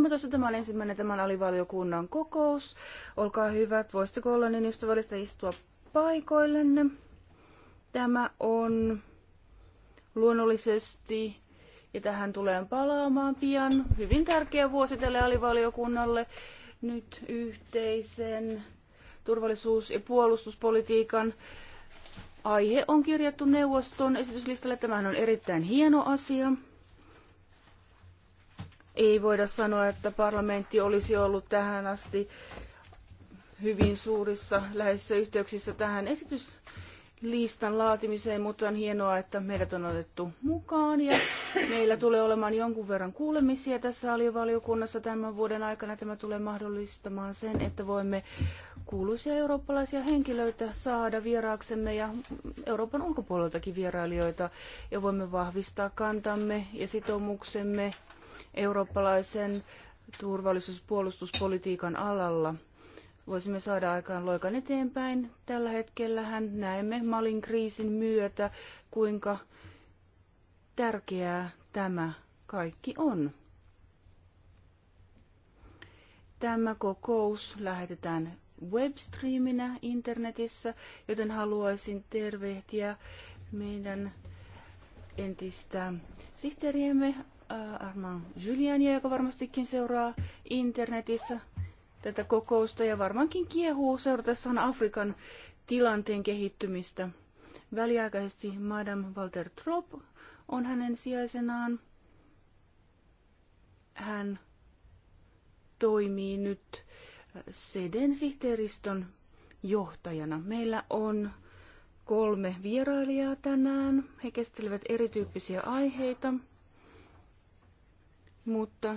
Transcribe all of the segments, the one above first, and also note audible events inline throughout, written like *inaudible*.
Huomatossa no, tämä on ensimmäinen tämän alivaliokunnan kokous. Olkaa hyvät, voisitteko olla niin ystävällistä istua paikoillenne. Tämä on luonnollisesti, ja tähän tulee palaamaan pian, hyvin tärkeä vuosi tälle alivaliokunnalle. Nyt yhteisen turvallisuus- ja puolustuspolitiikan aihe on kirjattu neuvoston esityslistalle. Tämähän on erittäin hieno asia ei voida sanoa, että parlamentti olisi ollut tähän asti hyvin suurissa läheisissä yhteyksissä tähän esityslistan laatimiseen, mutta on hienoa, että meidät on otettu mukaan ja meillä tulee olemaan jonkun verran kuulemisia tässä aliovaliokunnassa tämän vuoden aikana. Tämä tulee mahdollistamaan sen, että voimme kuuluisia eurooppalaisia henkilöitä saada vieraaksemme ja Euroopan ulkopuoleltakin vierailijoita ja voimme vahvistaa kantamme ja sitoumuksemme eurooppalaisen turvallisuus- ja puolustuspolitiikan alalla. Voisimme saada aikaan loikan eteenpäin. Tällä hetkellähän näemme Malin kriisin myötä, kuinka tärkeää tämä kaikki on. Tämä kokous lähetetään webstreaminä internetissä, joten haluaisin tervehtiä meidän entistä sihteeriämme Äh, Arman Julian joka varmastikin seuraa internetissä tätä kokousta ja varmaankin kiehuu seuratessaan Afrikan tilanteen kehittymistä. Väliaikaisesti Madame Walter Trop on hänen sijaisenaan. Hän toimii nyt SEDen sihteeristön johtajana. Meillä on kolme vierailijaa tänään. He kestelevät erityyppisiä aiheita mutta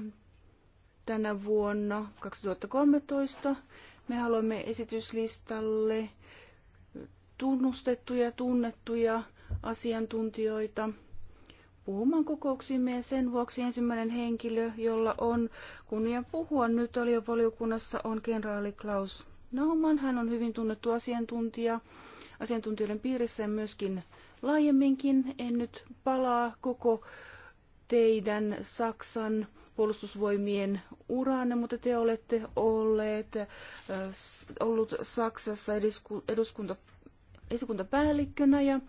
tänä vuonna 2013 me haluamme esityslistalle tunnustettuja, tunnettuja asiantuntijoita puhumaan kokouksiimme ja sen vuoksi ensimmäinen henkilö, jolla on kunnia puhua nyt valiokunnassa on kenraali Klaus Nauman. Hän on hyvin tunnettu asiantuntija asiantuntijoiden piirissä ja myöskin laajemminkin. En nyt palaa koko teidän Saksan puolustusvoimien uranne, mutta te olette olleet, ollut Saksassa eduskunta, esikuntapäällikkönä ja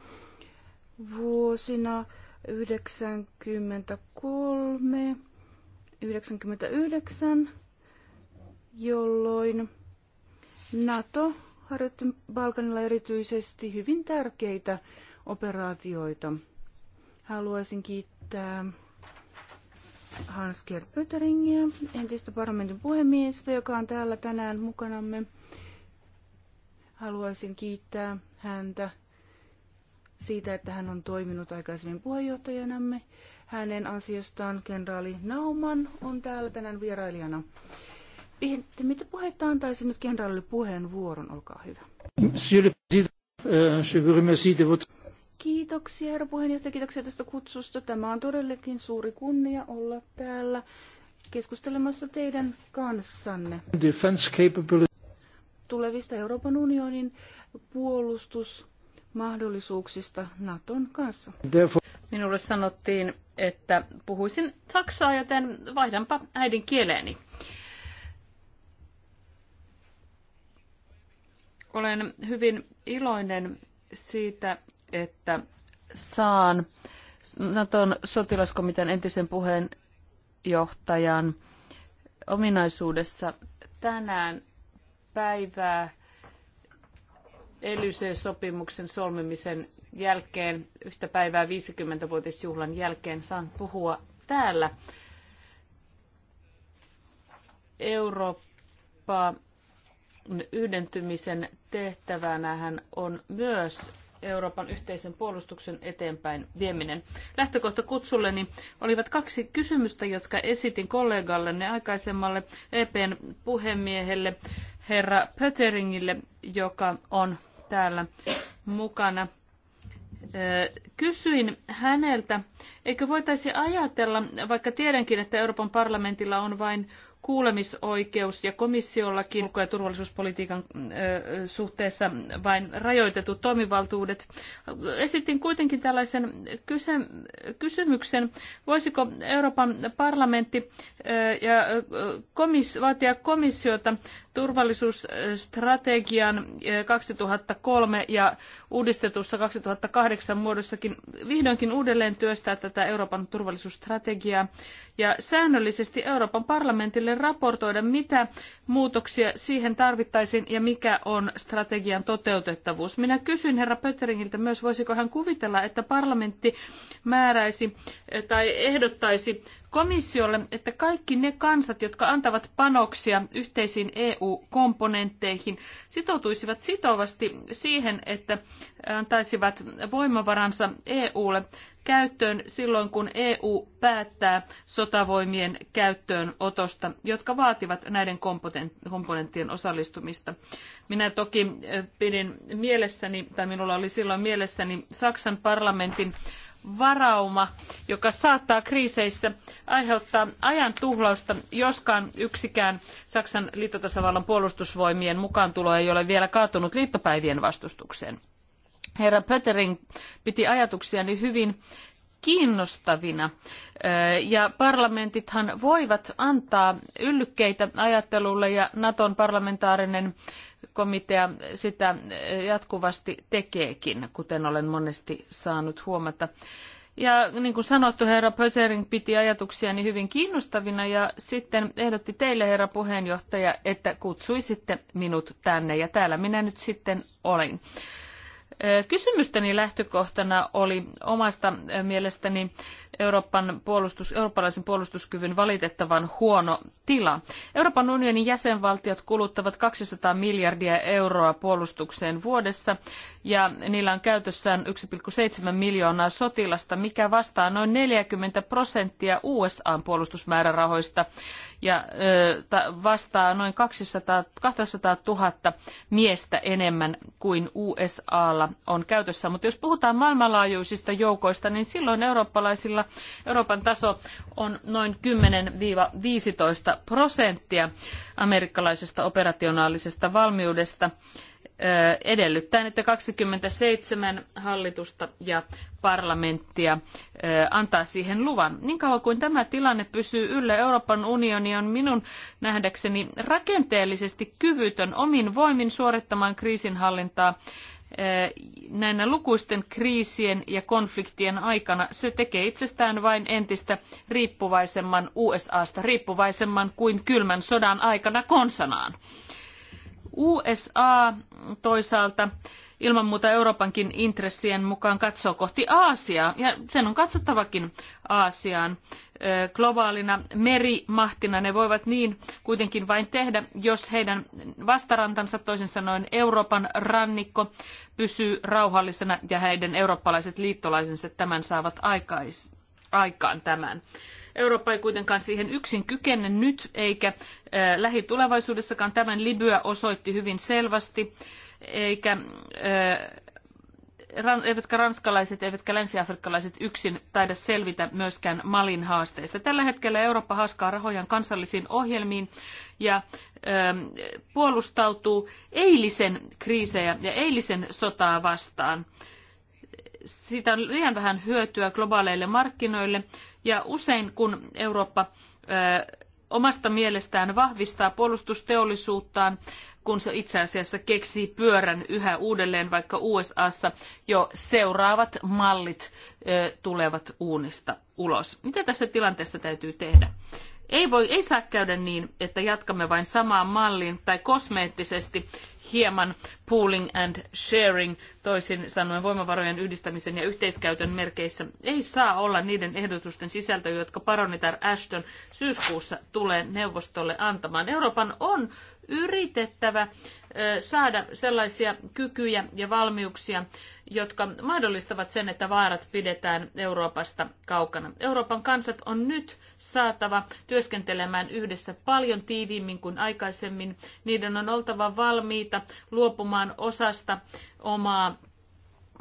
vuosina 1993 1999, jolloin NATO harjoitti Balkanilla erityisesti hyvin tärkeitä operaatioita. Haluaisin kiittää Hans-Gerd Pöteringiä, entistä parlamentin puhemiestä, joka on täällä tänään mukanamme. Haluaisin kiittää häntä siitä, että hän on toiminut aikaisemmin puheenjohtajanamme. Hänen ansiostaan kenraali Nauman on täällä tänään vierailijana. Mitä puhetta antaisin nyt kenraalille puheenvuoron? Olkaa hyvä. Monsieur le Président, euh, je vous remercie de votre... Kiitoksia, herra puheenjohtaja. Kiitoksia tästä kutsusta. Tämä on todellakin suuri kunnia olla täällä keskustelemassa teidän kanssanne tulevista Euroopan unionin puolustusmahdollisuuksista Naton kanssa. Minulle sanottiin, että puhuisin saksaa, joten vaihdanpa kieleeni. Olen hyvin iloinen siitä, että saan Naton sotilaskomitean entisen puheenjohtajan ominaisuudessa tänään päivää ELYSE-sopimuksen solmimisen jälkeen, yhtä päivää 50-vuotisjuhlan jälkeen, saan puhua täällä. Eurooppa yhdentymisen tehtävänähän on myös Euroopan yhteisen puolustuksen eteenpäin vieminen. Lähtökohta kutsulleni olivat kaksi kysymystä, jotka esitin kollegallenne aikaisemmalle EPn puhemiehelle herra Pöteringille, joka on täällä mukana kysyin häneltä, eikö voitaisi ajatella, vaikka tiedänkin, että Euroopan parlamentilla on vain kuulemisoikeus ja komissiollakin ulko- ja turvallisuuspolitiikan suhteessa vain rajoitetut toimivaltuudet. Esitin kuitenkin tällaisen kysymyksen, voisiko Euroopan parlamentti ja komis, vaatia komissiota turvallisuusstrategian 2003 eh, ja uudistetussa 2008 muodossakin vihdoinkin uudelleen työstää tätä Euroopan turvallisuusstrategiaa ja säännöllisesti Euroopan parlamentille raportoida, mitä muutoksia siihen tarvittaisiin ja mikä on strategian toteutettavuus. Minä kysyn herra Pötteringiltä myös, voisiko hän kuvitella, että parlamentti määräisi eh, tai ehdottaisi komissiolle, että kaikki ne kansat, jotka antavat panoksia yhteisiin EU-komponentteihin, sitoutuisivat sitovasti siihen, että antaisivat voimavaransa EUlle käyttöön silloin, kun EU päättää sotavoimien käyttöönotosta, jotka vaativat näiden komponenttien osallistumista. Minä toki pidin mielessäni, tai minulla oli silloin mielessäni Saksan parlamentin varauma, joka saattaa kriiseissä aiheuttaa ajan tuhlausta, joskaan yksikään Saksan liittotasavallan puolustusvoimien mukaantulo ei ole vielä kaatunut liittopäivien vastustukseen. Herra Pöttering piti ajatuksiani hyvin kiinnostavina. Eh, ja parlamentithan voivat antaa yllykkeitä ajattelulle ja Naton parlamentaarinen komitea sitä jatkuvasti tekeekin, kuten olen monesti saanut huomata. Ja niin kuin sanottu, herra Pösering piti ajatuksiani niin hyvin kiinnostavina ja sitten ehdotti teille, herra puheenjohtaja, että kutsuisitte minut tänne ja täällä minä nyt sitten olin. Kysymysteni lähtökohtana oli omasta mielestäni Euroopan puolustus, eurooppalaisen puolustuskyvyn valitettavan huono tila. Euroopan unionin jäsenvaltiot kuluttavat 200 miljardia euroa puolustukseen vuodessa ja niillä on käytössään 1,7 miljoonaa sotilasta, mikä vastaa noin 40 prosenttia USAn puolustusmäärärahoista ja vastaa noin 200, 200 000 miestä enemmän kuin USAlla tavalla on käytössä. Mutta jos puhutaan maailmanlaajuisista joukoista, niin silloin eurooppalaisilla Euroopan taso on noin 10-15 prosenttia amerikkalaisesta operationaalisesta valmiudesta eh, edellyttäen, että 27 hallitusta ja parlamenttia eh, antaa siihen luvan. Niin kauan kuin tämä tilanne pysyy yllä, Euroopan unioni on minun nähdäkseni rakenteellisesti kyvytön omin voimin suorittamaan kriisinhallintaa näinä lukuisten kriisien ja konfliktien aikana se tekee itsestään vain entistä riippuvaisemman USAsta, riippuvaisemman kuin kylmän sodan aikana konsanaan. USA toisaalta ilman muuta Euroopankin intressien mukaan katsoo kohti Aasiaa, ja sen on katsottavakin Aasiaan. Globaalina merimahtina ne voivat niin kuitenkin vain tehdä, jos heidän vastarantansa, toisin sanoen Euroopan rannikko, pysyy rauhallisena ja heidän eurooppalaiset liittolaisensa tämän saavat aikais, aikaan tämän. Eurooppa ei kuitenkaan siihen yksin kykene nyt eikä lähitulevaisuudessakaan. Tämän Libya osoitti hyvin selvästi eikä, eivätkä ranskalaiset eivätkä länsiafrikkalaiset yksin taida selvitä myöskään Malin haasteista. Tällä hetkellä Eurooppa haaskaa rahojaan kansallisiin ohjelmiin ja puolustautuu eilisen kriisejä ja eilisen sotaa vastaan siitä on liian vähän hyötyä globaaleille markkinoille ja usein kun Eurooppa ö, omasta mielestään vahvistaa puolustusteollisuuttaan, kun se itse asiassa keksii pyörän yhä uudelleen, vaikka USAssa jo seuraavat mallit tulevat uunista ulos. Mitä tässä tilanteessa täytyy tehdä? Ei, voi, ei saa käydä niin, että jatkamme vain samaan malliin tai kosmeettisesti hieman pooling and sharing, toisin sanoen voimavarojen yhdistämisen ja yhteiskäytön merkeissä, ei saa olla niiden ehdotusten sisältö, jotka paronitar Ashton syyskuussa tulee neuvostolle antamaan. Euroopan on yritettävä saada sellaisia kykyjä ja valmiuksia, jotka mahdollistavat sen, että vaarat pidetään Euroopasta kaukana. Euroopan kansat on nyt saatava työskentelemään yhdessä paljon tiiviimmin kuin aikaisemmin. Niiden on oltava valmiita luopumaan osasta omaa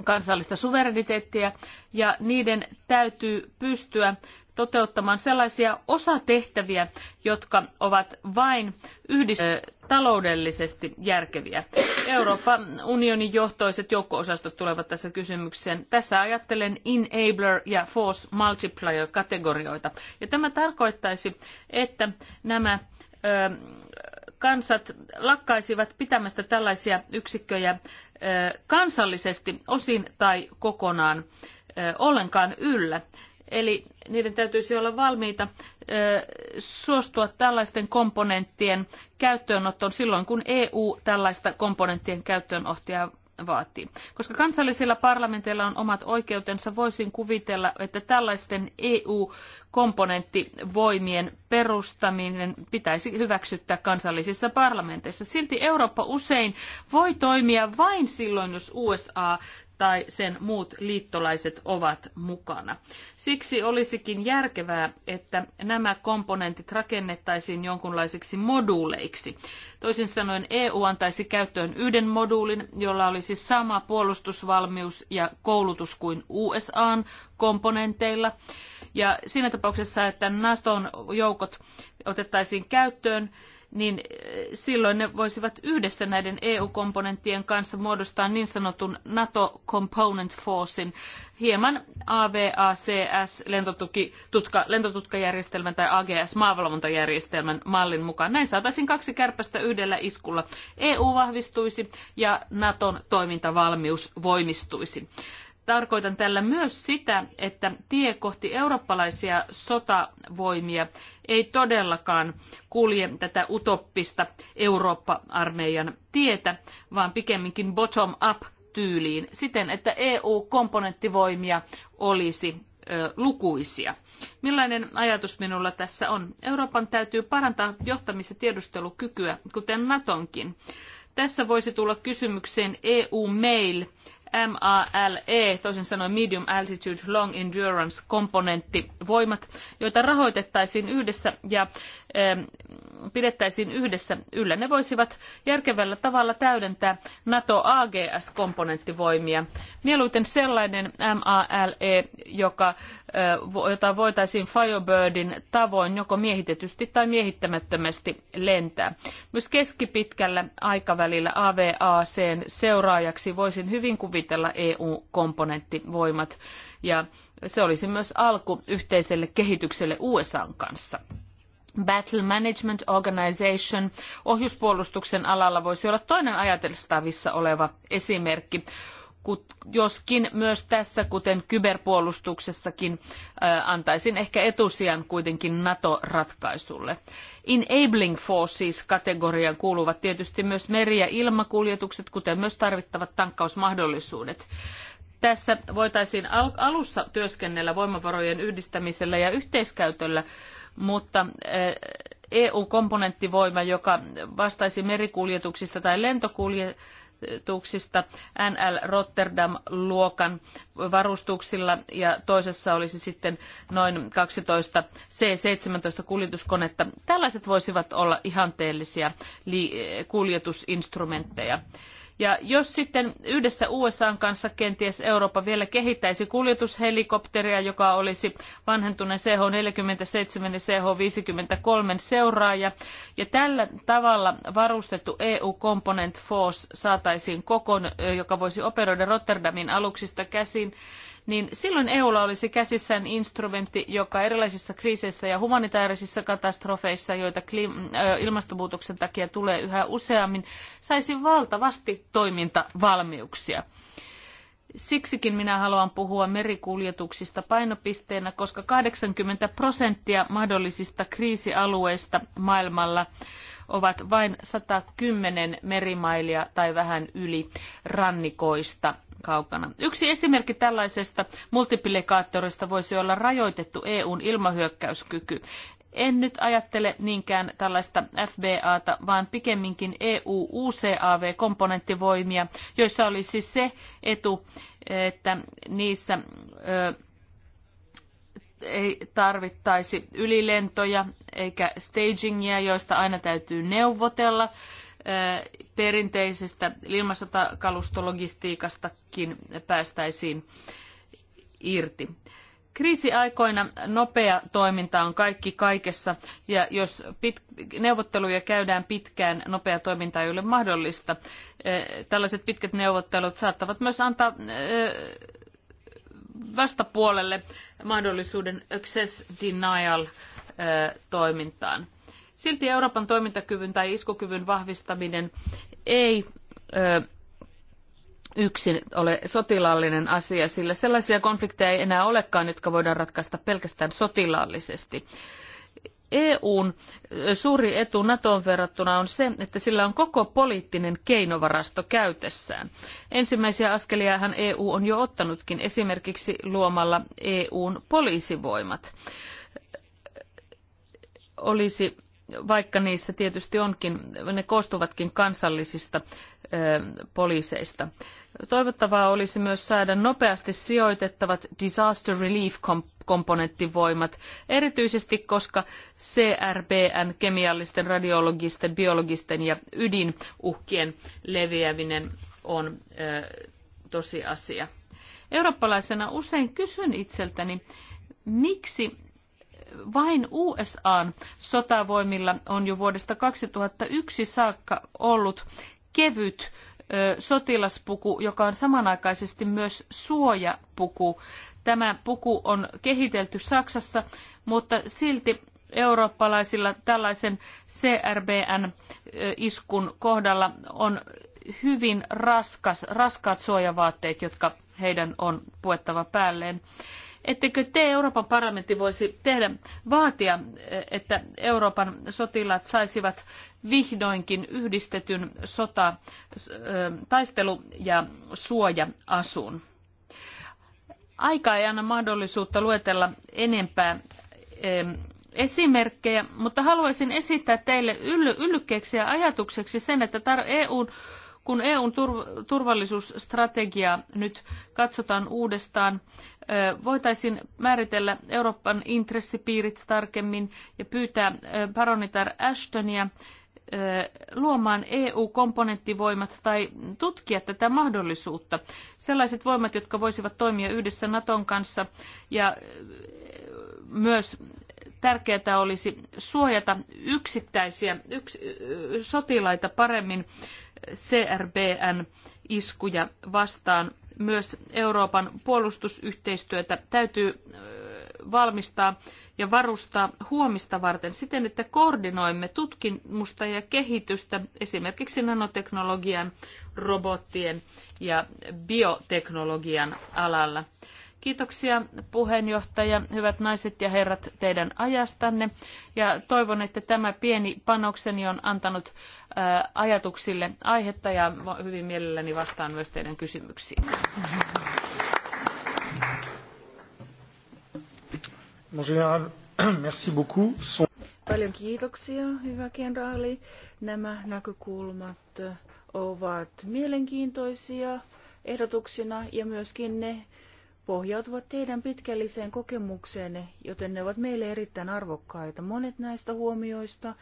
kansallista suvereniteettia ja niiden täytyy pystyä toteuttamaan sellaisia osatehtäviä, jotka ovat vain yhdist- taloudellisesti järkeviä. Euroopan unionin johtoiset joukko-osastot tulevat tässä kysymykseen. Tässä ajattelen enabler ja force multiplier kategorioita. Ja tämä tarkoittaisi, että nämä ö, kansat lakkaisivat pitämästä tällaisia yksikköjä ö, kansallisesti osin tai kokonaan ö, ollenkaan yllä. Eli niiden täytyisi olla valmiita suostua tällaisten komponenttien käyttöönottoon silloin, kun EU tällaista komponenttien käyttöönottoa vaatii. Koska kansallisilla parlamenteilla on omat oikeutensa, voisin kuvitella, että tällaisten EU-komponenttivoimien perustaminen pitäisi hyväksyttää kansallisissa parlamenteissa. Silti Eurooppa usein voi toimia vain silloin, jos USA tai sen muut liittolaiset ovat mukana. Siksi olisikin järkevää, että nämä komponentit rakennettaisiin jonkunlaisiksi moduuleiksi. Toisin sanoen EU antaisi käyttöön yhden moduulin, jolla olisi sama puolustusvalmius ja koulutus kuin USAn komponenteilla. Ja siinä tapauksessa, että NATOn joukot otettaisiin käyttöön, niin eh, silloin ne voisivat yhdessä näiden EU-komponenttien kanssa muodostaa niin sanotun NATO Component Forcein, hieman AVACS lentotutkajärjestelmän tai AGS maavalvontajärjestelmän mallin mukaan. Näin saataisiin kaksi kärpästä yhdellä iskulla. EU vahvistuisi ja NATOn toimintavalmius voimistuisi tarkoitan tällä myös sitä, että tie kohti eurooppalaisia sotavoimia ei todellakaan kulje tätä utoppista Eurooppa-armeijan tietä, vaan pikemminkin bottom-up tyyliin siten, että EU-komponenttivoimia olisi ö, lukuisia. Millainen ajatus minulla tässä on? Euroopan täytyy parantaa johtamis- ja tiedustelukykyä, kuten Natonkin. Tässä voisi tulla kysymykseen EU-mail MALE, toisin sanoen Medium Altitude Long Endurance komponentti voimat, joita rahoitettaisiin yhdessä ja Ähm, pidettäisiin yhdessä yllä. Ne voisivat järkevällä tavalla täydentää NATO-AGS-komponenttivoimia. Mieluiten sellainen MALE, joka, äh, jota voitaisiin Firebirdin tavoin joko miehitetysti tai miehittämättömästi lentää. Myös keskipitkällä aikavälillä AVACn seuraajaksi voisin hyvin kuvitella EU-komponenttivoimat ja se olisi myös alku yhteiselle kehitykselle USAn kanssa. Battle Management Organization ohjuspuolustuksen alalla voisi olla toinen ajateltavissa oleva esimerkki. Joskin myös tässä, kuten kyberpuolustuksessakin, antaisin ehkä etusijan kuitenkin NATO-ratkaisulle. Enabling Forces-kategoriaan kuuluvat tietysti myös meri- ja ilmakuljetukset, kuten myös tarvittavat tankkausmahdollisuudet tässä voitaisiin alussa työskennellä voimavarojen yhdistämisellä ja yhteiskäytöllä mutta EU-komponenttivoima, eh, e joka vastaisi merikuljetuksista tai lentokuljetuksista NL Rotterdam-luokan varustuksilla ja toisessa olisi sitten noin 12 C-17 kuljetuskonetta. Tällaiset voisivat olla ihanteellisia kuljetusinstrumentteja. Ja jos sitten yhdessä USAn kanssa kenties Eurooppa vielä kehittäisi kuljetushelikopteria, joka olisi vanhentuneen CH-47 ja CH-53 seuraaja, ja tällä tavalla varustettu EU Component Force saataisiin kokon, joka voisi operoida Rotterdamin aluksista käsin, niin silloin EUlla olisi käsissään instrumentti, joka erilaisissa kriiseissä ja humanitaarisissa katastrofeissa, joita ilmastonmuutoksen takia tulee yhä useammin, saisi valtavasti toimintavalmiuksia. Siksikin minä haluan puhua merikuljetuksista painopisteenä, koska 80 prosenttia mahdollisista kriisialueista maailmalla ovat vain 110 merimailia tai vähän yli rannikoista kaukana. Yksi esimerkki tällaisesta multiplikaattorista voisi olla rajoitettu EUn ilmahyökkäyskyky. En nyt ajattele niinkään tällaista FBAta, vaan pikemminkin EU-UCAV-komponenttivoimia, joissa olisi se etu, että niissä ö, ei tarvittaisi ylilentoja eikä stagingia, joista aina täytyy neuvotella perinteisestä ilmastokalustologistiikastakin päästäisiin irti. Kriisiaikoina nopea toiminta on kaikki kaikessa ja jos pit- neuvotteluja käydään pitkään, nopea toiminta ei ole mahdollista. Tällaiset pitkät neuvottelut saattavat myös antaa vastapuolelle mahdollisuuden access denial toimintaan. Silti Euroopan toimintakyvyn tai iskukyvyn vahvistaminen ei ö, yksin ole sotilaallinen asia, sillä sellaisia konflikteja ei enää olekaan, jotka voidaan ratkaista pelkästään sotilaallisesti. EUn suuri etu NATOon verrattuna on se, että sillä on koko poliittinen keinovarasto käytössään. Ensimmäisiä askeliahan EU on jo ottanutkin esimerkiksi luomalla EUn poliisivoimat. Olisi vaikka niissä tietysti onkin, ne koostuvatkin kansallisista poliiseista. Toivottavaa olisi myös saada nopeasti sijoitettavat disaster relief komponenttivoimat, erityisesti koska CRBN kemiallisten, radiologisten, biologisten ja ydinuhkien leviäminen on tosiasia. Eurooppalaisena usein kysyn itseltäni, miksi vain USAn sotavoimilla on jo vuodesta 2001 saakka ollut kevyt sotilaspuku, joka on samanaikaisesti myös suojapuku. Tämä puku on kehitelty Saksassa, mutta silti eurooppalaisilla tällaisen CRBN-iskun kohdalla on hyvin raskas, raskaat suojavaatteet, jotka heidän on puettava päälleen. Ettekö te Euroopan parlamentti voisi tehdä vaatia, että Euroopan sotilaat saisivat vihdoinkin yhdistetyn sota, taistelu- ja suoja-asun? Aika ei anna mahdollisuutta luetella enempää esimerkkejä, mutta haluaisin esittää teille yllykkeeksi ja ajatukseksi sen, että tar- EUn kun EUn turvallisuusstrategia nyt katsotaan uudestaan, voitaisiin määritellä Euroopan intressipiirit tarkemmin ja pyytää paronitar Ashtonia luomaan EU-komponenttivoimat tai tutkia tätä mahdollisuutta. Sellaiset voimat, jotka voisivat toimia yhdessä Naton kanssa ja myös tärkeää olisi suojata yksittäisiä yks, sotilaita paremmin CRBN iskuja vastaan. Myös Euroopan puolustusyhteistyötä täytyy valmistaa ja varustaa huomista varten siten, että koordinoimme tutkimusta ja kehitystä esimerkiksi nanoteknologian, robottien ja bioteknologian alalla. Kiitoksia puheenjohtaja, hyvät naiset ja herrat teidän ajastanne ja toivon, että tämä pieni panokseni on antanut äh, ajatuksille aihetta ja hyvin mielelläni vastaan myös teidän kysymyksiin. *clears throat* Paljon kiitoksia, hyvä kenraali. Nämä näkökulmat äh, ovat mielenkiintoisia ehdotuksina ja myöskin ne pohjautuvat teidän pitkälliseen kokemukseenne, joten ne ovat meille erittäin arvokkaita. Monet näistä huomioista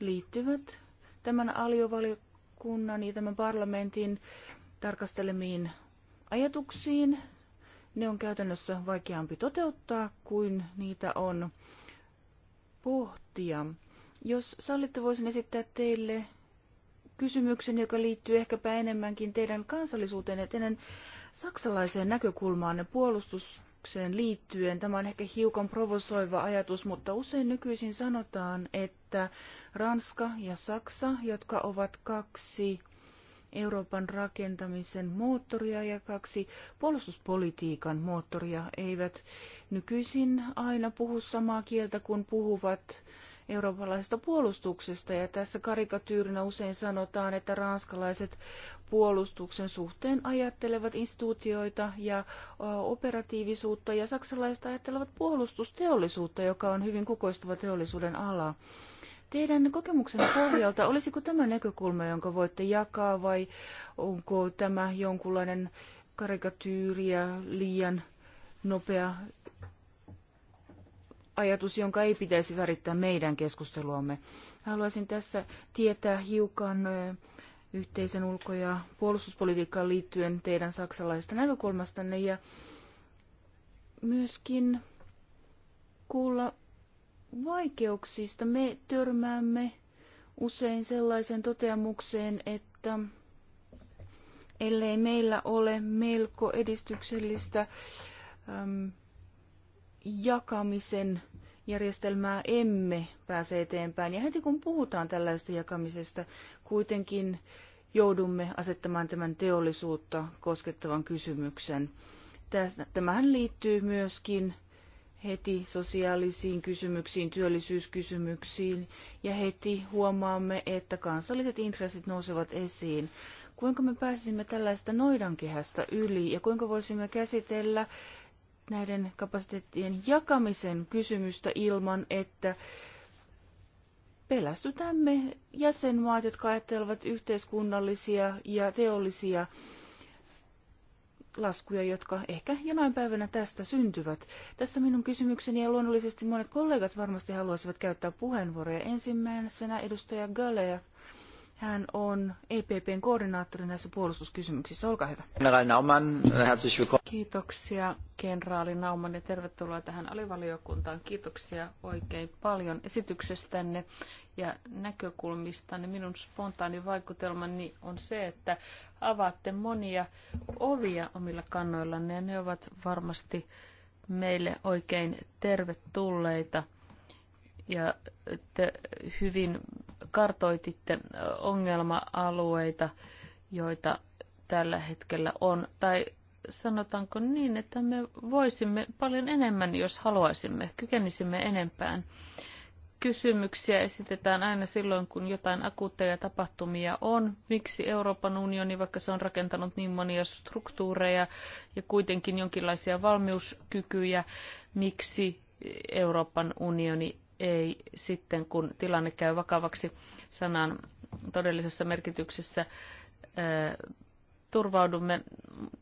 liittyvät tämän aliovaliokunnan ja tämän parlamentin tarkastelemiin ajatuksiin. Ne on käytännössä vaikeampi toteuttaa kuin niitä on pohtia. Jos sallitte, voisin esittää teille kysymyksen, joka liittyy ehkäpä enemmänkin teidän kansallisuuteen ja teidän saksalaiseen näkökulmaan ja puolustukseen liittyen. Tämä on ehkä hiukan provosoiva ajatus, mutta usein nykyisin sanotaan, että Ranska ja Saksa, jotka ovat kaksi Euroopan rakentamisen moottoria ja kaksi puolustuspolitiikan moottoria eivät nykyisin aina puhu samaa kieltä, kun puhuvat eurooppalaisesta puolustuksesta. Ja tässä karikatyyrinä usein sanotaan, että ranskalaiset puolustuksen suhteen ajattelevat instituutioita ja operatiivisuutta ja saksalaiset ajattelevat puolustusteollisuutta, joka on hyvin kukoistuva teollisuuden ala. Teidän kokemuksen pohjalta, olisiko tämä näkökulma, jonka voitte jakaa, vai onko tämä jonkunlainen karikatyyri ja liian nopea ajatus, jonka ei pitäisi värittää meidän keskusteluamme? Haluaisin tässä tietää hiukan yhteisen ulko- ja puolustuspolitiikkaan liittyen teidän saksalaisesta näkökulmastanne ja myöskin kuulla vaikeuksista. Me törmäämme usein sellaisen toteamukseen, että ellei meillä ole melko edistyksellistä äm, jakamisen järjestelmää emme pääse eteenpäin. Ja heti kun puhutaan tällaista jakamisesta, kuitenkin joudumme asettamaan tämän teollisuutta koskettavan kysymyksen. Tämähän liittyy myöskin heti sosiaalisiin kysymyksiin, työllisyyskysymyksiin ja heti huomaamme, että kansalliset intressit nousevat esiin. Kuinka me pääsisimme tällaista noidankehästä yli ja kuinka voisimme käsitellä näiden kapasiteettien jakamisen kysymystä ilman, että pelästytämme jäsenmaat, jotka ajattelevat yhteiskunnallisia ja teollisia laskuja, jotka ehkä jonain päivänä tästä syntyvät. Tässä minun kysymykseni ja luonnollisesti monet kollegat varmasti haluaisivat käyttää puheenvuoroja. Ensimmäisenä edustaja Galea. Hän on EPPn koordinaattori näissä puolustuskysymyksissä. Olkaa hyvä. General Naumann, herzlich willkommen. Kiitoksia kenraali Nauman ja tervetuloa tähän alivaliokuntaan. Kiitoksia oikein paljon esityksestänne ja näkökulmistanne. Minun spontaani vaikutelmani on se, että avaatte monia ovia omilla kannoillanne ja ne ovat varmasti meille oikein tervetulleita ja te hyvin kartoititte ongelma-alueita, joita tällä hetkellä on? Tai sanotaanko niin, että me voisimme paljon enemmän, jos haluaisimme, kykenisimme enempään. Kysymyksiä esitetään aina silloin, kun jotain akuutteja tapahtumia on. Miksi Euroopan unioni, vaikka se on rakentanut niin monia struktuureja ja kuitenkin jonkinlaisia valmiuskykyjä, miksi Euroopan unioni ei sitten, kun tilanne käy vakavaksi sanan todellisessa merkityksessä, turvaudumme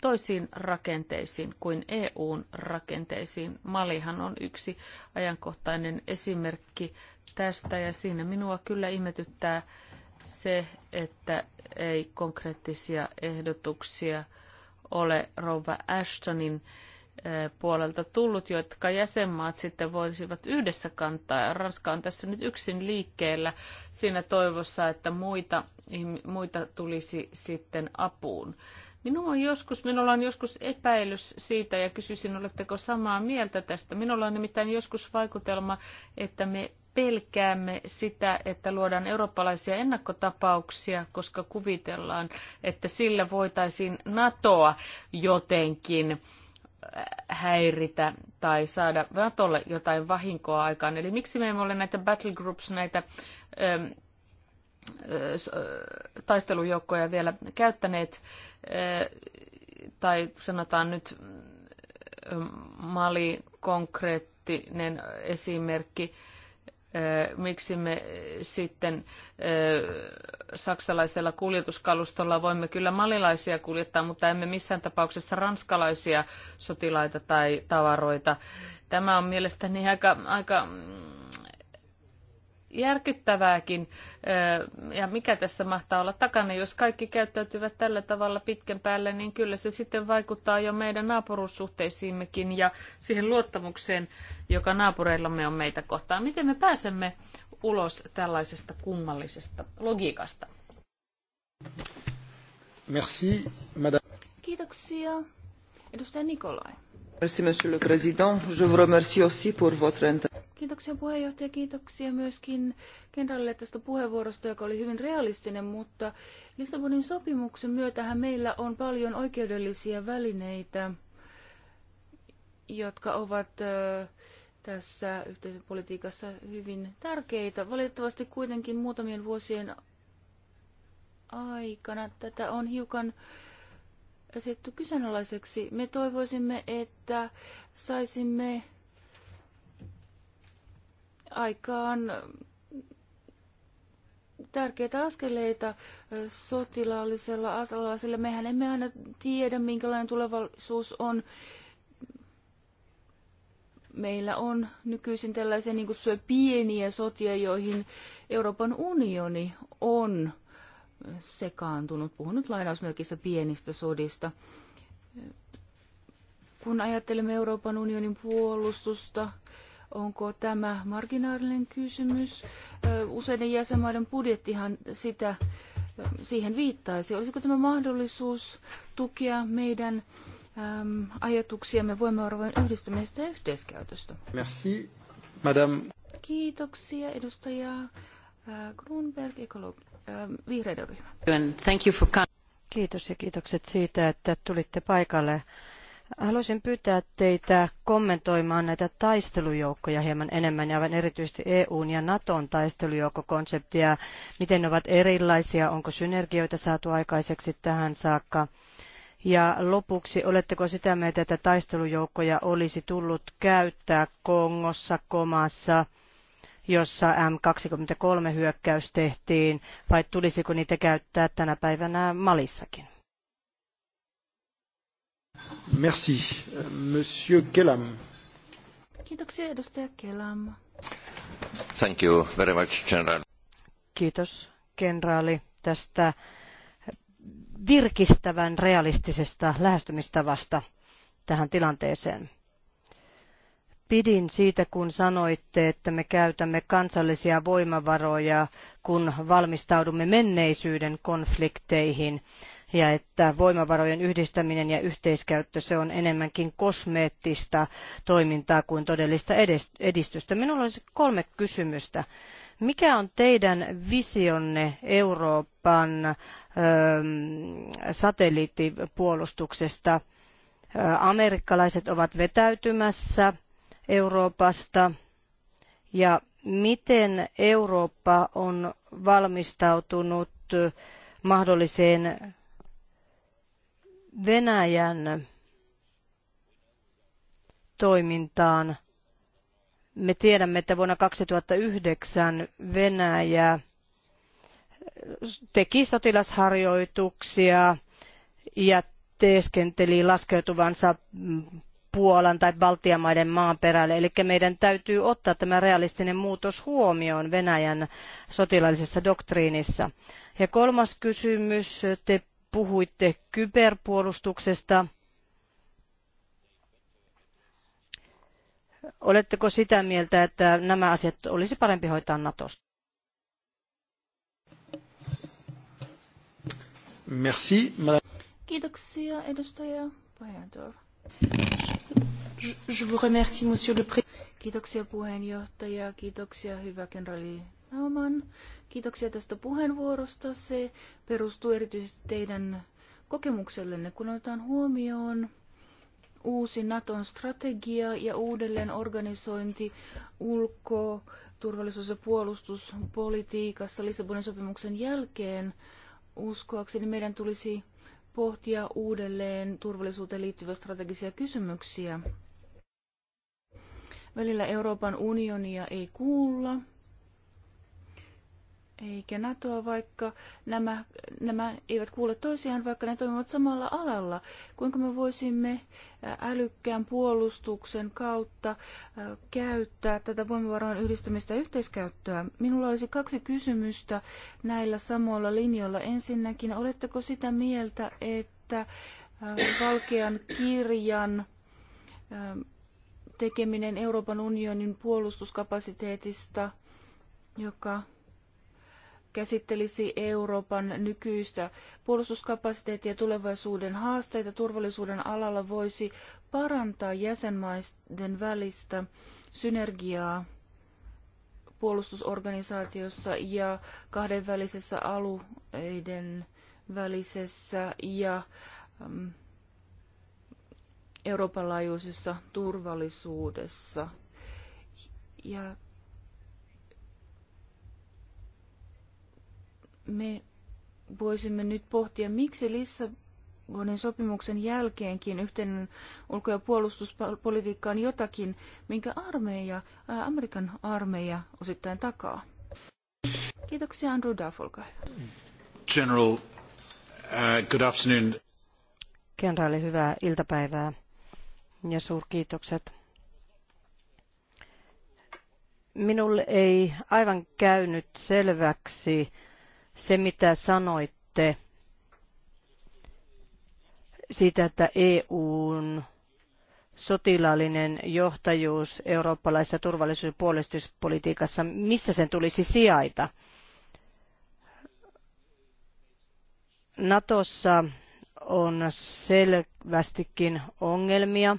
toisiin rakenteisiin kuin EUn rakenteisiin. Malihan on yksi ajankohtainen esimerkki tästä ja siinä minua kyllä ihmetyttää se, että ei konkreettisia ehdotuksia ole rouva Ashtonin Eh, puolelta tullut, jotka jäsenmaat sitten voisivat yhdessä kantaa. Ja Ranska on tässä nyt yksin liikkeellä siinä toivossa, että muita, muita tulisi sitten apuun. Minulla on joskus, minulla on joskus epäilys siitä ja kysyisin, oletteko samaa mieltä tästä. Minulla on nimittäin joskus vaikutelma, että me pelkäämme sitä, että luodaan eurooppalaisia ennakkotapauksia, koska kuvitellaan, että sillä voitaisiin NATOa jotenkin häiritä tai saada Natolle jotain vahinkoa aikaan. Eli miksi me emme ole näitä battle groups, näitä ö, ähm, ö, äh, äh, taistelujoukkoja vielä käyttäneet, ö, äh, tai sanotaan nyt Mali konkreettinen esimerkki, miksi me sitten saksalaisella kuljetuskalustolla voimme kyllä malilaisia kuljettaa, mutta emme missään tapauksessa ranskalaisia sotilaita tai tavaroita. Tämä on mielestäni aika, aika mm, järkyttävääkin. Ja mikä tässä mahtaa olla takana, jos kaikki käyttäytyvät tällä tavalla pitkän päälle, niin kyllä se sitten vaikuttaa jo meidän naapuruussuhteisiimmekin ja siihen luottamukseen, joka naapureillamme on meitä kohtaan. Miten me pääsemme ulos tällaisesta kummallisesta logiikasta? Merci, madame. Kiitoksia. Edustaja Nikolai. Merci, monsieur le président. Je vous remercie aussi pour votre Kiitoksia puheenjohtaja, kiitoksia myöskin kenraalille tästä puheenvuorosta, joka oli hyvin realistinen, mutta Lissabonin sopimuksen myötähän meillä on paljon oikeudellisia välineitä, jotka ovat tässä yhteisöpolitiikassa hyvin tärkeitä. Valitettavasti kuitenkin muutamien vuosien aikana tätä on hiukan asettu kyseenalaiseksi. Me toivoisimme, että saisimme aikaan tärkeitä askeleita sotilaallisella asalla, sillä mehän emme aina tiedä, minkälainen tulevaisuus on. Meillä on nykyisin tällaisia niin kutsuja pieniä sotia, joihin Euroopan unioni on sekaantunut, puhun nyt lainausmerkissä pienistä sodista. Kun ajattelemme Euroopan unionin puolustusta, Onko tämä marginaalinen kysymys? Useiden jäsenmaiden budjettihan sitä, siihen viittaisi. Olisiko tämä mahdollisuus tukea meidän äm, ajatuksiamme voimavarojen yhdistämisestä ja yhteiskäytöstä? Merci, madame. Kiitoksia, edustaja Grunberg, ekologi, vihreiden ryhmä. Thank you for Kiitos ja kiitokset siitä, että tulitte paikalle. Haluaisin pyytää teitä kommentoimaan näitä taistelujoukkoja hieman enemmän ja aivan erityisesti EUn ja Naton taistelujoukkokonseptia. Miten ne ovat erilaisia? Onko synergioita saatu aikaiseksi tähän saakka? Ja lopuksi, oletteko sitä mieltä, että taistelujoukkoja olisi tullut käyttää Kongossa, Komassa, jossa M23 hyökkäys tehtiin, vai tulisiko niitä käyttää tänä päivänä Malissakin? Merci. Monsieur Kelam. Kiitoksia, edustaja Kelam. Thank you very much, General. Kiitos, kenraali, tästä virkistävän realistisesta lähestymistavasta tähän tilanteeseen. Pidin siitä, kun sanoitte, että me käytämme kansallisia voimavaroja, kun valmistaudumme menneisyyden konflikteihin ja että voimavarojen yhdistäminen ja yhteiskäyttö se on enemmänkin kosmeettista toimintaa kuin todellista edistystä. Minulla olisi kolme kysymystä. Mikä on teidän visionne Euroopan ö, satelliittipuolustuksesta? Amerikkalaiset ovat vetäytymässä Euroopasta ja miten Eurooppa on valmistautunut mahdolliseen Venäjän toimintaan. Me tiedämme, että vuonna 2009 Venäjä teki sotilasharjoituksia ja teeskenteli laskeutuvansa Puolan tai Baltian maiden maaperälle. Eli meidän täytyy ottaa tämä realistinen muutos huomioon Venäjän sotilaallisessa doktriinissa. Ja kolmas kysymys, te puhuitte kyberpuolustuksesta. Oletteko sitä mieltä, että nämä asiat olisi parempi hoitaa Natosta? Merci, madame. Kiitoksia, edustaja Pajantor. Je vous remercie, monsieur le président. Kiitoksia puheenjohtaja, kiitoksia hyvä kenraali Nauman Kiitoksia tästä puheenvuorosta. Se perustuu erityisesti teidän kokemuksellenne, kun otetaan huomioon uusi Naton strategia ja uudelleen organisointi ulko-, turvallisuus- ja puolustuspolitiikassa Lissabonin sopimuksen jälkeen. Uskoakseni meidän tulisi pohtia uudelleen turvallisuuteen liittyviä strategisia kysymyksiä. Välillä Euroopan unionia ei kuulla eikä NATOa, vaikka nämä, nämä eivät kuule toisiaan, vaikka ne toimivat samalla alalla. Kuinka me voisimme älykkään puolustuksen kautta käyttää tätä voimavarojen yhdistämistä ja yhteiskäyttöä? Minulla olisi kaksi kysymystä näillä samoilla linjoilla. Ensinnäkin, oletteko sitä mieltä, että valkean kirjan tekeminen Euroopan unionin puolustuskapasiteetista, joka käsittelisi Euroopan nykyistä puolustuskapasiteettia ja tulevaisuuden haasteita turvallisuuden alalla voisi parantaa jäsenmaiden välistä synergiaa puolustusorganisaatiossa ja kahdenvälisessä alueiden välisessä ja Euroopan laajuisessa turvallisuudessa. Ja me voisimme nyt pohtia, miksi Lissabonin sopimuksen jälkeenkin yhteinen ulko- ja puolustuspolitiikka on jotakin, minkä armeija, ää, Amerikan armeija osittain takaa. Kiitoksia Andrew Duff, olkaa hyvä. General, uh, good afternoon. Kenraali, hyvää iltapäivää ja suurkiitokset. Minulle ei aivan käynyt selväksi, se, mitä sanoitte siitä, että EUn sotilaallinen johtajuus eurooppalaisessa turvallisuus- ja puolustuspolitiikassa, missä sen tulisi sijaita? Natossa on selvästikin ongelmia.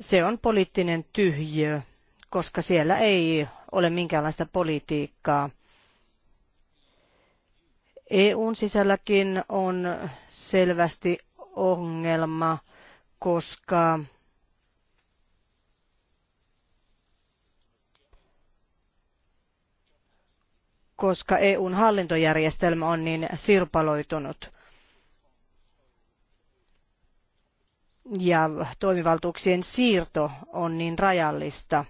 Se on poliittinen tyhjö, koska siellä ei ole minkäänlaista politiikkaa – EUn sisälläkin on selvästi ongelma, koska koska EUn hallintojärjestelmä on niin sirpaloitunut. Ja toimivaltuuksien siirto on niin rajallista.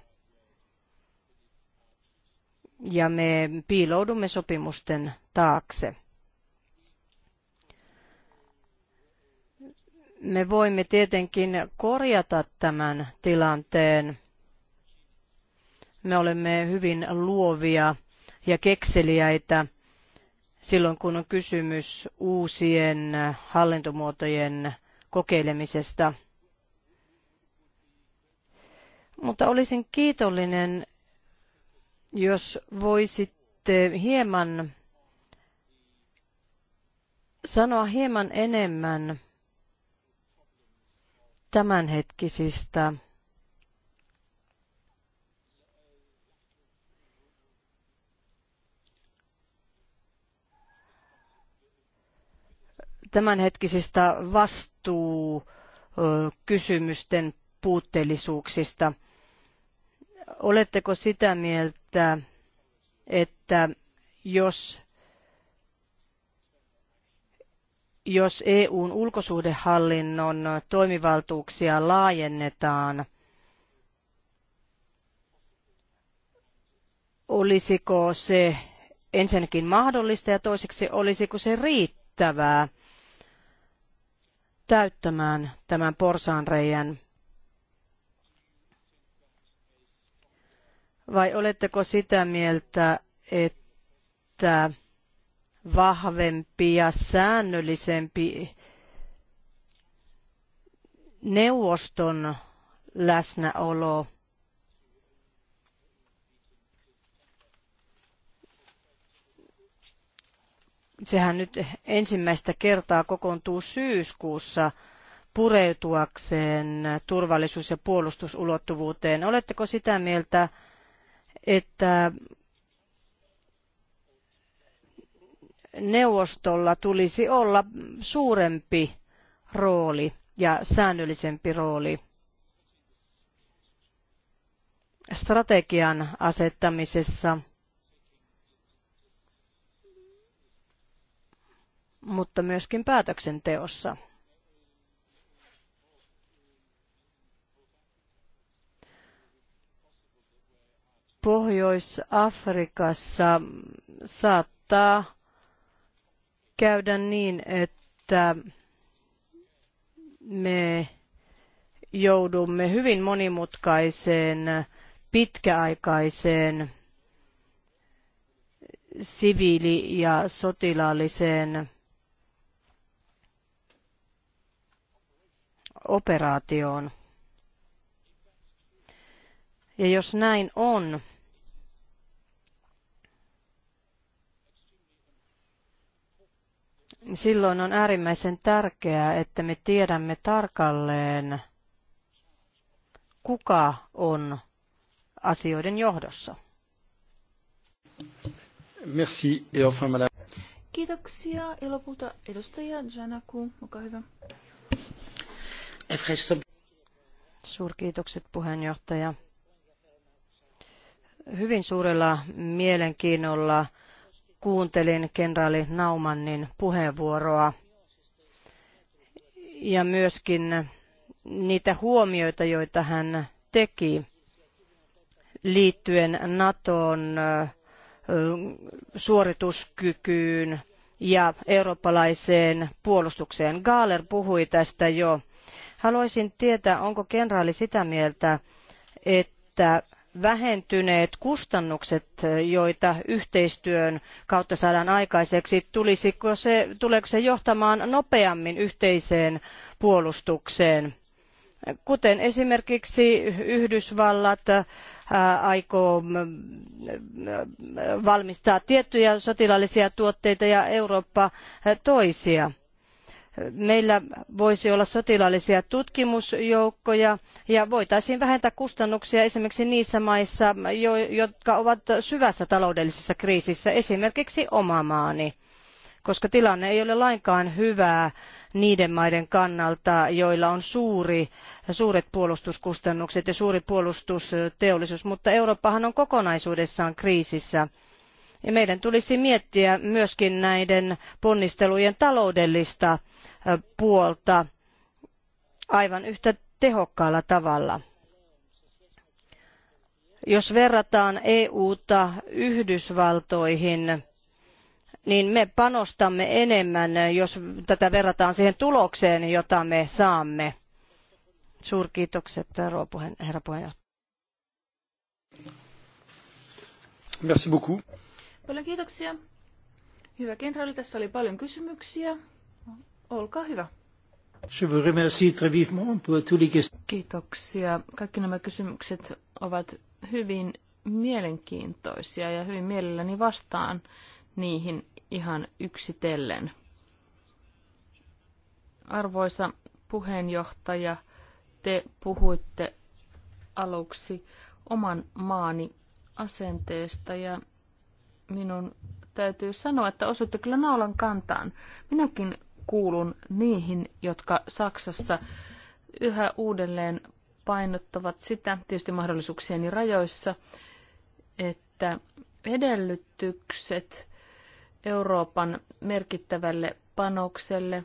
Ja me piiloudumme sopimusten taakse. Me voimme tietenkin korjata tämän tilanteen. Me olemme hyvin luovia ja kekseliäitä silloin, kun on kysymys uusien hallintomuotojen kokeilemisesta. Mutta olisin kiitollinen, jos voisitte hieman sanoa hieman enemmän tämänhetkisistä tämänhetkisistä vastuukysymysten puutteellisuuksista. Oletteko sitä mieltä, että jos jos EUn ulkosuhdehallinnon toimivaltuuksia laajennetaan, olisiko se ensinnäkin mahdollista ja toiseksi olisiko se riittävää täyttämään tämän porsaanreijän? Vai oletteko sitä mieltä, että vahvempi ja säännöllisempi neuvoston läsnäolo. Sehän nyt ensimmäistä kertaa kokoontuu syyskuussa pureutuakseen turvallisuus- ja puolustusulottuvuuteen. Oletteko sitä mieltä, että neuvostolla tulisi olla suurempi rooli ja säännöllisempi rooli strategian asettamisessa, mutta myöskin päätöksenteossa. Pohjois-Afrikassa saattaa käydä niin, että me joudumme hyvin monimutkaiseen, pitkäaikaiseen siviili- ja sotilaalliseen operaatioon. Ja jos näin on, silloin on äärimmäisen tärkeää, että me tiedämme tarkalleen, kuka on asioiden johdossa. Merci. Et enfin, madame. Kiitoksia. Ja lopulta edustaja Janaku, olkaa hyvä. Suurkiitokset puheenjohtaja. Hyvin suurella mielenkiinnolla kuuntelin kenraali Naumannin puheenvuoroa ja myöskin niitä huomioita, joita hän teki liittyen Naton suorituskykyyn ja eurooppalaiseen puolustukseen. Gaaler puhui tästä jo. Haluaisin tietää, onko kenraali sitä mieltä, että vähentyneet kustannukset, joita yhteistyön kautta saadaan aikaiseksi, tulisiko se, tuleeko se johtamaan nopeammin yhteiseen puolustukseen? Kuten esimerkiksi Yhdysvallat äh, aikoo valmistaa tiettyjä sotilaallisia tuotteita ja Eurooppa äh, toisia meillä voisi olla sotilaallisia tutkimusjoukkoja ja voitaisiin vähentää kustannuksia esimerkiksi niissä maissa, jotka ovat syvässä taloudellisessa kriisissä, esimerkiksi oma maani koska tilanne ei ole lainkaan hyvää niiden maiden kannalta, joilla on suuri, suuret puolustuskustannukset ja suuri puolustusteollisuus, mutta Eurooppahan on kokonaisuudessaan kriisissä meidän tulisi miettiä myöskin näiden ponnistelujen taloudellista puolta aivan yhtä tehokkaalla tavalla. Jos verrataan EUta Yhdysvaltoihin, niin me panostamme enemmän, jos tätä verrataan siihen tulokseen, jota me saamme. Suurkiitokset, herra puheenjohtaja. Merci beaucoup. Paljon kiitoksia. Hyvä kenraali, tässä oli paljon kysymyksiä. Olkaa hyvä. Kiitoksia. Kaikki nämä kysymykset ovat hyvin mielenkiintoisia ja hyvin mielelläni vastaan niihin ihan yksitellen. Arvoisa puheenjohtaja, te puhuitte aluksi oman maani asenteesta ja minun täytyy sanoa, että osuitte kyllä naulan kantaan. Minäkin kuulun niihin, jotka Saksassa yhä uudelleen painottavat sitä, tietysti mahdollisuuksieni rajoissa, että edellytykset Euroopan merkittävälle panokselle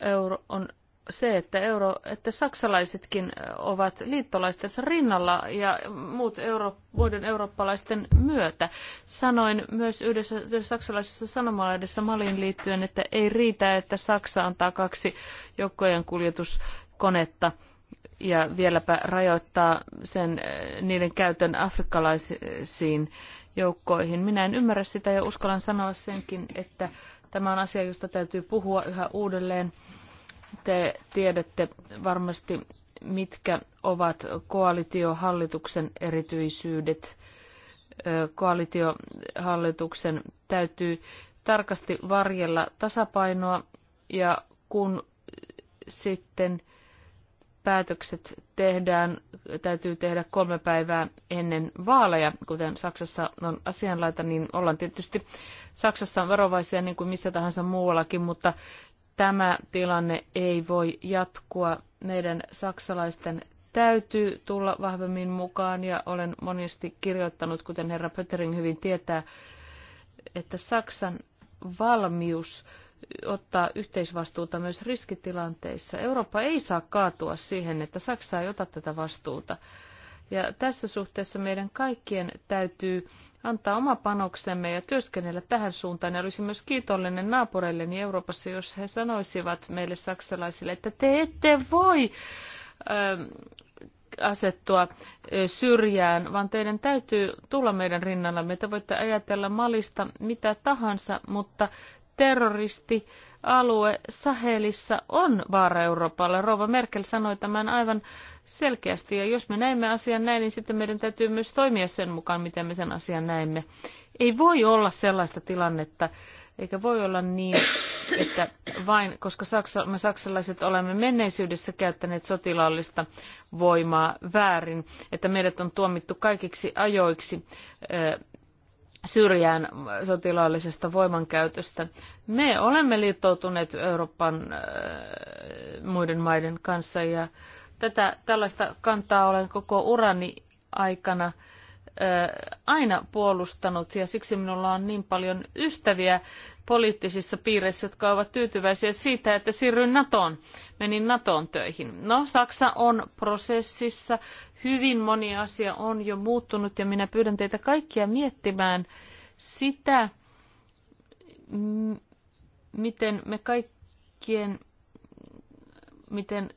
Euro on se, että, euro, että saksalaisetkin ovat liittolaistensa rinnalla ja muut euro, muiden eurooppalaisten myötä. Sanoin myös yhdessä, yhdessä saksalaisessa sanomalehdessä Malin liittyen, että ei riitä, että Saksa antaa kaksi joukkojen kuljetuskonetta ja vieläpä rajoittaa sen, eh, niiden käytön afrikkalaisiin joukkoihin. Minä en ymmärrä sitä ja uskallan sanoa senkin, että tämä on asia, josta täytyy puhua yhä uudelleen te tiedätte varmasti, mitkä ovat koalitiohallituksen erityisyydet. Koalitiohallituksen täytyy tarkasti varjella tasapainoa ja kun sitten päätökset tehdään, täytyy tehdä kolme päivää ennen vaaleja, kuten Saksassa on asianlaita, niin ollaan tietysti Saksassa on varovaisia niin kuin missä tahansa muuallakin, mutta Tämä tilanne ei voi jatkua. Meidän saksalaisten täytyy tulla vahvemmin mukaan ja olen monesti kirjoittanut, kuten herra Pöttering hyvin tietää, että Saksan valmius ottaa yhteisvastuuta myös riskitilanteissa. Eurooppa ei saa kaatua siihen, että Saksa ei ota tätä vastuuta. Ja tässä suhteessa meidän kaikkien täytyy antaa oma panoksemme ja työskennellä tähän suuntaan. Ja olisin myös kiitollinen naapureilleni Euroopassa, jos he sanoisivat meille saksalaisille, että te ette voi ö, ähm, asettua äh, syrjään, vaan teidän täytyy tulla meidän rinnallamme. Te voitte ajatella malista mitä tahansa, mutta terroristi alue Sahelissa on vaara Euroopalle. Rova Merkel sanoi tämän aivan selkeästi ja jos me näemme asian näin, niin sitten meidän täytyy myös toimia sen mukaan, miten me sen asian näemme. Ei voi olla sellaista tilannetta, eikä voi olla niin, että vain koska Saksa, me saksalaiset olemme menneisyydessä käyttäneet sotilaallista voimaa väärin, että meidät on tuomittu kaikiksi ajoiksi syrjään sotilaallisesta voimankäytöstä. Me olemme liittoutuneet Euroopan äh, muiden maiden kanssa ja tätä, tällaista kantaa olen koko urani aikana äh, aina puolustanut ja siksi minulla on niin paljon ystäviä poliittisissa piireissä, jotka ovat tyytyväisiä siitä, että siirryin NATOon, menin NATOon töihin. No, Saksa on prosessissa Hyvin moni asia on jo muuttunut ja minä pyydän teitä kaikkia miettimään sitä, miten me kaikkien, miten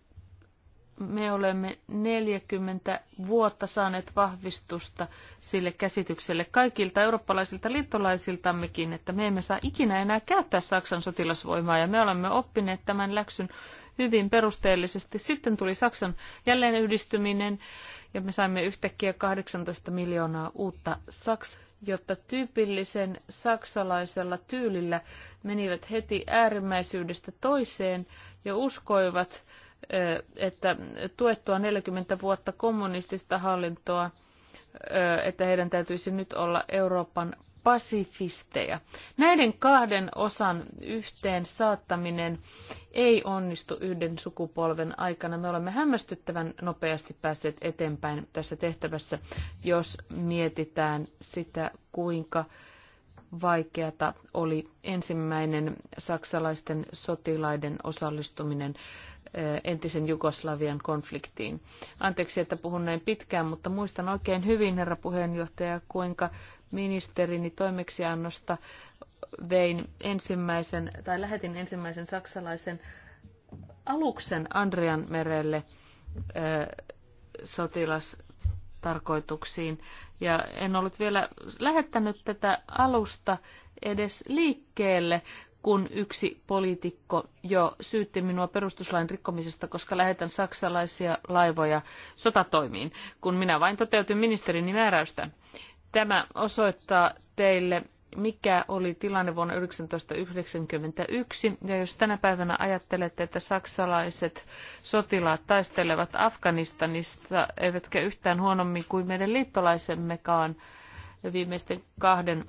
me olemme 40 vuotta saaneet vahvistusta sille käsitykselle kaikilta eurooppalaisilta liittolaisiltammekin, että me emme saa ikinä enää käyttää Saksan sotilasvoimaa ja me olemme oppineet tämän läksyn hyvin perusteellisesti. Sitten tuli Saksan jälleenyhdistyminen ja me saimme yhtäkkiä 18 miljoonaa uutta Saks, jotta tyypillisen saksalaisella tyylillä menivät heti äärimmäisyydestä toiseen ja uskoivat, että tuettua 40 vuotta kommunistista hallintoa, että heidän täytyisi nyt olla Euroopan pasifisteja. Näiden kahden osan yhteen saattaminen ei onnistu yhden sukupolven aikana. Me olemme hämmästyttävän nopeasti päässeet eteenpäin tässä tehtävässä, jos mietitään sitä, kuinka vaikeata oli ensimmäinen saksalaisten sotilaiden osallistuminen eh, entisen Jugoslavian konfliktiin. Anteeksi, että puhun näin pitkään, mutta muistan oikein hyvin, herra puheenjohtaja, kuinka ministerini toimeksiannosta vein ensimmäisen, tai lähetin ensimmäisen saksalaisen aluksen Andrian merelle sotilastarkoituksiin. Ja en ollut vielä lähettänyt tätä alusta edes liikkeelle, kun yksi poliitikko jo syytti minua perustuslain rikkomisesta, koska lähetän saksalaisia laivoja sotatoimiin, kun minä vain toteutin ministerin määräystä. Tämä osoittaa teille, mikä oli tilanne vuonna 1991. Ja jos tänä päivänä ajattelette, että saksalaiset sotilaat taistelevat Afganistanista, eivätkä yhtään huonommin kuin meidän liittolaisemmekaan viimeisten kahden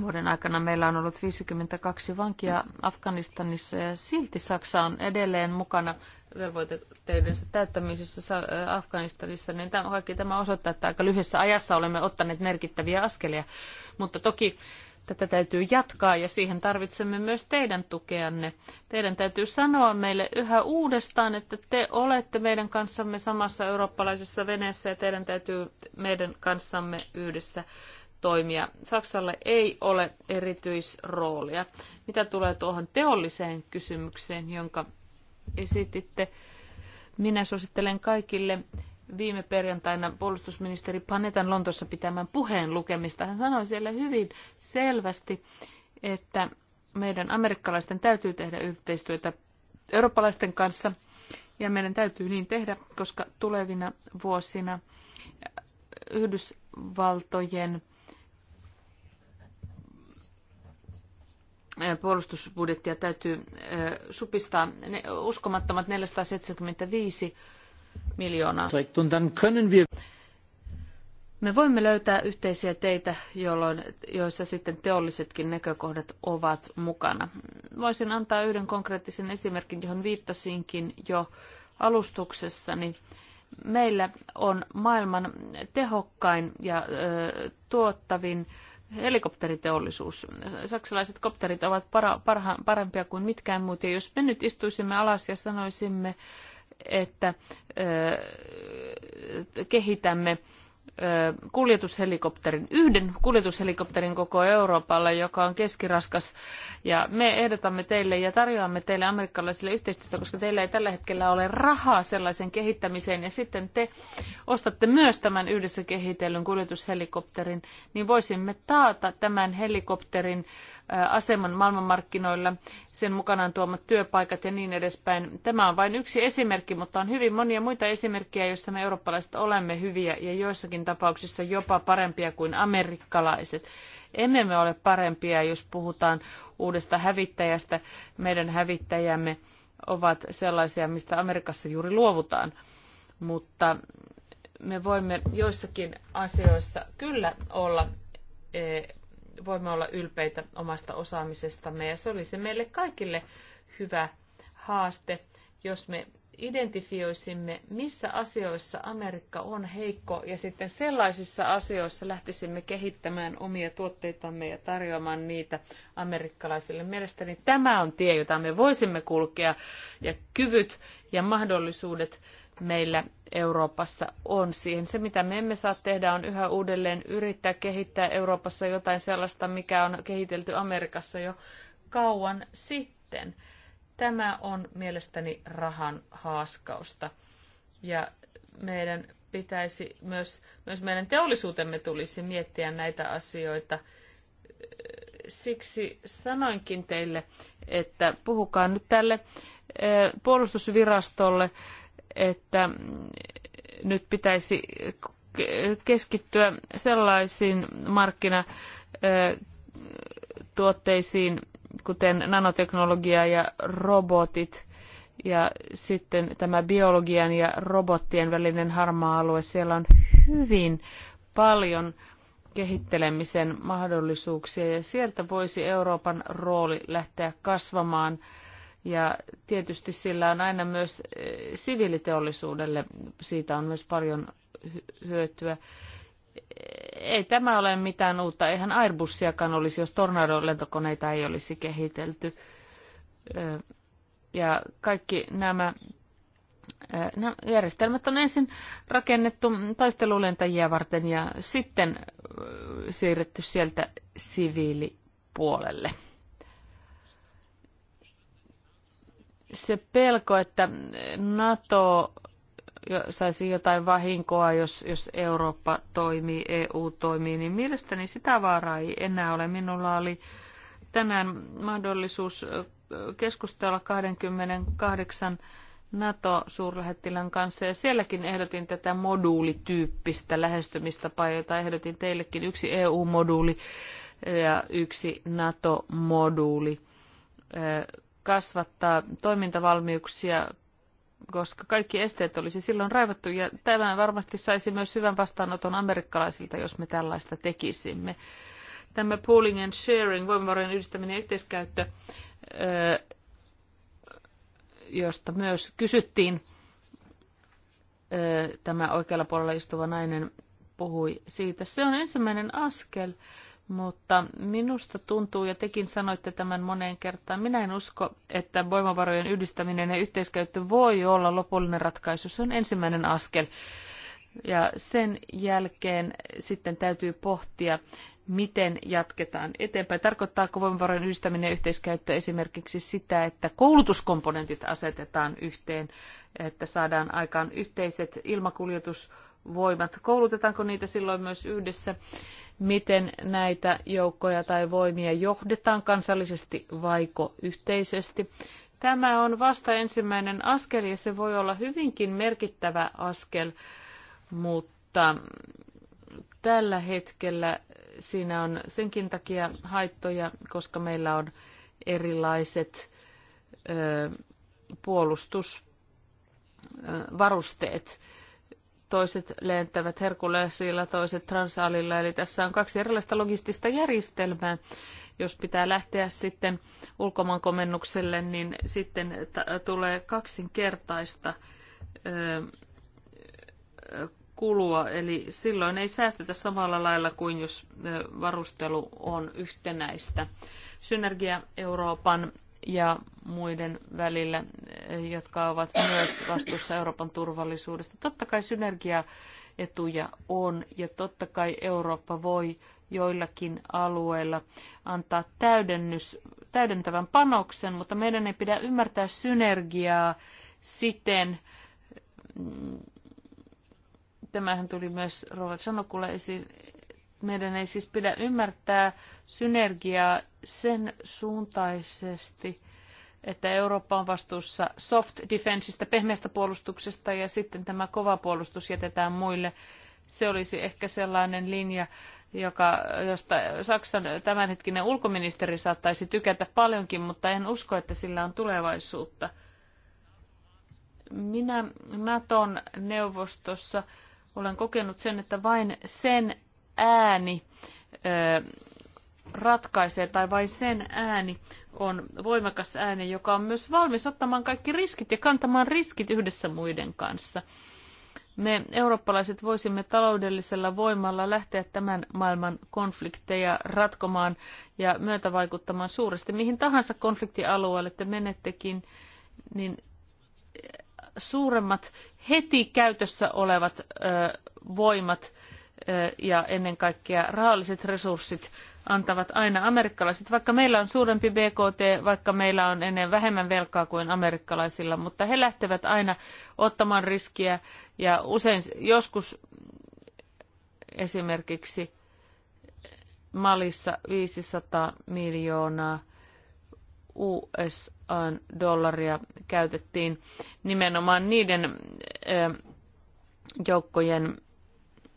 vuoden aikana meillä on ollut 52 vankia Afganistanissa ja silti Saksa on edelleen mukana velvoitteidensa täyttämisessä äh, Afganistanissa, niin tämä, kaikki tämä osoittaa, että aika lyhyessä ajassa olemme ottaneet merkittäviä askelia. Mutta toki tätä täytyy jatkaa ja siihen tarvitsemme myös teidän tukeanne. Teidän täytyy sanoa meille yhä uudestaan, että te olette meidän kanssamme samassa eurooppalaisessa veneessä ja teidän täytyy meidän kanssamme yhdessä toimia. Saksalle ei ole erityisroolia. Mitä tulee tuohon teolliseen kysymykseen, jonka esititte. Minä suosittelen kaikille viime perjantaina puolustusministeri Panetan Lontossa pitämän puheen lukemista. Hän sanoi siellä hyvin selvästi, että meidän amerikkalaisten täytyy tehdä yhteistyötä eurooppalaisten kanssa ja meidän täytyy niin tehdä, koska tulevina vuosina Yhdysvaltojen puolustusbudjettia täytyy supistaa ne uskomattomat 475 miljoonaa. Me voimme löytää yhteisiä teitä, jolloin, joissa sitten teollisetkin näkökohdat ovat mukana. Voisin antaa yhden konkreettisen esimerkin, johon viittasinkin jo alustuksessani. Meillä on maailman tehokkain ja ö, tuottavin ö, helikopteriteollisuus. Saksalaiset kopterit ovat para, parha, parempia kuin mitkään muut. Ja jos me nyt istuisimme alas ja sanoisimme, että ö, kehitämme kuljetushelikopterin, yhden kuljetushelikopterin koko Euroopalle, joka on keskiraskas. Ja me ehdotamme teille ja tarjoamme teille amerikkalaisille yhteistyötä, koska teillä ei tällä hetkellä ole rahaa sellaisen kehittämiseen. Ja sitten te ostatte myös tämän yhdessä kehitellyn kuljetushelikopterin, niin voisimme taata tämän helikopterin aseman maailmanmarkkinoilla, sen mukanaan tuomat työpaikat ja niin edespäin. Tämä on vain yksi esimerkki, mutta on hyvin monia muita esimerkkejä, joissa me eurooppalaiset olemme hyviä ja joissakin tapauksissa jopa parempia kuin amerikkalaiset emme me ole parempia, jos puhutaan uudesta hävittäjästä. Meidän hävittäjämme ovat sellaisia, mistä Amerikassa juuri luovutaan. Mutta me voimme joissakin asioissa kyllä olla e, voimme olla ylpeitä omasta osaamisestamme ja se olisi meille kaikille hyvä haaste, jos me identifioisimme, missä asioissa Amerikka on heikko ja sitten sellaisissa asioissa lähtisimme kehittämään omia tuotteitamme ja tarjoamaan niitä amerikkalaisille. Mielestäni tämä on tie, jota me voisimme kulkea ja kyvyt ja mahdollisuudet meillä Euroopassa on siihen. Se, mitä me emme saa tehdä, on yhä uudelleen yrittää kehittää Euroopassa jotain sellaista, mikä on kehitelty Amerikassa jo kauan sitten. Tämä on mielestäni rahan haaskausta. Ja meidän pitäisi myös, myös meidän teollisuutemme tulisi miettiä näitä asioita. Siksi sanoinkin teille, että puhukaa nyt tälle eh, puolustusvirastolle että nyt pitäisi keskittyä sellaisiin markkinatuotteisiin, kuten nanoteknologia ja robotit, ja sitten tämä biologian ja robottien välinen harmaa alue, siellä on hyvin paljon kehittelemisen mahdollisuuksia ja sieltä voisi Euroopan rooli lähteä kasvamaan ja tietysti sillä on aina myös eh, siviiliteollisuudelle, siitä on myös paljon hyötyä. Eh, ei tämä ole mitään uutta, eihän Airbusiakaan olisi, jos Tornado-lentokoneita ei olisi kehitelty. Eh, ja kaikki nämä No, järjestelmät on ensin rakennettu taistelulentäjiä varten ja sitten siirretty sieltä siviilipuolelle. se pelko, että NATO saisi jotain vahinkoa, jos, jos Eurooppa toimii, EU toimii, niin mielestäni sitä vaaraa ei enää ole. Minulla oli tänään mahdollisuus keskustella 28 NATO-suurlähettilän kanssa ja sielläkin ehdotin tätä moduulityyppistä lähestymistapaa, jota ehdotin teillekin. Yksi EU-moduuli ja yksi NATO-moduuli kasvattaa toimintavalmiuksia, koska kaikki esteet olisi silloin raivattu. Ja tämä varmasti saisi myös hyvän vastaanoton amerikkalaisilta, jos me tällaista tekisimme. Tämä pooling and sharing, voimavarojen yhdistäminen ja yhteiskäyttö, josta myös kysyttiin, tämä oikealla puolella istuva nainen puhui siitä. Se on ensimmäinen askel mutta minusta tuntuu, ja tekin sanoitte tämän moneen kertaan, minä en usko, että voimavarojen yhdistäminen ja yhteiskäyttö voi olla lopullinen ratkaisu. Se on ensimmäinen askel. Ja sen jälkeen sitten täytyy pohtia, miten jatketaan eteenpäin. Tarkoittaako voimavarojen yhdistäminen ja yhteiskäyttö esimerkiksi sitä, että koulutuskomponentit asetetaan yhteen, että saadaan aikaan yhteiset ilmakuljetusvoimat? Koulutetaanko niitä silloin myös yhdessä? miten näitä joukkoja tai voimia johdetaan kansallisesti vaiko yhteisesti. Tämä on vasta ensimmäinen askel ja se voi olla hyvinkin merkittävä askel, mutta tällä hetkellä siinä on senkin takia haittoja, koska meillä on erilaiset ö, puolustusvarusteet. Ö, toiset lentävät Herkulesilla, toiset Transalilla. Eli tässä on kaksi erilaista logistista järjestelmää. Jos pitää lähteä sitten ulkomaankomennukselle, niin sitten tulee kaksinkertaista ö, kulua. Eli silloin ei säästetä samalla lailla kuin jos varustelu on yhtenäistä. Synergia Euroopan ja muiden välillä, eh, jotka ovat myös vastuussa Euroopan turvallisuudesta. Totta kai synergiaetuja on ja totta kai Eurooppa voi joillakin alueilla antaa täydennys, täydentävän panoksen, mutta meidän ei pidä ymmärtää synergiaa siten, mm, tämähän tuli myös Rovat Sanokulle meidän ei siis pidä ymmärtää synergiaa sen suuntaisesti, että Eurooppa on vastuussa soft defenseistä, pehmeästä puolustuksesta ja sitten tämä kova puolustus jätetään muille. Se olisi ehkä sellainen linja, joka, josta Saksan tämänhetkinen ulkoministeri saattaisi tykätä paljonkin, mutta en usko, että sillä on tulevaisuutta. Minä Naton neuvostossa olen kokenut sen, että vain sen ääni ratkaisee tai vain sen ääni on voimakas ääni, joka on myös valmis ottamaan kaikki riskit ja kantamaan riskit yhdessä muiden kanssa. Me eurooppalaiset voisimme taloudellisella voimalla lähteä tämän maailman konflikteja ratkomaan ja myötävaikuttamaan suuresti mihin tahansa konfliktialueelle te menettekin, niin suuremmat heti käytössä olevat ö, voimat – ja ennen kaikkea rahalliset resurssit antavat aina amerikkalaiset, vaikka meillä on suurempi BKT, vaikka meillä on ennen vähemmän velkaa kuin amerikkalaisilla, mutta he lähtevät aina ottamaan riskiä ja usein joskus esimerkiksi Malissa 500 miljoonaa US-dollaria käytettiin nimenomaan niiden joukkojen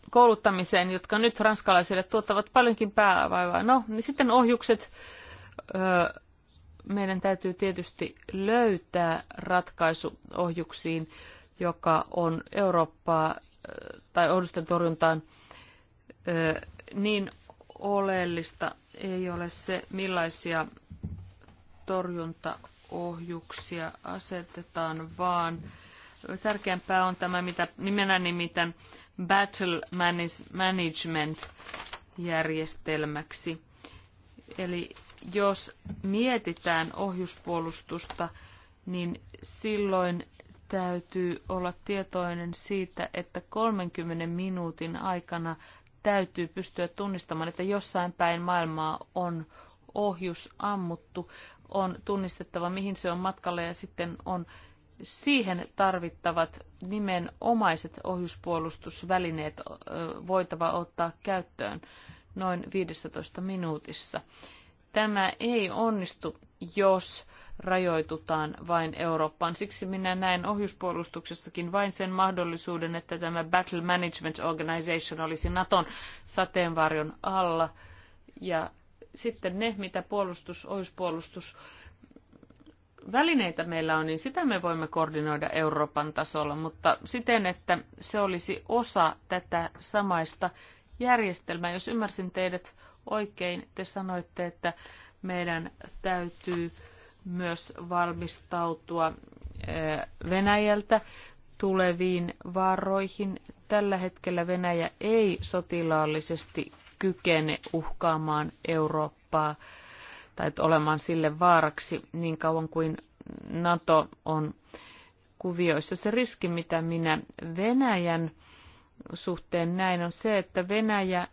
kouluttamiseen, jotka nyt ranskalaisille tuottavat paljonkin päävaivaa. No, niin sitten ohjukset. Öö, meidän täytyy tietysti löytää ratkaisu ohjuksiin, joka on Eurooppaa tai ohdusten torjuntaan öö, niin oleellista ei ole se, millaisia torjuntaohjuksia asetetaan, vaan tärkeämpää on tämä, mitä nimenä nimitän battle management järjestelmäksi. Eli jos mietitään ohjuspuolustusta, niin silloin täytyy olla tietoinen siitä, että 30 minuutin aikana täytyy pystyä tunnistamaan, että jossain päin maailmaa on ohjus ammuttu, on tunnistettava, mihin se on matkalla ja sitten on siihen tarvittavat nimenomaiset ohjuspuolustusvälineet voitava ottaa käyttöön noin 15 minuutissa. Tämä ei onnistu, jos rajoitutaan vain Eurooppaan. Siksi minä näen ohjuspuolustuksessakin vain sen mahdollisuuden, että tämä Battle Management Organization olisi Naton sateenvarjon alla. Ja sitten ne, mitä puolustus, ohjuspuolustus välineitä meillä on, niin sitä me voimme koordinoida Euroopan tasolla, mutta siten, että se olisi osa tätä samaista järjestelmää. Jos ymmärsin teidät oikein, te sanoitte, että meidän täytyy myös valmistautua eh, Venäjältä tuleviin vaaroihin. Tällä hetkellä Venäjä ei sotilaallisesti kykene uhkaamaan Eurooppaa tai olemaan sille vaaraksi niin kauan kuin NATO on kuvioissa. Se riski, mitä minä Venäjän suhteen näin, on se, että Venäjä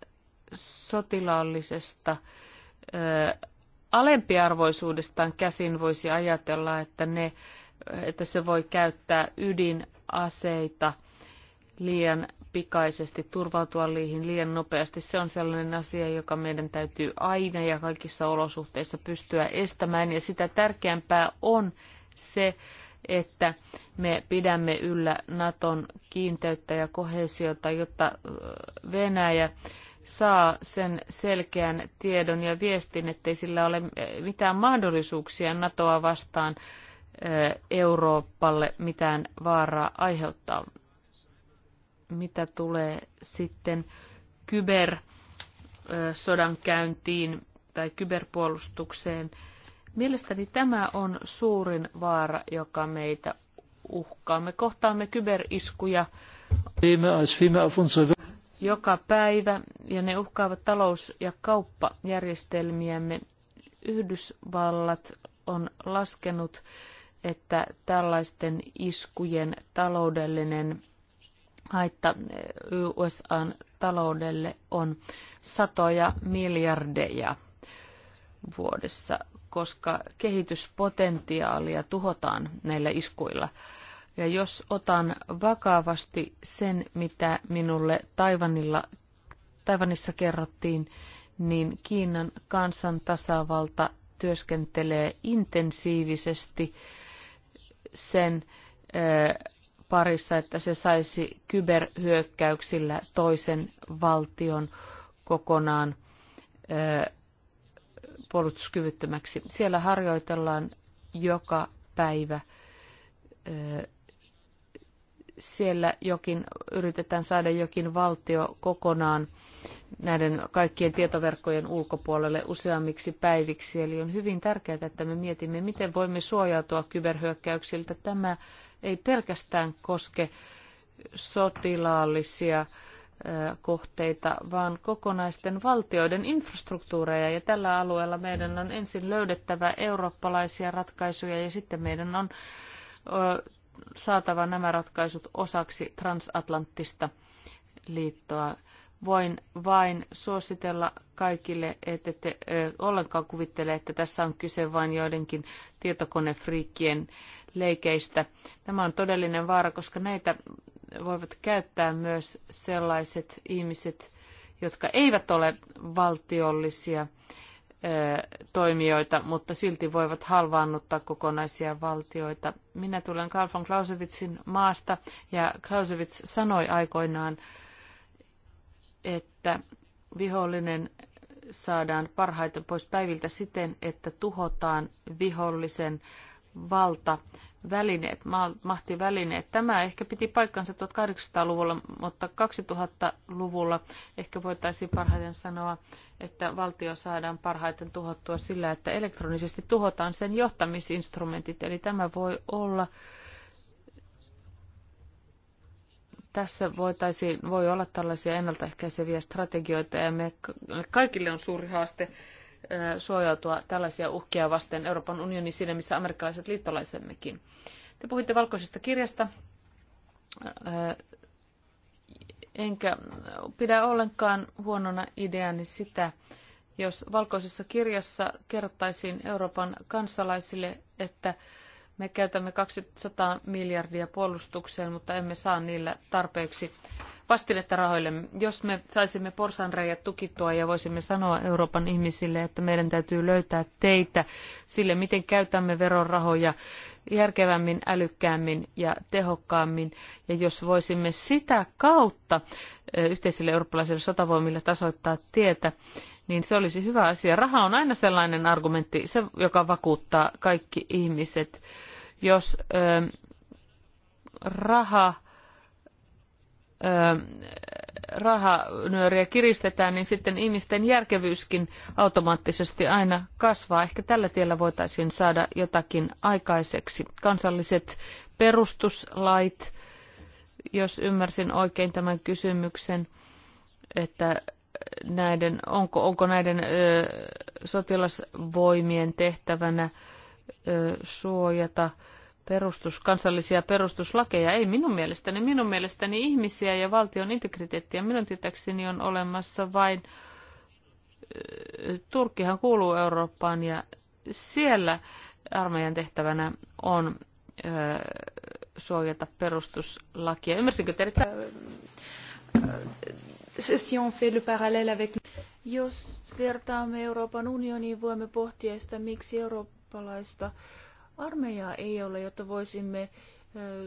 sotilaallisesta ö, alempiarvoisuudestaan käsin voisi ajatella, että, ne, että se voi käyttää ydinaseita liian pikaisesti, turvautua niihin liian nopeasti. Se on sellainen asia, joka meidän täytyy aina ja kaikissa olosuhteissa pystyä estämään. Ja sitä tärkeämpää on se, että me pidämme yllä Naton kiinteyttä ja kohesiota, jotta Venäjä saa sen selkeän tiedon ja viestin, ettei sillä ole mitään mahdollisuuksia NATOa vastaan Euroopalle mitään vaaraa aiheuttaa. Mitä tulee sitten käyntiin tai kyberpuolustukseen, mielestäni tämä on suurin vaara, joka meitä uhkaa. Me kohtaamme kyberiskuja joka päivä ja ne uhkaavat talous- ja kauppajärjestelmiämme. Yhdysvallat on laskenut, että tällaisten iskujen taloudellinen haitta eh, USAn taloudelle on satoja miljardeja vuodessa, koska kehityspotentiaalia tuhotaan näillä iskuilla. Ja jos otan vakavasti sen, mitä minulle Taivanilla, Taivanissa kerrottiin, niin Kiinan kansan tasavalta työskentelee intensiivisesti sen ö, eh, parissa, että se saisi kyberhyökkäyksillä toisen valtion kokonaan ö, puolustuskyvyttömäksi. Siellä harjoitellaan joka päivä. Ö, siellä jokin, yritetään saada jokin valtio kokonaan näiden kaikkien tietoverkkojen ulkopuolelle useammiksi päiviksi. Eli on hyvin tärkeää, että me mietimme, miten voimme suojautua kyberhyökkäyksiltä. Tämä ei pelkästään koske sotilaallisia kohteita, vaan kokonaisten valtioiden infrastruktuureja. Ja tällä alueella meidän on ensin löydettävä eurooppalaisia ratkaisuja ja sitten meidän on saatava nämä ratkaisut osaksi transatlanttista liittoa. Voin vain suositella kaikille, että te ollenkaan kuvittele, että tässä on kyse vain joidenkin tietokonefriikkien äh, leikeistä. Tämä on todellinen vaara, koska näitä voivat käyttää myös sellaiset ihmiset, jotka eivät ole valtiollisia toimijoita, mutta silti voivat halvaannuttaa kokonaisia valtioita. Minä tulen Karl von Clausewitzin maasta ja Clausewitz sanoi aikoinaan, että vihollinen saadaan parhaiten pois päiviltä siten, että tuhotaan vihollisen valta välineet, mahtivälineet. Tämä ehkä piti paikkansa 1800-luvulla, mutta 2000-luvulla ehkä voitaisiin parhaiten sanoa, että valtio saadaan parhaiten tuhottua sillä, että elektronisesti tuhotaan sen johtamisinstrumentit. Eli tämä voi olla tässä voitaisiin, voi olla tällaisia ennaltaehkäiseviä strategioita ja me kaikille on suuri haaste suojautua tällaisia uhkia vasten Euroopan unionin siinä, missä amerikkalaiset liittolaisemmekin. Te puhuitte valkoisesta kirjasta, enkä pidä ollenkaan huonona ideani sitä, jos valkoisessa kirjassa kerrottaisiin Euroopan kansalaisille, että me käytämme 200 miljardia puolustukseen, mutta emme saa niillä tarpeeksi vastinetta rahoille. Jos me saisimme porsanreijät tukittua ja voisimme sanoa Euroopan ihmisille, että meidän täytyy löytää teitä sille, miten käytämme verorahoja järkevämmin, älykkäämmin ja tehokkaammin. Ja jos voisimme sitä kautta yhteisille eurooppalaisille sotavoimille tasoittaa tietä, niin se olisi hyvä asia. Raha on aina sellainen argumentti, se, joka vakuuttaa kaikki ihmiset. Jos ö, raha rahanyöriä kiristetään, niin sitten ihmisten järkevyyskin automaattisesti aina kasvaa. Ehkä tällä tiellä voitaisiin saada jotakin aikaiseksi. Kansalliset perustuslait, jos ymmärsin oikein tämän kysymyksen, että näiden, onko, onko näiden ö, sotilasvoimien tehtävänä ö, suojata ö, perustus, kansallisia perustuslakeja. Ei minun mielestäni. Minun mielestäni ihmisiä ja valtion integriteettiä minun tietääkseni on olemassa vain äh, Turkkihan kuuluu Eurooppaan ja siellä armeijan tehtävänä on ö, äh, suojata perustuslakia. Ymmärsinkö te että... Äh, si on fait le parallèle avec... Jos vertaamme Euroopan unioniin, voimme pohtia sitä, miksi eurooppalaista armeijaa ei ole, jotta voisimme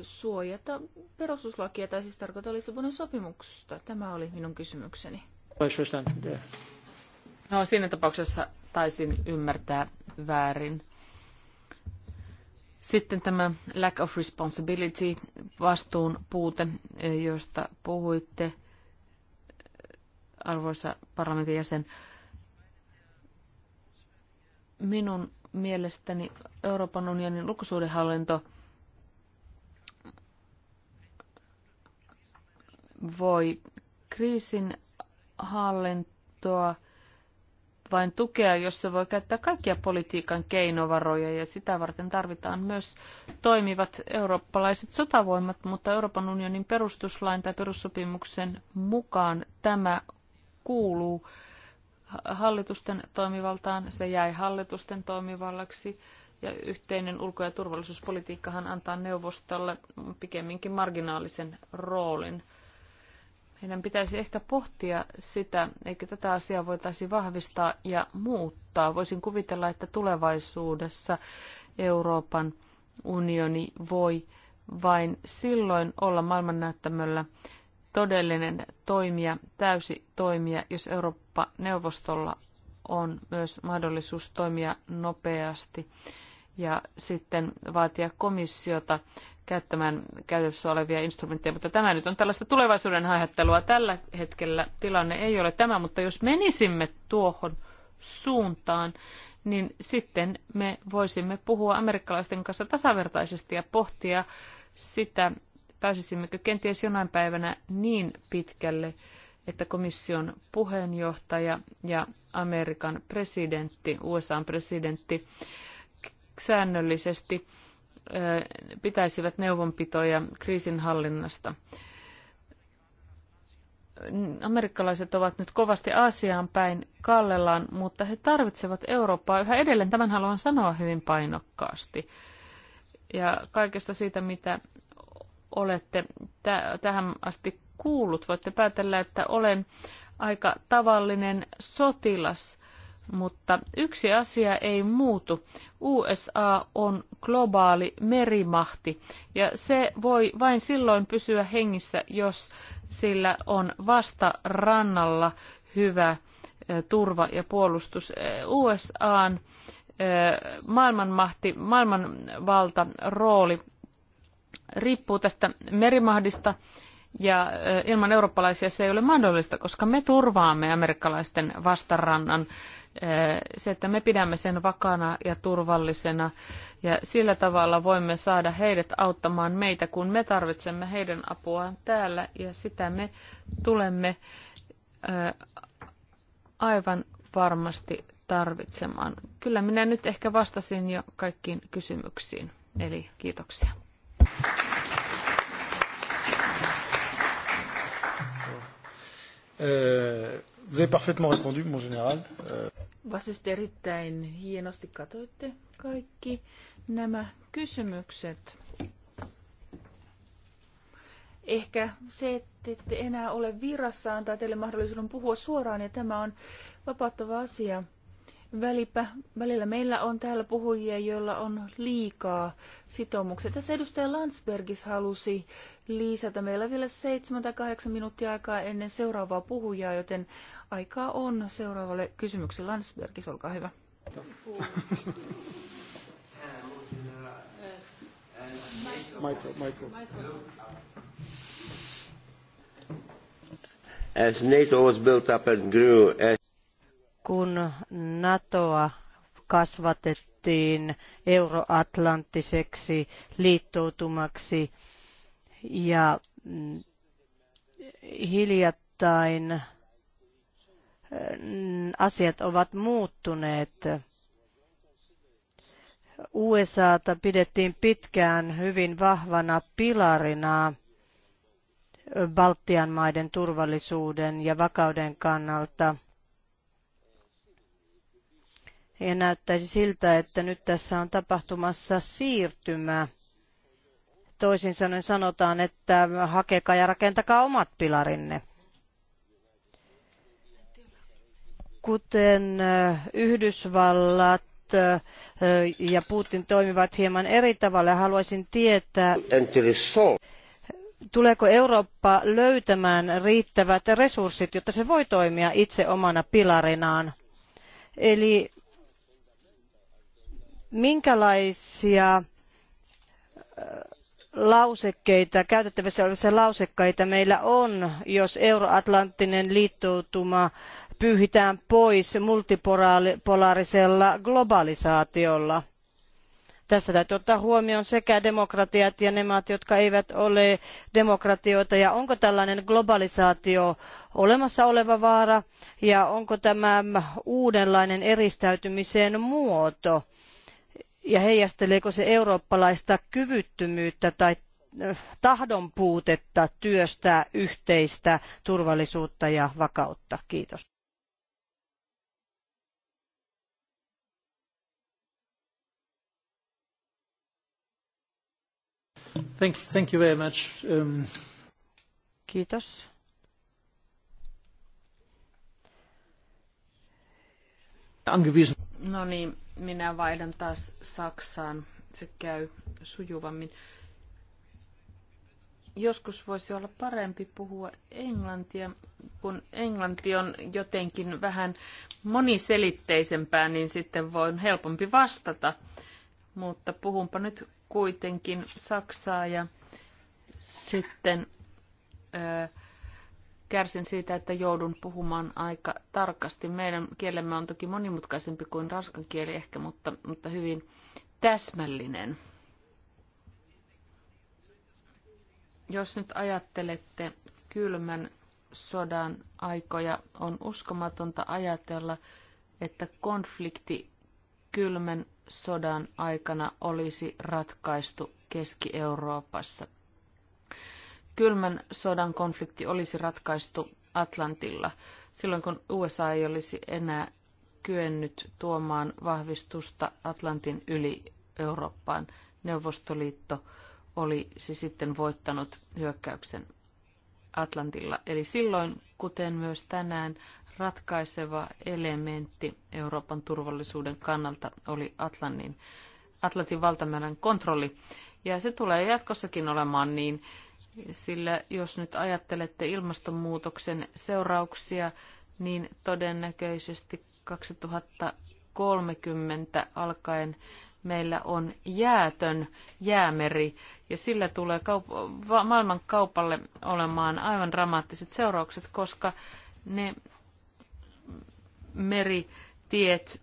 suojata perustuslakia, tai siis tarkoittaa Lissabonin sopimuksesta. Tämä oli minun kysymykseni. No siinä tapauksessa taisin ymmärtää väärin. Sitten tämä lack of responsibility, vastuun puute, josta puhuitte, arvoisa parlamentin jäsen. Minun mielestäni Euroopan unionin lukusuudenhallinto voi kriisin hallintoa vain tukea, jos se voi käyttää kaikkia politiikan keinovaroja ja sitä varten tarvitaan myös toimivat eurooppalaiset sotavoimat, mutta Euroopan unionin perustuslain tai perussopimuksen mukaan tämä kuuluu hallitusten toimivaltaan, se jäi hallitusten toimivallaksi. Ja yhteinen ulko- ja turvallisuuspolitiikkahan antaa neuvostolle pikemminkin marginaalisen roolin. Meidän pitäisi ehkä pohtia sitä, eikö tätä asiaa voitaisi vahvistaa ja muuttaa. Voisin kuvitella, että tulevaisuudessa Euroopan unioni voi vain silloin olla maailmannäyttämöllä, todellinen toimija, täysi toimija, jos Eurooppa-neuvostolla on myös mahdollisuus toimia nopeasti ja sitten vaatia komissiota käyttämään käytössä olevia instrumentteja. Mutta tämä nyt on tällaista tulevaisuuden haihattelua. Tällä hetkellä tilanne ei ole tämä, mutta jos menisimme tuohon suuntaan, niin sitten me voisimme puhua amerikkalaisten kanssa tasavertaisesti ja pohtia sitä, pääsisimmekö kenties jonain päivänä niin pitkälle, että komission puheenjohtaja ja Amerikan presidentti, USAn presidentti, säännöllisesti pitäisivät neuvonpitoja kriisinhallinnasta. Amerikkalaiset ovat nyt kovasti Aasiaan päin kallellaan, mutta he tarvitsevat Eurooppaa yhä edelleen. Tämän haluan sanoa hyvin painokkaasti. Ja kaikesta siitä, mitä olette tähän asti kuullut. Voitte päätellä, että olen aika tavallinen sotilas, mutta yksi asia ei muutu. USA on globaali merimahti ja se voi vain silloin pysyä hengissä, jos sillä on vasta rannalla hyvä turva ja puolustus. USAn maailmanmahti, maailmanvalta rooli riippuu tästä merimahdista ja ilman eurooppalaisia se ei ole mahdollista, koska me turvaamme amerikkalaisten vastarannan. Se, että me pidämme sen vakana ja turvallisena ja sillä tavalla voimme saada heidät auttamaan meitä, kun me tarvitsemme heidän apuaan täällä ja sitä me tulemme aivan varmasti tarvitsemaan. Kyllä minä nyt ehkä vastasin jo kaikkiin kysymyksiin, eli kiitoksia. Euh, vous avez parfaitement répondu, mon général. Euh. Vastasitte erittäin hienosti, katoitte kaikki nämä kysymykset. Ehkä se, että ette enää ole virassa, antaa teille mahdollisuuden puhua suoraan, ja tämä on vapauttava asia välipä, välillä meillä on täällä puhujia, joilla on liikaa sitoumuksia. Tässä edustaja Landsbergis halusi lisätä. Meillä on vielä 7 tai 8 minuuttia aikaa ennen seuraavaa puhujaa, joten aikaa on seuraavalle kysymykselle. Landsbergis, olkaa hyvä. Michael, Michael. As NATO was built up and grew, as kun NATOa kasvatettiin euroatlanttiseksi liittoutumaksi ja mm, hiljattain mm, asiat ovat muuttuneet. USAta pidettiin pitkään hyvin vahvana pilarina Baltian maiden turvallisuuden ja vakauden kannalta – ja näyttäisi siltä, että nyt tässä on tapahtumassa siirtymä. Toisin sanoen sanotaan, että hakekaa ja rakentakaa omat pilarinne. Kuten Yhdysvallat ja Putin toimivat hieman eri tavalla, haluaisin tietää, tuleeko Eurooppa löytämään riittävät resurssit, jotta se voi toimia itse omana pilarinaan. Eli minkälaisia äh, lausekkeita, käytettävissä olevia lausekkeita meillä on, jos euroatlanttinen liittoutuma pyyhitään pois multipolaarisella globalisaatiolla. Tässä täytyy ottaa huomioon sekä demokratiat ja ne maat, jotka eivät ole demokratioita. Ja onko tällainen globalisaatio olemassa oleva vaara ja onko tämä uudenlainen eristäytymisen muoto? ja heijasteleeko se eurooppalaista kyvyttömyyttä tai tahdon puutetta työstää yhteistä turvallisuutta ja vakautta. Kiitos. Thank, thank you very much. Um... Kiitos. Angewiesen. No niin, minä vaihdan taas Saksaan. Se käy sujuvammin. Joskus voisi olla parempi puhua englantia, kun englanti on jotenkin vähän moniselitteisempää, niin sitten voin helpompi vastata. Mutta puhunpa nyt kuitenkin saksaa ja sitten... Öö, kärsin siitä, että joudun puhumaan aika tarkasti. Meidän kielemme on toki monimutkaisempi kuin ranskan kieli ehkä, mutta, mutta hyvin täsmällinen. Jos nyt ajattelette kylmän sodan aikoja, on uskomatonta ajatella, että konflikti kylmän sodan aikana olisi ratkaistu Keski-Euroopassa – kylmän sodan konflikti olisi ratkaistu Atlantilla silloin, kun USA ei olisi enää kyennyt tuomaan vahvistusta Atlantin yli Eurooppaan. Neuvostoliitto oli sitten voittanut hyökkäyksen Atlantilla. Eli silloin, kuten myös tänään, ratkaiseva elementti Euroopan turvallisuuden kannalta oli Atlantin, Atlantin valtameren kontrolli. Ja se tulee jatkossakin olemaan niin, sillä jos nyt ajattelette ilmastonmuutoksen seurauksia, niin todennäköisesti 2030 alkaen meillä on jäätön jäämeri ja sillä tulee kaup- maailman kaupalle olemaan aivan dramaattiset seuraukset, koska ne meritiet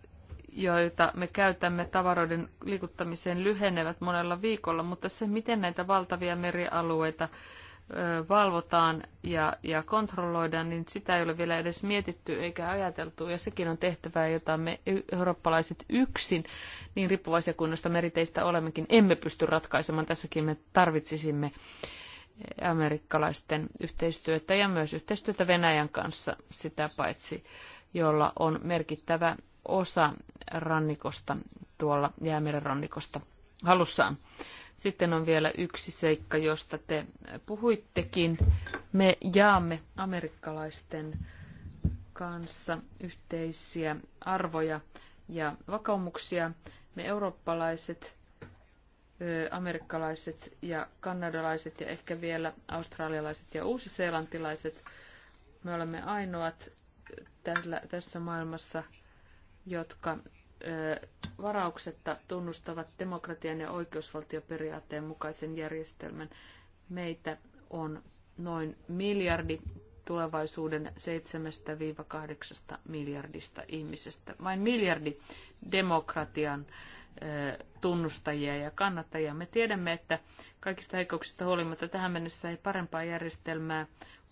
joita me käytämme tavaroiden liikuttamiseen, lyhenevät monella viikolla, mutta se, miten näitä valtavia merialueita valvotaan ja, ja kontrolloidaan, niin sitä ei ole vielä edes mietitty eikä ajateltu. Ja sekin on tehtävää, jota me eurooppalaiset yksin, niin riippuvaisia kunnosta meriteistä olemmekin, emme pysty ratkaisemaan. Tässäkin me tarvitsisimme amerikkalaisten yhteistyötä ja myös yhteistyötä Venäjän kanssa sitä paitsi, jolla on merkittävä osa rannikosta tuolla jäämeren rannikosta halussaan. Sitten on vielä yksi seikka, josta te puhuittekin. Me jaamme amerikkalaisten kanssa yhteisiä arvoja ja vakaumuksia. Me eurooppalaiset, amerikkalaiset ja kanadalaiset ja ehkä vielä australialaiset ja uusiseelantilaiset, me olemme ainoat tässä maailmassa – jotka varauksetta tunnustavat demokratian ja oikeusvaltioperiaatteen mukaisen järjestelmän. Meitä on noin miljardi tulevaisuuden 7-8 miljardista ihmisestä. Vain miljardi demokratian äh, tunnustajia ja kannattajia. Me tiedämme, että kaikista heikkouksista huolimatta tähän mennessä ei parempaa järjestelmää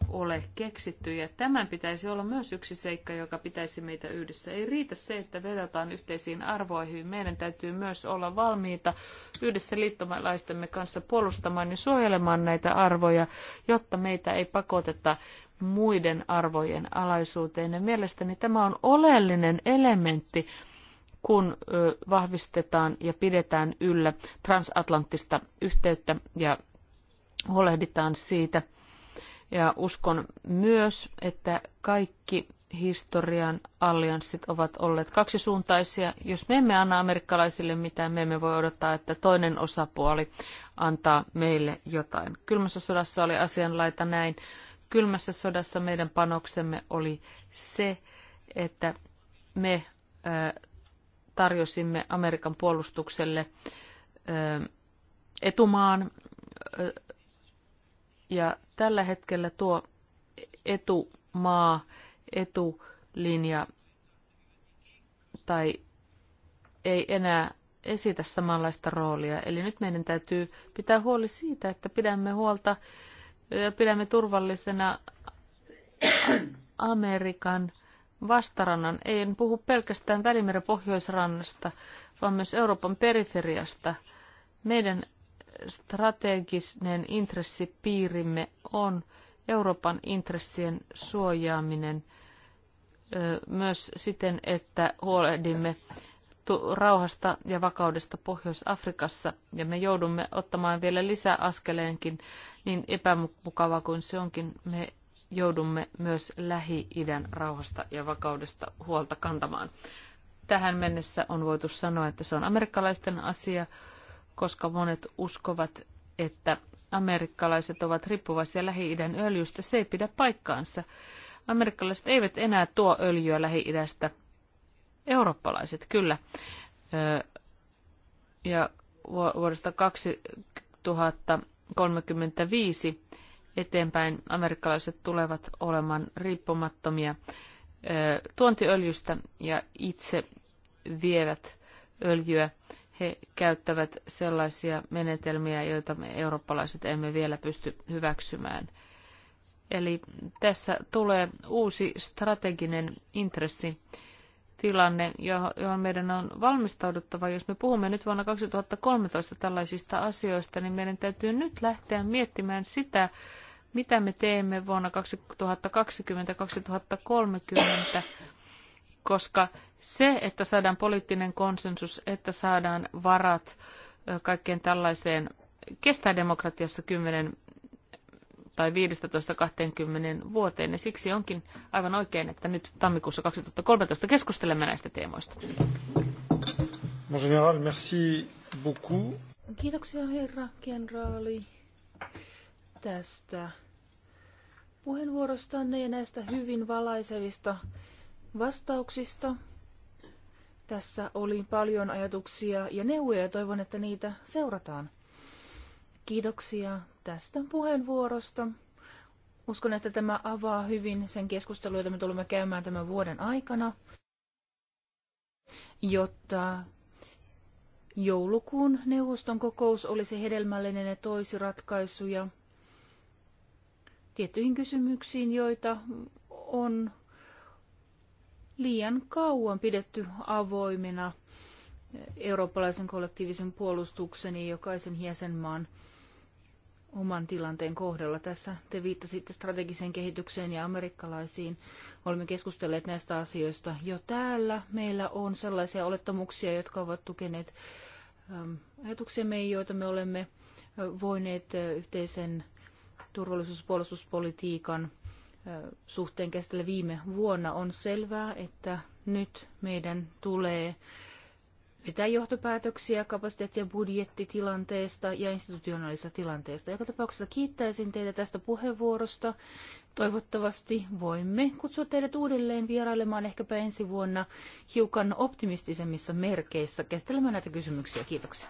ole keksitty. Ja tämän pitäisi olla myös yksi seikka, joka pitäisi meitä yhdessä. Ei riitä se, että vedotaan yhteisiin arvoihin. Meidän täytyy myös olla valmiita yhdessä liittomalaistemme kanssa puolustamaan ja suojelemaan näitä arvoja, jotta meitä ei pakoteta muiden arvojen alaisuuteen. Ja mielestäni tämä on oleellinen elementti kun vahvistetaan ja pidetään yllä transatlanttista yhteyttä ja huolehditaan siitä. Ja uskon myös, että kaikki historian allianssit ovat olleet kaksisuuntaisia. Jos me emme anna amerikkalaisille mitään, me emme voi odottaa, että toinen osapuoli antaa meille jotain. Kylmässä sodassa oli asianlaita näin. Kylmässä sodassa meidän panoksemme oli se, että me tarjosimme Amerikan puolustukselle etumaan. Ja tällä hetkellä tuo etumaa, etulinja tai ei enää esitä samanlaista roolia. Eli nyt meidän täytyy pitää huoli siitä, että pidämme huolta ja pidämme turvallisena Amerikan vastarannan. En puhu pelkästään Välimeren pohjoisrannasta, vaan myös Euroopan periferiasta. Meidän strateginen intressipiirimme on Euroopan intressien suojaaminen myös siten, että huolehdimme rauhasta ja vakaudesta Pohjois-Afrikassa ja me joudumme ottamaan vielä lisää askeleenkin, niin epämukavaa kuin se onkin. Me joudumme myös Lähi-idän rauhasta ja vakaudesta huolta kantamaan. Tähän mennessä on voitu sanoa, että se on amerikkalaisten asia, koska monet uskovat, että amerikkalaiset ovat riippuvaisia Lähi-idän öljystä. Se ei pidä paikkaansa. Amerikkalaiset eivät enää tuo öljyä Lähi-idästä. Eurooppalaiset kyllä. Ja vuodesta 2035 eteenpäin amerikkalaiset tulevat olemaan riippumattomia tuontiöljystä ja itse vievät öljyä. He käyttävät sellaisia menetelmiä, joita me eurooppalaiset emme vielä pysty hyväksymään. Eli tässä tulee uusi strateginen intressi tilanne, johon meidän on valmistauduttava. Jos me puhumme nyt vuonna 2013 tällaisista asioista, niin meidän täytyy nyt lähteä miettimään sitä, mitä me teemme vuonna 2020-2030, koska se, että saadaan poliittinen konsensus, että saadaan varat kaikkeen tällaiseen, kestää demokratiassa 10 tai 15-20 vuoteen. Ja siksi onkin aivan oikein, että nyt tammikuussa 2013 keskustelemme näistä teemoista. Mon général, merci beaucoup. Kiitoksia herra kenraali tästä puheenvuorostanne ja näistä hyvin valaisevista vastauksista. Tässä oli paljon ajatuksia ja neuvoja ja toivon, että niitä seurataan. Kiitoksia tästä puheenvuorosta. Uskon, että tämä avaa hyvin sen keskustelun, jota me tulemme käymään tämän vuoden aikana, jotta joulukuun neuvoston kokous olisi hedelmällinen ja toisi ratkaisuja – tiettyihin kysymyksiin, joita on liian kauan pidetty avoimena eurooppalaisen kollektiivisen puolustuksen ja jokaisen jäsenmaan oman tilanteen kohdalla. Tässä te viittasitte strategiseen kehitykseen ja amerikkalaisiin. Olemme keskustelleet näistä asioista jo täällä. Meillä on sellaisia olettamuksia, jotka ovat tukeneet ähm, ajatuksemme, joita me olemme äh, voineet äh, yhteisen turvallisuus- ja puolustuspolitiikan suhteen käsitellä viime vuonna, on selvää, että nyt meidän tulee vetää johtopäätöksiä kapasiteetti- ja budjettitilanteesta ja institutionaalisesta tilanteesta. Joka tapauksessa kiittäisin teitä tästä puheenvuorosta. Toivottavasti voimme kutsua teidät uudelleen vierailemaan ehkäpä ensi vuonna hiukan optimistisemmissa merkeissä käsittelemään näitä kysymyksiä. Kiitoksia.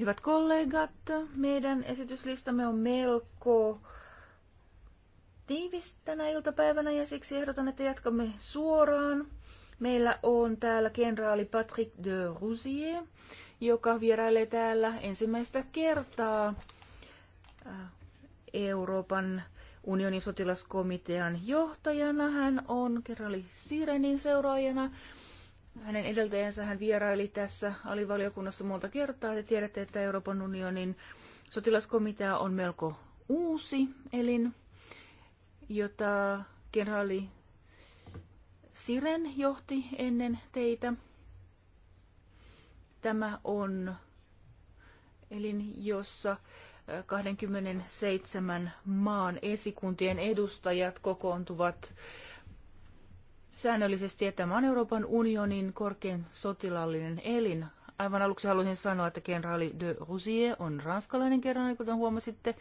Hyvät kollegat, meidän esityslistamme on melko tiivis tänä iltapäivänä ja siksi ehdotan, että jatkamme suoraan. Meillä on täällä kenraali Patrick de Rousier, joka vierailee täällä ensimmäistä kertaa äh, Euroopan unionin sotilaskomitean johtajana. Hän on kenraali Sirenin seuraajana hänen edeltäjänsä hän vieraili tässä alivaliokunnassa monta kertaa. Te tiedätte, että Euroopan unionin sotilaskomitea on melko uusi elin, jota kenraali Siren johti ennen teitä. Tämä on elin, jossa 27 maan esikuntien edustajat kokoontuvat säännöllisesti, että tämä on Euroopan unionin korkein sotilallinen elin. Aivan aluksi haluaisin sanoa, että kenraali de Rousier on ranskalainen kerran, niin kuten huomasitte.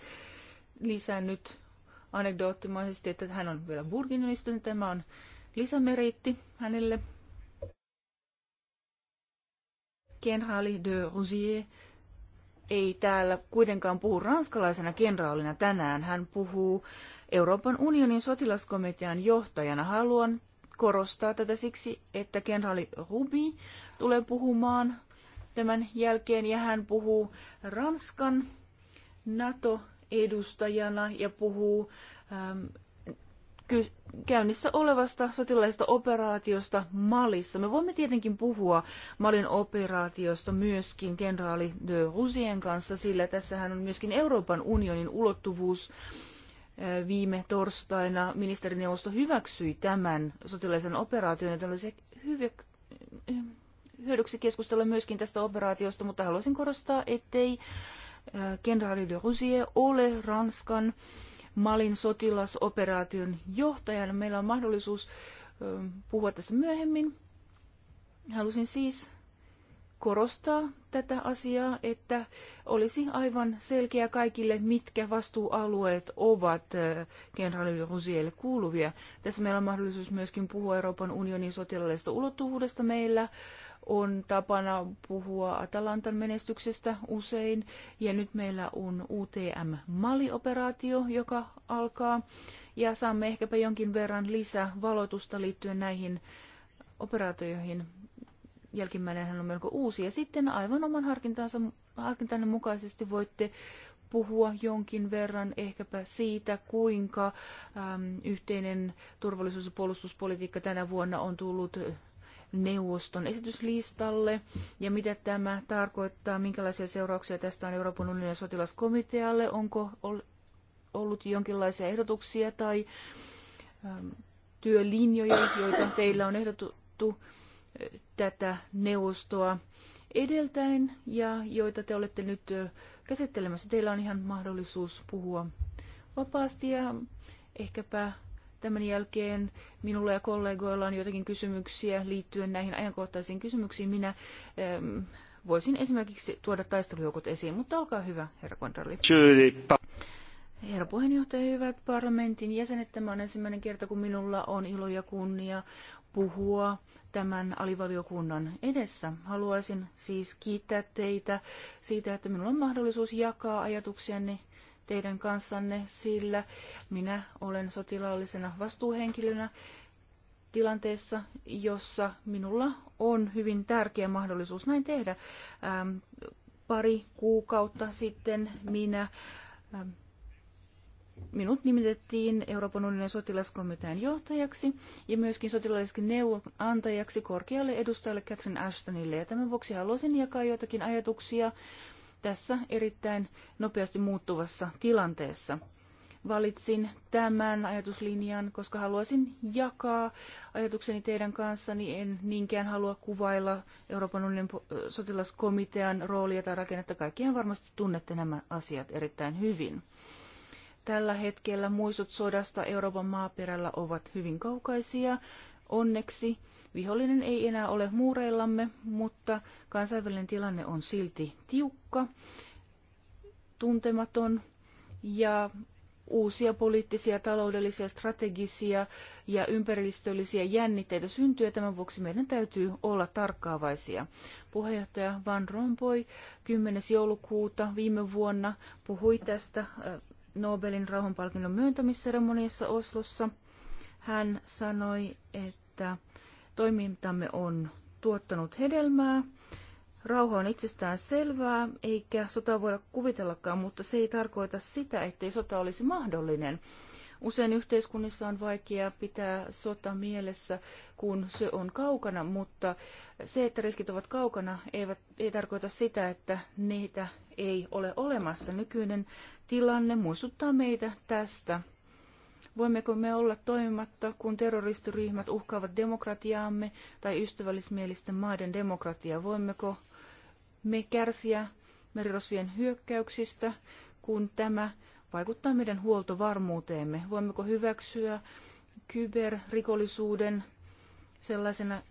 Lisään nyt anekdoottimaisesti, että hän on vielä Burgundista, niin tämä on lisämeriitti hänelle. Kenraali de Rousier ei täällä kuitenkaan puhu ranskalaisena kenraalina tänään. Hän puhuu Euroopan unionin sotilaskomitean johtajana. Haluan korostaa tätä siksi, että kenraali Rubi tulee puhumaan tämän jälkeen ja hän puhuu Ranskan NATO-edustajana ja puhuu äm, käynnissä olevasta sotilaista operaatiosta Malissa. Me voimme tietenkin puhua Malin operaatiosta myöskin kenraali de Rusien kanssa, sillä tässähän on myöskin Euroopan unionin ulottuvuus viime torstaina ministerineuvosto hyväksyi tämän sotilaisen operaation, joten olisi hyvä, hyödyksi keskustella myöskin tästä operaatiosta, mutta haluaisin korostaa, ettei kenraali de Rousier ole Ranskan Malin sotilasoperaation johtajana. Meillä on mahdollisuus puhua tästä myöhemmin. Halusin siis korostaa tätä asiaa, että olisi aivan selkeä kaikille, mitkä vastuualueet ovat äh, kenraali Rusielle kuuluvia. Tässä meillä on mahdollisuus myöskin puhua Euroopan unionin sotilaallisesta ulottuvuudesta meillä. On tapana puhua Atalantan menestyksestä usein, ja nyt meillä on UTM-Mali-operaatio, joka alkaa, ja saamme ehkäpä jonkin verran lisävalotusta liittyen näihin operaatioihin Jälkimmäinen on melko uusi. Ja sitten aivan oman harkintansa, harkintanne mukaisesti voitte puhua jonkin verran ehkäpä siitä, kuinka äm, yhteinen turvallisuus- ja puolustuspolitiikka tänä vuonna on tullut neuvoston esityslistalle ja mitä tämä tarkoittaa, minkälaisia seurauksia tästä on Euroopan unionin sotilaskomitealle, onko ollut jonkinlaisia ehdotuksia tai äm, työlinjoja, joita teillä on ehdotettu tätä neuvostoa edeltäen ja joita te olette nyt käsittelemässä. Teillä on ihan mahdollisuus puhua vapaasti ja ehkäpä tämän jälkeen minulla ja kollegoilla on joitakin kysymyksiä liittyen näihin ajankohtaisiin kysymyksiin. Minä voisin esimerkiksi tuoda taistelujoukot esiin, mutta olkaa hyvä, herra kontralli. Herra puheenjohtaja, hyvät parlamentin jäsenet, tämä on ensimmäinen kerta, kun minulla on ilo ja kunnia puhua tämän alivaliokunnan edessä. Haluaisin siis kiittää teitä siitä, että minulla on mahdollisuus jakaa ajatuksianne teidän kanssanne, sillä minä olen sotilaallisena vastuuhenkilönä tilanteessa, jossa minulla on hyvin tärkeä mahdollisuus näin tehdä. Ähm, pari kuukautta sitten minä ähm, minut nimitettiin Euroopan unionin sotilaskomitean johtajaksi ja myöskin sotilaalliseksi neuvonantajaksi korkealle edustajalle Catherine Ashtonille. Ja tämän vuoksi haluaisin jakaa joitakin ajatuksia tässä erittäin nopeasti muuttuvassa tilanteessa. Valitsin tämän ajatuslinjan, koska haluaisin jakaa ajatukseni teidän niin En niinkään halua kuvailla Euroopan unionin sotilaskomitean roolia tai rakennetta. Kaikkihan varmasti tunnette nämä asiat erittäin hyvin. Tällä hetkellä muistut sodasta Euroopan maaperällä ovat hyvin kaukaisia. Onneksi vihollinen ei enää ole muureillamme, mutta kansainvälinen tilanne on silti tiukka, tuntematon ja uusia poliittisia, taloudellisia, strategisia ja ympäristöllisiä jännitteitä syntyy ja tämän vuoksi meidän täytyy olla tarkkaavaisia. Puheenjohtaja Van Rompuy 10. joulukuuta viime vuonna puhui tästä äh, Nobelin rauhanpalkinnon myöntämisseremoniassa Oslossa. Hän sanoi, että toimintamme on tuottanut hedelmää. Rauha on itsestään selvää, eikä sota voida kuvitellakaan, mutta se ei tarkoita sitä, ettei sota olisi mahdollinen. Usein yhteiskunnissa on vaikea pitää sota mielessä, kun se on kaukana, mutta se, että riskit ovat kaukana, eivät, ei tarkoita sitä, että niitä ei ole olemassa. Nykyinen tilanne muistuttaa meitä tästä. Voimmeko me olla toimimatta, kun terroristiryhmät uhkaavat demokratiaamme tai ystävällismielisten maiden demokratiaa? Voimmeko me kärsiä merirosvien hyökkäyksistä, kun tämä vaikuttaa meidän huoltovarmuuteemme. Voimmeko hyväksyä kyberrikollisuuden sellaisena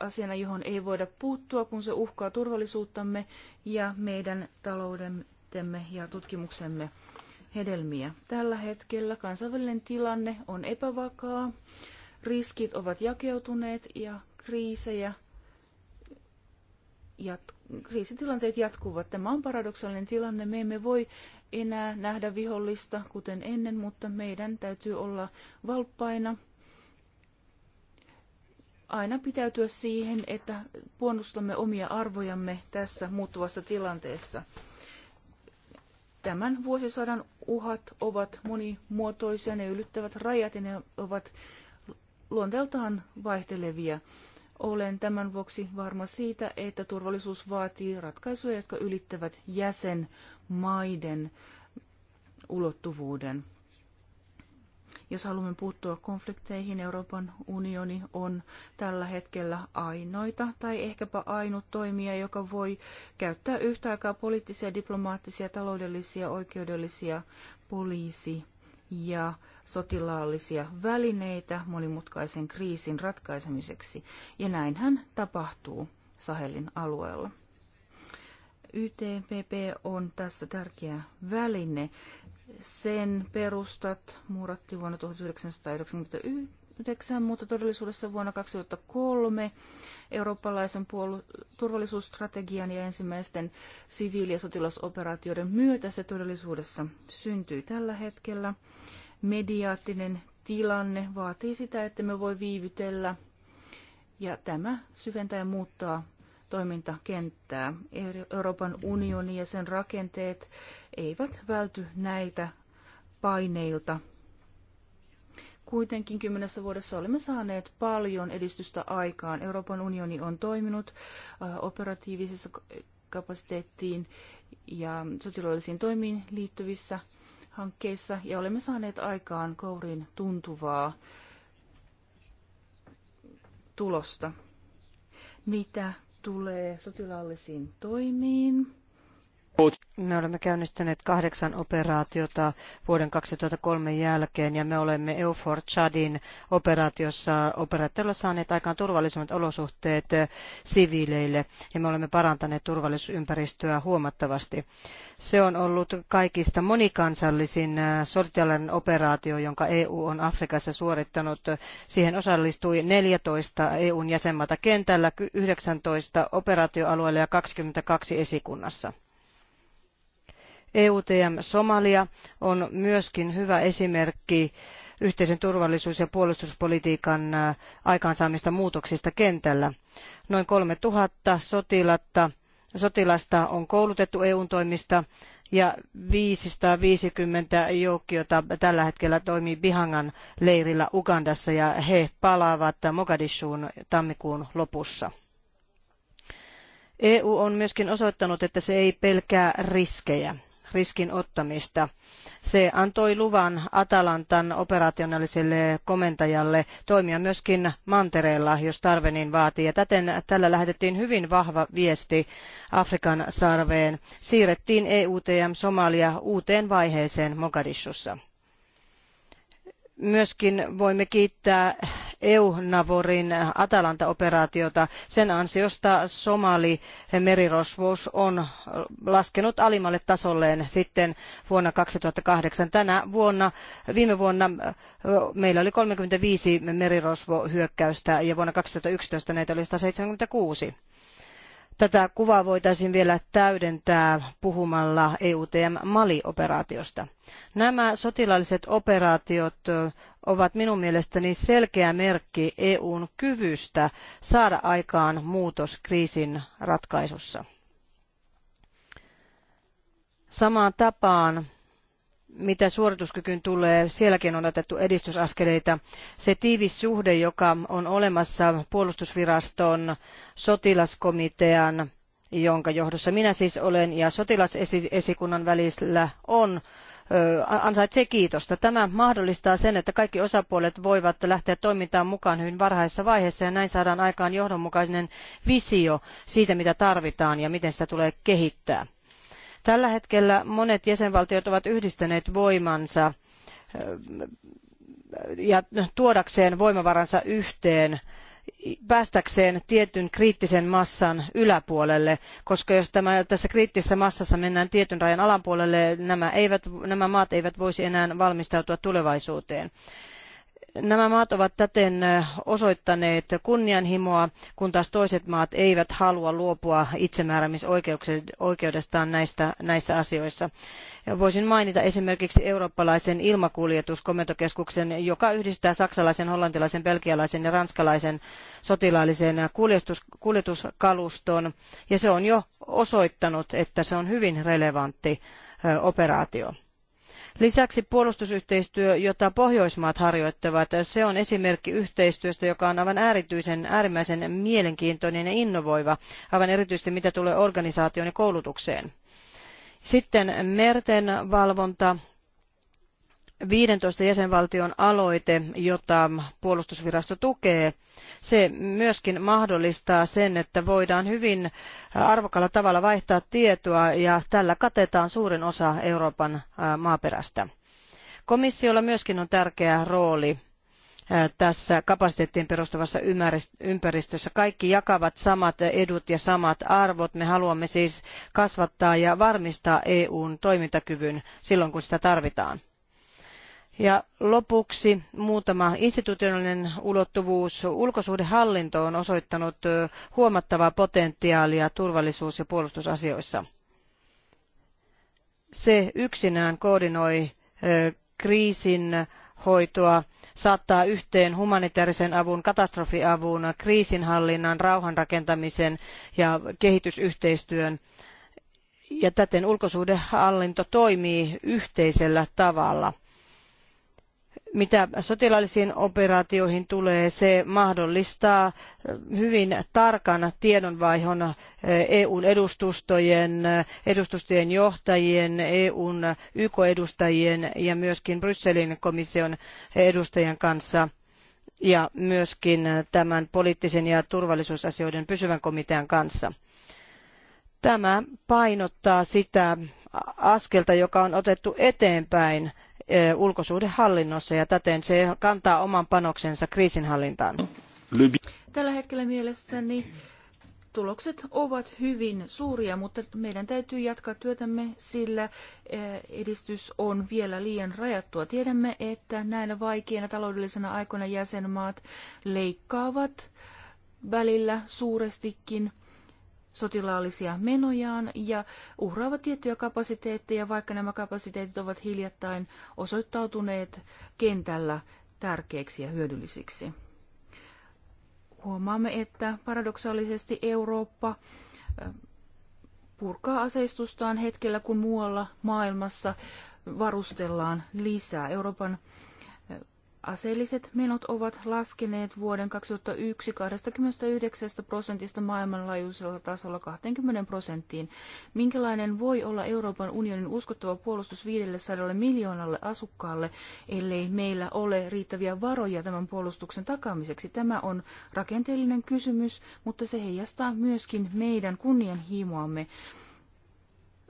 asiana, johon ei voida puuttua, kun se uhkaa turvallisuuttamme ja meidän taloudemme ja tutkimuksemme hedelmiä. Tällä hetkellä kansainvälinen tilanne on epävakaa, riskit ovat jakeutuneet ja kriisejä jat- kriisitilanteet jatkuvat. Tämä on paradoksaalinen tilanne. Me emme voi enää nähdä vihollista kuten ennen, mutta meidän täytyy olla valppaina aina pitäytyä siihen, että puolustamme omia arvojamme tässä muuttuvassa tilanteessa. Tämän vuosisadan uhat ovat monimuotoisia, ne ylittävät rajat ja ne ovat luonteeltaan vaihtelevia. Olen tämän vuoksi varma siitä, että turvallisuus vaatii ratkaisuja, jotka ylittävät jäsenmaiden ulottuvuuden. Jos haluamme puuttua konflikteihin, Euroopan unioni on tällä hetkellä ainoita tai ehkäpä ainut toimija, joka voi käyttää yhtä aikaa poliittisia, diplomaattisia, taloudellisia, oikeudellisia, poliisi- ja sotilaallisia välineitä monimutkaisen kriisin ratkaisemiseksi, ja näinhän tapahtuu Sahelin alueella. YTPP on tässä tärkeä väline. Sen perustat muuratti vuonna 1999, mutta todellisuudessa vuonna 2003 eurooppalaisen puolu- turvallisuusstrategian ja ensimmäisten siviili- ja sotilasoperaatioiden myötä se todellisuudessa syntyi tällä hetkellä mediaattinen tilanne vaatii sitä, että me voi viivytellä ja tämä syventää ja muuttaa toimintakenttää. Euroopan unioni ja sen rakenteet eivät välty näitä paineilta. Kuitenkin kymmenessä vuodessa olemme saaneet paljon edistystä aikaan. Euroopan unioni on toiminut operatiivisessa kapasiteettiin ja sotilaallisiin toimiin liittyvissä hankkeissa ja olemme saaneet aikaan kouriin tuntuvaa tulosta. Mitä tulee sotilaallisiin toimiin, me olemme käynnistäneet kahdeksan operaatiota vuoden 2003 jälkeen ja me olemme EUFOR Chadin operaatiossa operaatiolla saaneet aikaan turvallisemmat olosuhteet siviileille ja me olemme parantaneet turvallisuusympäristöä huomattavasti. Se on ollut kaikista monikansallisin äh, sotilaallinen operaatio, jonka EU on Afrikassa suorittanut. Siihen osallistui 14 EUn jäsenmaata kentällä, 19 operaatioalueella ja 22 esikunnassa. EUTM Somalia on myöskin hyvä esimerkki yhteisen turvallisuus- ja puolustuspolitiikan aikaansaamista muutoksista kentällä. Noin 3000 sotilatta, sotilasta on koulutettu EUn toimista ja 550 joukkiota tällä hetkellä toimii Bihangan leirillä Ugandassa ja he palaavat Mogadishuun tammikuun lopussa. EU on myöskin osoittanut, että se ei pelkää riskejä riskin ottamista. Se antoi luvan Atalantan operationaaliselle komentajalle toimia myöskin mantereella, jos tarve niin vaatii. Ja täten tällä lähetettiin hyvin vahva viesti Afrikan sarveen. Siirrettiin EUTM Somalia uuteen vaiheeseen Mogadishussa. Myöskin voimme kiittää EUNAVORin Atalanta-operaatiota. Sen ansiosta Somali merirosvous on laskenut alimmalle tasolleen sitten vuonna 2008. Tänä vuonna, viime vuonna meillä oli 35 merirosvohyökkäystä ja vuonna 2011 näitä oli 176. Tätä kuvaa voitaisiin vielä täydentää puhumalla EUTM-Mali-operaatiosta. Nämä sotilaalliset operaatiot ovat minun mielestäni selkeä merkki EUn kyvystä saada aikaan muutos kriisin ratkaisussa. Samaan tapaan mitä suorituskykyyn tulee, sielläkin on otettu edistysaskeleita. Se tiivis suhde, joka on olemassa puolustusviraston, sotilaskomitean, jonka johdossa minä siis olen, ja sotilasesikunnan välillä on ansaitsee kiitosta. Tämä mahdollistaa sen, että kaikki osapuolet voivat lähteä toimintaan mukaan hyvin varhaisessa vaiheessa ja näin saadaan aikaan johdonmukainen visio siitä, mitä tarvitaan ja miten sitä tulee kehittää. Tällä hetkellä monet jäsenvaltiot ovat yhdistäneet voimansa ja tuodakseen voimavaransa yhteen päästäkseen tietyn kriittisen massan yläpuolelle, koska jos tämä, tässä kriittisessä massassa mennään tietyn rajan alapuolelle, nämä, eivät, nämä maat eivät voisi enää valmistautua tulevaisuuteen. Nämä maat ovat täten osoittaneet kunnianhimoa, kun taas toiset maat eivät halua luopua itsemääräämisoikeudestaan näistä, näissä asioissa. Voisin mainita esimerkiksi eurooppalaisen ilmakuljetuskomentokeskuksen, joka yhdistää saksalaisen, hollantilaisen, belgialaisen ja ranskalaisen sotilaallisen kuljetus, ja se on jo osoittanut, että se on hyvin relevantti operaatio. Lisäksi puolustusyhteistyö, jota Pohjoismaat harjoittavat, se on esimerkki yhteistyöstä, joka on aivan äärityisen, äärimmäisen mielenkiintoinen ja innovoiva, aivan erityisesti mitä tulee organisaation ja koulutukseen. Sitten merten valvonta, 15 jäsenvaltion aloite, jota puolustusvirasto tukee, se myöskin mahdollistaa sen, että voidaan hyvin arvokalla tavalla vaihtaa tietoa ja tällä katetaan suurin osa Euroopan maaperästä. Komissiolla myöskin on tärkeä rooli tässä kapasiteettiin perustuvassa ympäristössä. Kaikki jakavat samat edut ja samat arvot. Me haluamme siis kasvattaa ja varmistaa EUn toimintakyvyn silloin, kun sitä tarvitaan. Ja lopuksi muutama institutionaalinen ulottuvuus. Ulkosuhdehallinto on osoittanut huomattavaa potentiaalia turvallisuus- ja puolustusasioissa. Se yksinään koordinoi kriisin hoitoa, saattaa yhteen humanitaarisen avun, katastrofiavun, kriisinhallinnan, rauhanrakentamisen ja kehitysyhteistyön. Ja täten ulkosuhdehallinto toimii yhteisellä tavalla – mitä sotilaallisiin operaatioihin tulee, se mahdollistaa hyvin tarkan tiedonvaihon eh, EUn edustustojen, eh, edustustojen johtajien, EUn YK-edustajien ja myöskin Brysselin komission edustajien kanssa ja myöskin tämän poliittisen ja turvallisuusasioiden pysyvän komitean kanssa. Tämä painottaa sitä askelta, joka on otettu eteenpäin Eh, ulkosuhdehallinnossa ja täten se kantaa oman panoksensa kriisinhallintaan. Tällä hetkellä mielestäni tulokset ovat hyvin suuria, mutta meidän täytyy jatkaa työtämme, sillä eh, edistys on vielä liian rajattua. Tiedämme, että näinä vaikeina taloudellisena aikoina jäsenmaat leikkaavat välillä suurestikin sotilaallisia menojaan ja uhraavat tiettyjä kapasiteetteja, vaikka nämä kapasiteetit ovat hiljattain osoittautuneet kentällä tärkeiksi ja hyödyllisiksi. Huomaamme, että paradoksaalisesti Eurooppa purkaa aseistustaan hetkellä, kun muualla maailmassa varustellaan lisää. Euroopan Aseelliset menot ovat laskeneet vuoden 2001 29 prosentista maailmanlaajuisella tasolla 20 prosenttiin. Minkälainen voi olla Euroopan unionin uskottava puolustus 500 miljoonalle asukkaalle, ellei meillä ole riittäviä varoja tämän puolustuksen takaamiseksi? Tämä on rakenteellinen kysymys, mutta se heijastaa myöskin meidän kunnianhimoamme.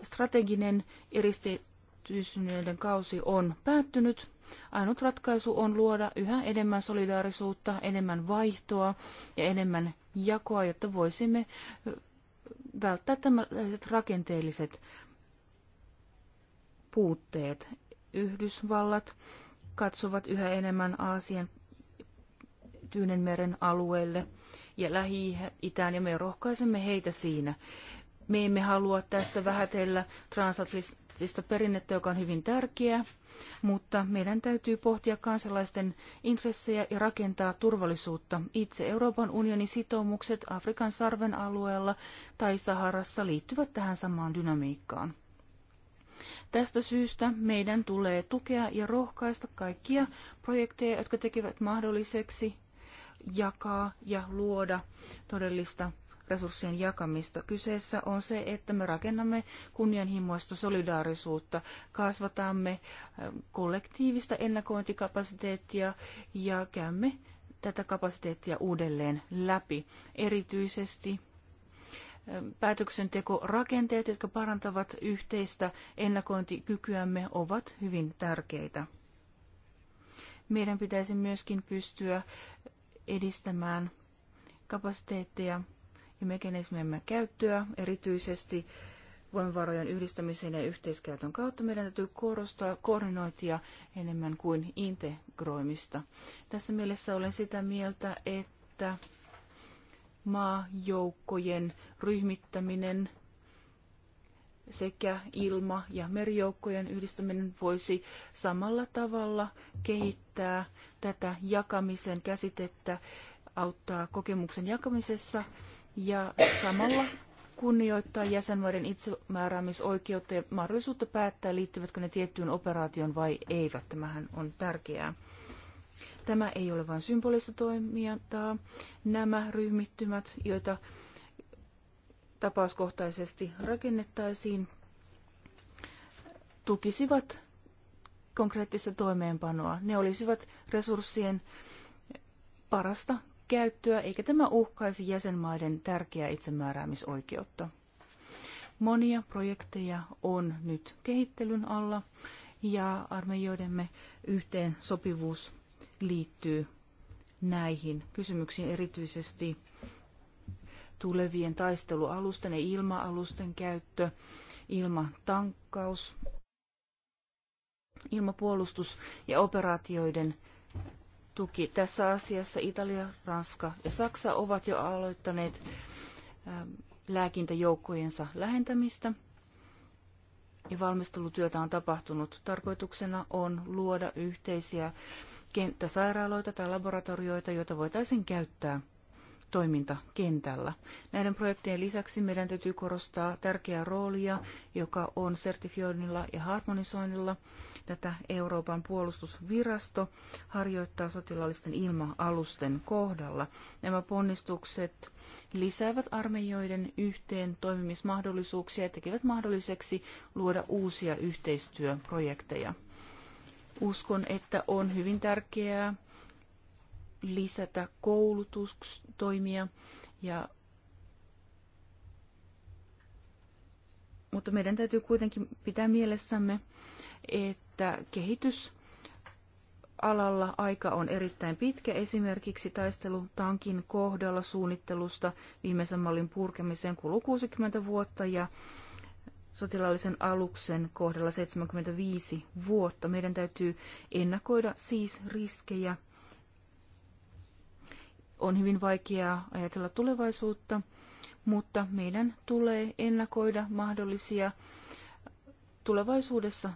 Strateginen eristetyisyyden kausi on päättynyt Ainut ratkaisu on luoda yhä enemmän solidaarisuutta, enemmän vaihtoa ja enemmän jakoa, jotta voisimme välttää tällaiset rakenteelliset puutteet. Yhdysvallat katsovat yhä enemmän Aasian Tyynenmeren alueelle ja Lähi-Itään ja me rohkaisemme heitä siinä. Me emme halua tässä vähätellä transatlantista demokraattista perinnettä, joka on hyvin tärkeä, mutta meidän täytyy pohtia kansalaisten intressejä ja rakentaa turvallisuutta. Itse Euroopan unionin sitoumukset Afrikan sarven alueella tai Saharassa liittyvät tähän samaan dynamiikkaan. Tästä syystä meidän tulee tukea ja rohkaista kaikkia projekteja, jotka tekevät mahdolliseksi jakaa ja luoda todellista resurssien jakamista. Kyseessä on se, että me rakennamme kunnianhimoista solidaarisuutta, kasvatamme äh, kollektiivista ennakointikapasiteettia ja käymme tätä kapasiteettia uudelleen läpi. Erityisesti äh, päätöksentekorakenteet, jotka parantavat yhteistä ennakointikykyämme, ovat hyvin tärkeitä. Meidän pitäisi myöskin pystyä edistämään kapasiteetteja ja mekanismiemme käyttöä, erityisesti voimavarojen yhdistämisen ja yhteiskäytön kautta meidän täytyy korostaa koordinointia enemmän kuin integroimista. Tässä mielessä olen sitä mieltä, että maajoukkojen ryhmittäminen sekä ilma- ja merijoukkojen yhdistäminen voisi samalla tavalla kehittää tätä jakamisen käsitettä, auttaa kokemuksen jakamisessa ja samalla kunnioittaa jäsenmaiden itsemääräämisoikeutta ja mahdollisuutta päättää, liittyvätkö ne tiettyyn operaatioon vai eivät. Tämähän on tärkeää. Tämä ei ole vain symbolista toimintaa. Nämä ryhmittymät, joita tapauskohtaisesti rakennettaisiin, tukisivat konkreettista toimeenpanoa. Ne olisivat resurssien parasta käyttöä, eikä tämä uhkaisi jäsenmaiden tärkeää itsemääräämisoikeutta. Monia projekteja on nyt kehittelyn alla ja armeijoidemme yhteen sopivuus liittyy näihin kysymyksiin erityisesti tulevien taistelualusten ja ilma-alusten käyttö, ilmatankkaus, ilmapuolustus ja operaatioiden tuki. Tässä asiassa Italia, Ranska ja Saksa ovat jo aloittaneet ähm, lääkintäjoukkojensa lähentämistä. Ja valmistelutyötä on tapahtunut. Tarkoituksena on luoda yhteisiä kenttäsairaaloita tai laboratorioita, joita voitaisiin käyttää – toimintakentällä. Näiden projektien lisäksi meidän täytyy korostaa tärkeää roolia, joka on sertifioinnilla ja harmonisoinnilla. Tätä Euroopan puolustusvirasto harjoittaa sotilaallisten ilma-alusten kohdalla. Nämä ponnistukset lisäävät armeijoiden yhteen toimimismahdollisuuksia ja tekevät mahdolliseksi luoda uusia yhteistyöprojekteja. Uskon, että on hyvin tärkeää lisätä koulutustoimia ja mutta meidän täytyy kuitenkin pitää mielessämme, että kehitys alalla aika on erittäin pitkä esimerkiksi taistelutankin kohdalla suunnittelusta viimeisen mallin purkamiseen kuluu 60 vuotta ja sotilaallisen aluksen kohdalla 75 vuotta. Meidän täytyy ennakoida siis riskejä on hyvin vaikeaa ajatella tulevaisuutta, mutta meidän tulee ennakoida mahdollisia tulevaisuudessa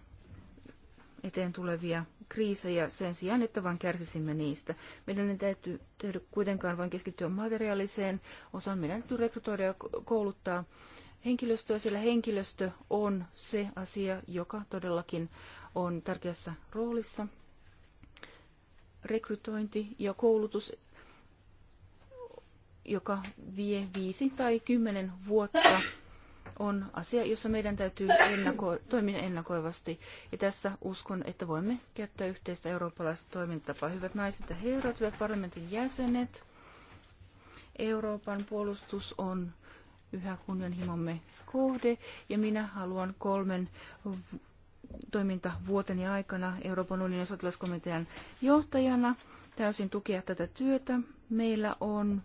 eteen tulevia kriisejä sen sijaan, että vain kärsisimme niistä. Meidän ei täytyy tehdä kuitenkaan vain keskittyä materiaaliseen osaan. Meidän täytyy rekrytoida ja kouluttaa henkilöstöä, sillä henkilöstö on se asia, joka todellakin on tärkeässä roolissa. Rekrytointi ja koulutus joka vie viisi tai kymmenen vuotta, on asia, jossa meidän täytyy ennako- toimia ennakoivasti. Ja tässä uskon, että voimme käyttää yhteistä eurooppalaista toimintatapaa. Hyvät naiset ja herrat, hyvät parlamentin jäsenet, Euroopan puolustus on yhä kunnianhimomme kohde, ja minä haluan kolmen toimintavuoteni aikana Euroopan unionin sotilaskomitean johtajana täysin tukea tätä työtä. Meillä on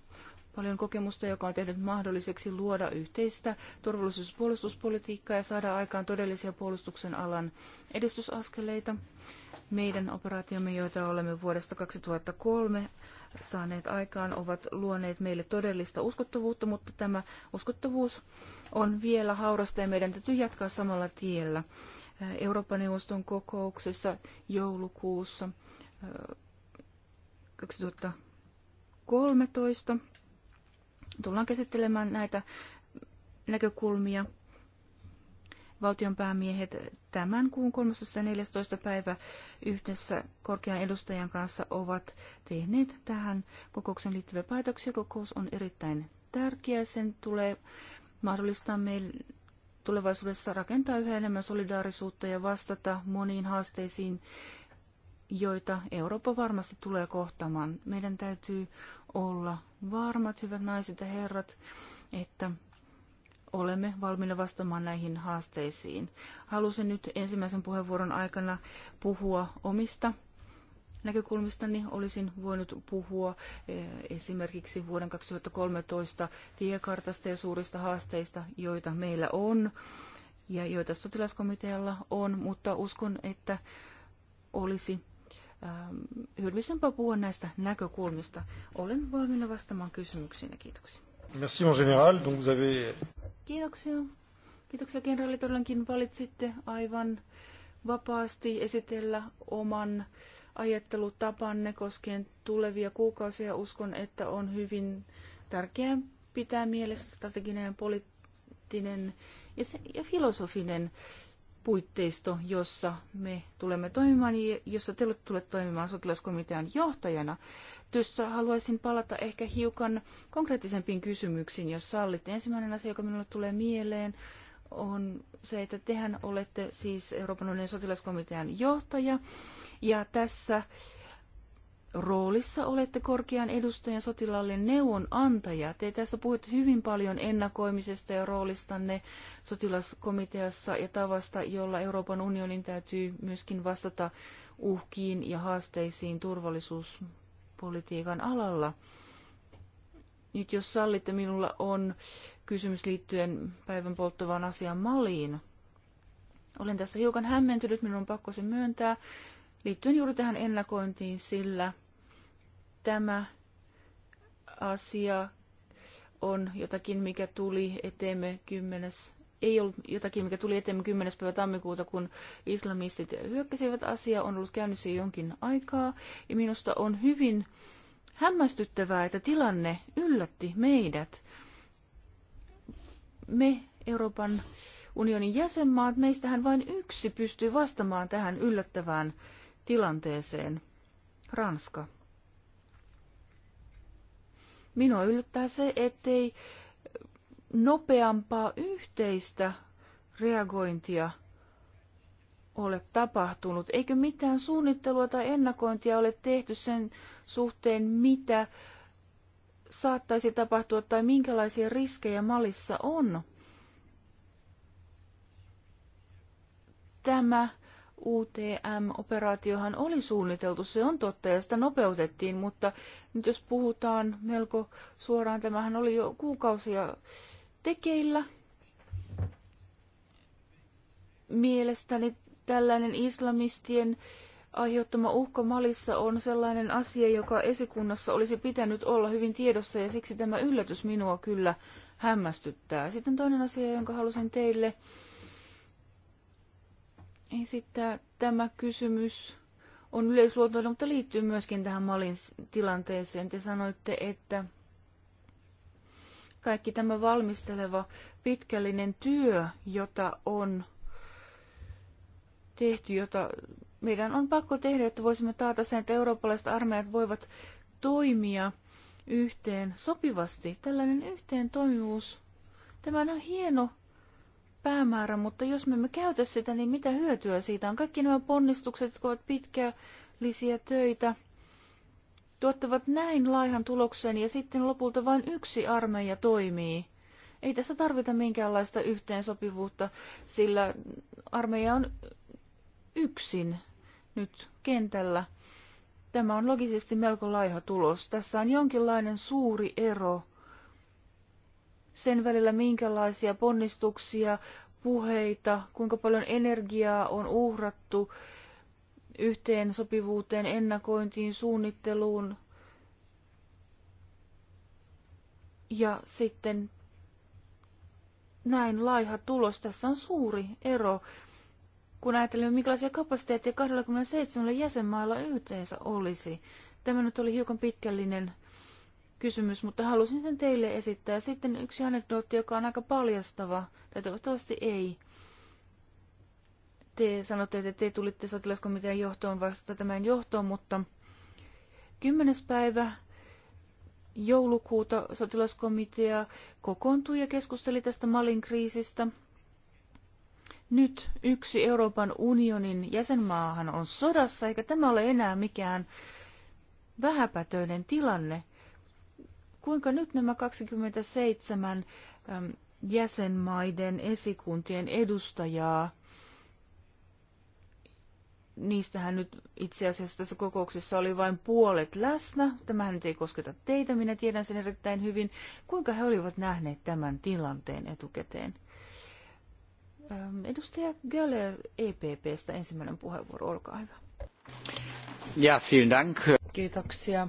paljon kokemusta, joka on tehnyt mahdolliseksi luoda yhteistä turvallisuus- ja puolustuspolitiikkaa ja saada aikaan todellisia puolustuksen alan edistysaskeleita. Meidän operaatiomme, joita olemme vuodesta 2003 saaneet aikaan, ovat luoneet meille todellista uskottavuutta, mutta tämä uskottavuus on vielä haurasta ja meidän täytyy jatkaa samalla tiellä. Euroopan neuvoston kokouksessa joulukuussa 2013 tullaan käsittelemään näitä näkökulmia. Valtionpäämiehet tämän kuun 13. ja 14. päivä yhdessä korkean edustajan kanssa ovat tehneet tähän kokouksen liittyviä päätöksiä. Kokous on erittäin tärkeä. Sen tulee mahdollistaa meille tulevaisuudessa rakentaa yhä enemmän solidaarisuutta ja vastata moniin haasteisiin, joita Eurooppa varmasti tulee kohtamaan. Meidän täytyy olla varmat, hyvät naiset ja herrat, että olemme valmiina vastaamaan näihin haasteisiin. Halusin nyt ensimmäisen puheenvuoron aikana puhua omista näkökulmistani. Olisin voinut puhua eh, esimerkiksi vuoden 2013 tiekartasta ja suurista haasteista, joita meillä on ja joita sotilaskomitealla on, mutta uskon, että olisi Ähm, hyödyllisempää puhua näistä näkökulmista. Olen valmiina vastaamaan kysymyksiin ja kiitoksia. Merci mon général. Donc vous avez... Kiitoksia. Kiitoksia kenraali. Todellakin valitsitte aivan vapaasti esitellä oman ajattelutapanne koskien tulevia kuukausia. Uskon, että on hyvin tärkeää pitää mielessä strateginen, poliittinen ja, se, ja filosofinen puitteisto, jossa me tulemme toimimaan, jossa te tulette toimimaan sotilaskomitean johtajana. Tyssä haluaisin palata ehkä hiukan konkreettisempiin kysymyksiin, jos sallitte. Ensimmäinen asia, joka minulle tulee mieleen, on se, että tehän olette siis Euroopan unionin sotilaskomitean johtaja, ja tässä roolissa olette korkean edustajan sotilaallinen neuvonantaja. Te tässä puhutte hyvin paljon ennakoimisesta ja roolistanne sotilaskomiteassa ja tavasta, jolla Euroopan unionin täytyy myöskin vastata uhkiin ja haasteisiin turvallisuuspolitiikan alalla. Nyt jos sallitte, minulla on kysymys liittyen päivän polttavaan asiaan Maliin. Olen tässä hiukan hämmentynyt, minun on pakko se myöntää liittyen juuri tähän ennakointiin, sillä tämä asia on jotakin, mikä tuli eteemme 10. Ei ollut jotakin, mikä tuli eteen 10. päivä tammikuuta, kun islamistit hyökkäsivät. Asia on ollut käynnissä jonkin aikaa ja minusta on hyvin hämmästyttävää, että tilanne yllätti meidät. Me Euroopan unionin jäsenmaat, meistähän vain yksi pystyi vastamaan tähän yllättävään tilanteeseen. Ranska. Minua yllättää se, ettei nopeampaa yhteistä reagointia ole tapahtunut. Eikö mitään suunnittelua tai ennakointia ole tehty sen suhteen, mitä saattaisi tapahtua tai minkälaisia riskejä Malissa on? Tämä UTM-operaatiohan oli suunniteltu, se on totta, ja sitä nopeutettiin, mutta nyt jos puhutaan melko suoraan, tämähän oli jo kuukausia tekeillä. Mielestäni tällainen islamistien aiheuttama uhka Malissa on sellainen asia, joka esikunnassa olisi pitänyt olla hyvin tiedossa, ja siksi tämä yllätys minua kyllä hämmästyttää. Sitten toinen asia, jonka halusin teille esittää tämä kysymys on yleisluontoinen, mutta liittyy myöskin tähän Malin tilanteeseen. Te sanoitte, että kaikki tämä valmisteleva pitkällinen työ, jota on tehty, jota meidän on pakko tehdä, että voisimme taata sen, että eurooppalaiset armeijat voivat toimia yhteen sopivasti. Tällainen yhteen toimivuus, tämä on hieno päämäärä, mutta jos me emme käytä sitä, niin mitä hyötyä siitä on? Kaikki nämä ponnistukset, jotka ovat pitkällisiä töitä, tuottavat näin laihan tuloksen ja sitten lopulta vain yksi armeija toimii. Ei tässä tarvita minkäänlaista yhteensopivuutta, sillä armeija on yksin nyt kentällä. Tämä on logisesti melko laiha tulos. Tässä on jonkinlainen suuri ero sen välillä, minkälaisia ponnistuksia, puheita, kuinka paljon energiaa on uhrattu yhteen sopivuuteen, ennakointiin, suunnitteluun ja sitten näin laiha tulos. Tässä on suuri ero, kun ajattelemme, minkälaisia kapasiteetteja 27 jäsenmailla yhteensä olisi. Tämä nyt oli hiukan pitkällinen kysymys, mutta halusin sen teille esittää. Sitten yksi anekdootti, joka on aika paljastava, tai toivottavasti ei. Te sanotte, että te tulitte sotilaskomitean johtoon vastata tämän johtoon, mutta 10. päivä joulukuuta sotilaskomitea kokoontui ja keskusteli tästä Malin kriisistä. Nyt yksi Euroopan unionin jäsenmaahan on sodassa, eikä tämä ole enää mikään vähäpätöinen tilanne. Kuinka nyt nämä 27 jäsenmaiden esikuntien edustajaa, niistähän nyt itse asiassa tässä kokouksessa oli vain puolet läsnä, tämähän nyt ei kosketa teitä, minä tiedän sen erittäin hyvin, kuinka he olivat nähneet tämän tilanteen etukäteen? Edustaja Göller EPPstä ensimmäinen puheenvuoro, olkaa hyvä. Ja, vielen dank. Kiitoksia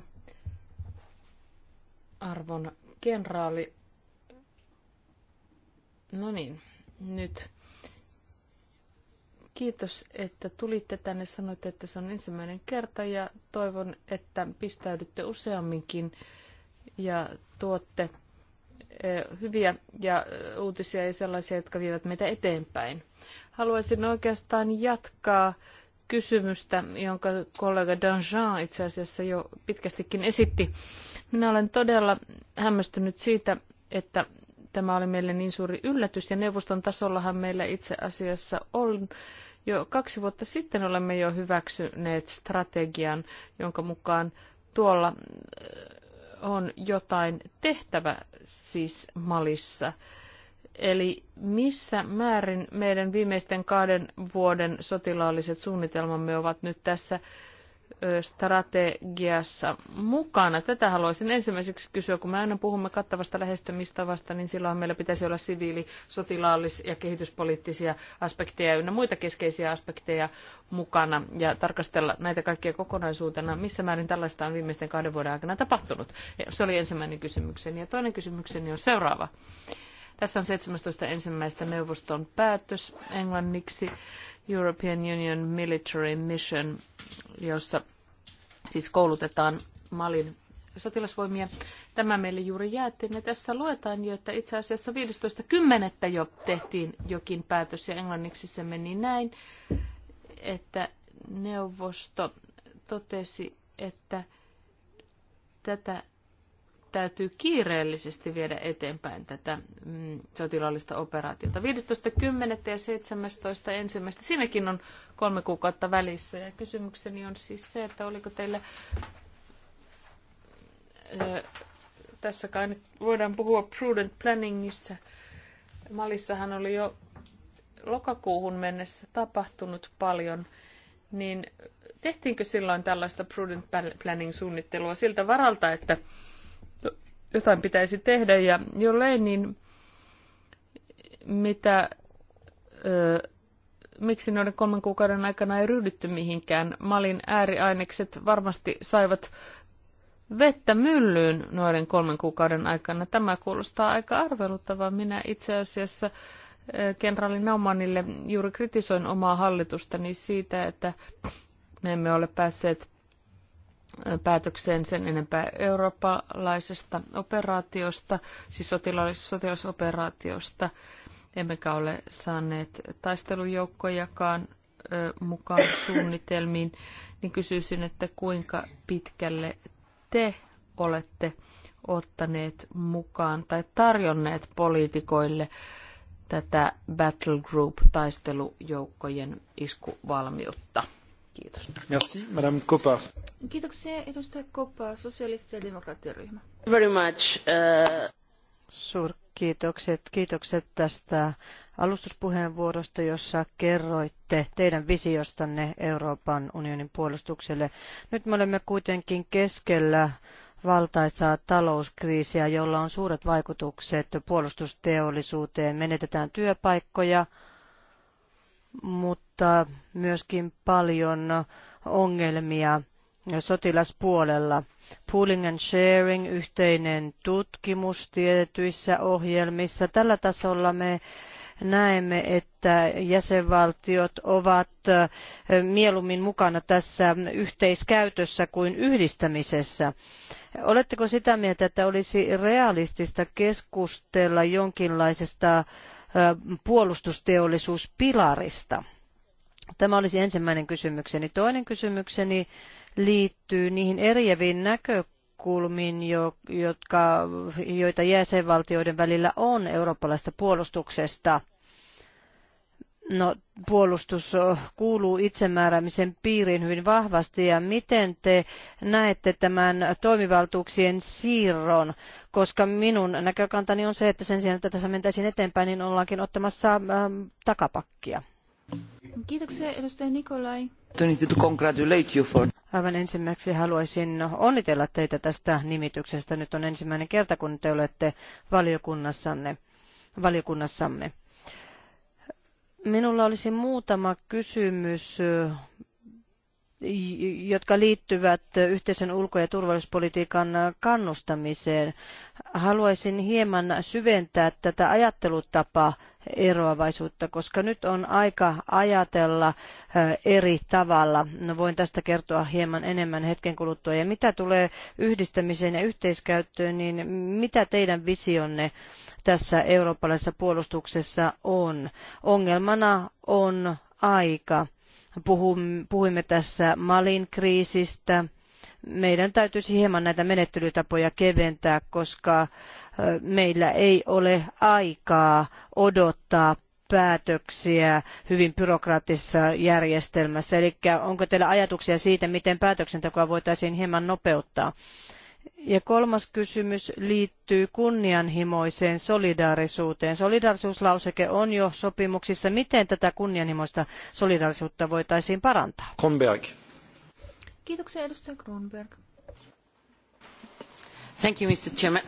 arvon kenraali. No niin, nyt. Kiitos, että tulitte tänne. Sanoitte, että se on ensimmäinen kerta ja toivon, että pistäydytte useamminkin ja tuotte eh, hyviä ja eh, uutisia ja sellaisia, jotka vievät meitä eteenpäin. Haluaisin oikeastaan jatkaa kysymystä, jonka kollega Danjean itse asiassa jo pitkästikin esitti. Minä olen todella hämmästynyt siitä, että tämä oli meille niin suuri yllätys ja neuvoston tasollahan meillä itse asiassa on jo kaksi vuotta sitten olemme jo hyväksyneet strategian, jonka mukaan tuolla äh, on jotain tehtävä siis Malissa. Eli missä määrin meidän viimeisten kahden vuoden sotilaalliset suunnitelmamme ovat nyt tässä strategiassa mukana? Tätä haluaisin ensimmäiseksi kysyä, kun me aina puhumme kattavasta lähestymistavasta, niin silloin meillä pitäisi olla siviili, sotilaallis- ja kehityspoliittisia aspekteja ynnä muita keskeisiä aspekteja mukana ja tarkastella näitä kaikkia kokonaisuutena. Missä määrin tällaista on viimeisten kahden vuoden aikana tapahtunut? Se oli ensimmäinen kysymykseni. Ja toinen kysymykseni on seuraava. Tässä on 17. ensimmäistä neuvoston päätös englanniksi European Union Military Mission, jossa siis koulutetaan Malin sotilasvoimia. Tämä meille juuri jäätiin ja tässä luetaan jo, että itse asiassa 15.10. jo tehtiin jokin päätös ja englanniksi se meni näin, että neuvosto totesi, että tätä täytyy kiireellisesti viedä eteenpäin tätä mm, sotilaallista operaatiota. 15.10. ja 17.1. Siinäkin on kolme kuukautta välissä. Ja kysymykseni on siis se, että oliko teillä... Ö, tässä kai voidaan puhua prudent planningissa. Malissahan oli jo lokakuuhun mennessä tapahtunut paljon, niin tehtiinkö silloin tällaista prudent planning-suunnittelua siltä varalta, että jotain pitäisi tehdä ja jollei, niin mitä, ö, miksi noiden kolmen kuukauden aikana ei ryhdytty mihinkään. Malin ääriainekset varmasti saivat vettä myllyyn noiden kolmen kuukauden aikana. Tämä kuulostaa aika arveluttavaa. Minä itse asiassa kenraali Naumanille juuri kritisoin omaa hallitustani siitä, että me emme ole päässeet päätökseen sen enempää eurooppalaisesta operaatiosta, siis sotilaallis- sotilasoperaatiosta. Emmekä ole saaneet taistelujoukkojakaan mukaan suunnitelmiin, niin kysyisin, että kuinka pitkälle te olette ottaneet mukaan tai tarjonneet poliitikoille tätä Battle Group taistelujoukkojen iskuvalmiutta? Kiitos. Merci, Madame Kopa. Kiitoksia, edustaja Kopa, ja demokraattiryhmä. Very much. Uh... Kiitokset. Kiitokset tästä alustuspuheenvuorosta, jossa kerroitte teidän visiostanne Euroopan unionin puolustukselle. Nyt me olemme kuitenkin keskellä valtaisaa talouskriisiä, jolla on suuret vaikutukset puolustusteollisuuteen. Menetetään työpaikkoja, mutta myöskin paljon ongelmia sotilaspuolella. Pooling and sharing, yhteinen tutkimus tietyissä ohjelmissa. Tällä tasolla me näemme, että jäsenvaltiot ovat mieluummin mukana tässä yhteiskäytössä kuin yhdistämisessä. Oletteko sitä mieltä, että olisi realistista keskustella jonkinlaisesta puolustusteollisuuspilarista? Tämä olisi ensimmäinen kysymykseni. Toinen kysymykseni liittyy niihin eriäviin näkökulmiin, jotka, joita jäsenvaltioiden välillä on eurooppalaista puolustuksesta – No, puolustus kuuluu itsemääräämisen piiriin hyvin vahvasti ja miten te näette tämän toimivaltuuksien siirron, koska minun näkökantani on se, että sen sijaan, että tässä mentäisiin eteenpäin, niin ollaankin ottamassa ähm, takapakkia. Kiitoksia edustaja Nikolai. Aivan ensimmäiseksi haluaisin onnitella teitä tästä nimityksestä. Nyt on ensimmäinen kerta, kun te olette valiokunnassanne, valiokunnassamme Minulla olisi muutama kysymys, jotka liittyvät yhteisen ulko- ja turvallisuuspolitiikan kannustamiseen. Haluaisin hieman syventää tätä ajattelutapaa eroavaisuutta, koska nyt on aika ajatella eri tavalla. No, voin tästä kertoa hieman enemmän hetken kuluttua. Ja mitä tulee yhdistämiseen ja yhteiskäyttöön, niin mitä teidän visionne tässä eurooppalaisessa puolustuksessa on? Ongelmana on aika. Puhuimme tässä Malin kriisistä. Meidän täytyisi hieman näitä menettelytapoja keventää, koska meillä ei ole aikaa odottaa päätöksiä hyvin byrokraattisessa järjestelmässä. Eli onko teillä ajatuksia siitä, miten päätöksentekoa voitaisiin hieman nopeuttaa? Ja kolmas kysymys liittyy kunnianhimoiseen solidaarisuuteen. Solidaarisuuslauseke on jo sopimuksissa. Miten tätä kunnianhimoista solidaarisuutta voitaisiin parantaa? Kronberg. Kiitoksia edustaja Kronberg. Thank you, Mr. Chairman.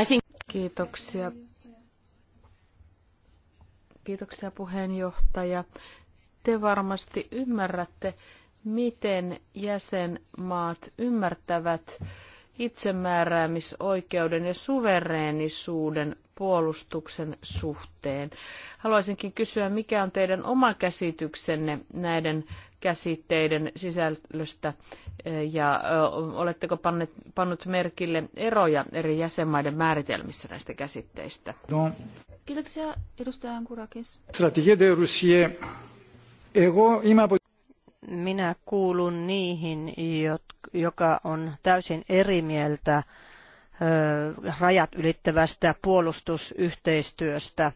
I think... Kiitoksia. Kiitoksia puheenjohtaja. Te varmasti ymmärrätte, miten jäsenmaat ymmärtävät itsemääräämisoikeuden ja suvereenisuuden puolustuksen suhteen. Haluaisinkin kysyä, mikä on teidän oma käsityksenne näiden käsitteiden sisällöstä e, ja e, oletteko panne pannut merkille eroja eri jäsenmaiden määritelmissä näistä käsitteistä? No. Kiitoksia edustaja Ankurakis. Minä kuulun niihin, jotka, joka on täysin eri mieltä rajat ylittävästä puolustusyhteistyöstä.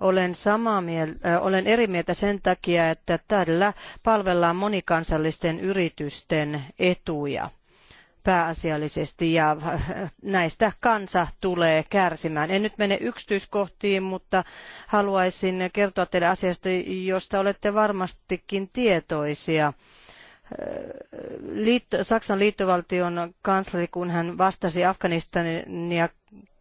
Olen, samaa mieltä, olen eri mieltä sen takia, että tällä palvellaan monikansallisten yritysten etuja pääasiallisesti ja näistä kansa tulee kärsimään. En nyt mene yksityiskohtiin, mutta haluaisin kertoa teille asiasta, josta olette varmastikin tietoisia liitto, Saksan liittovaltion kansleri, kun hän vastasi Afganistania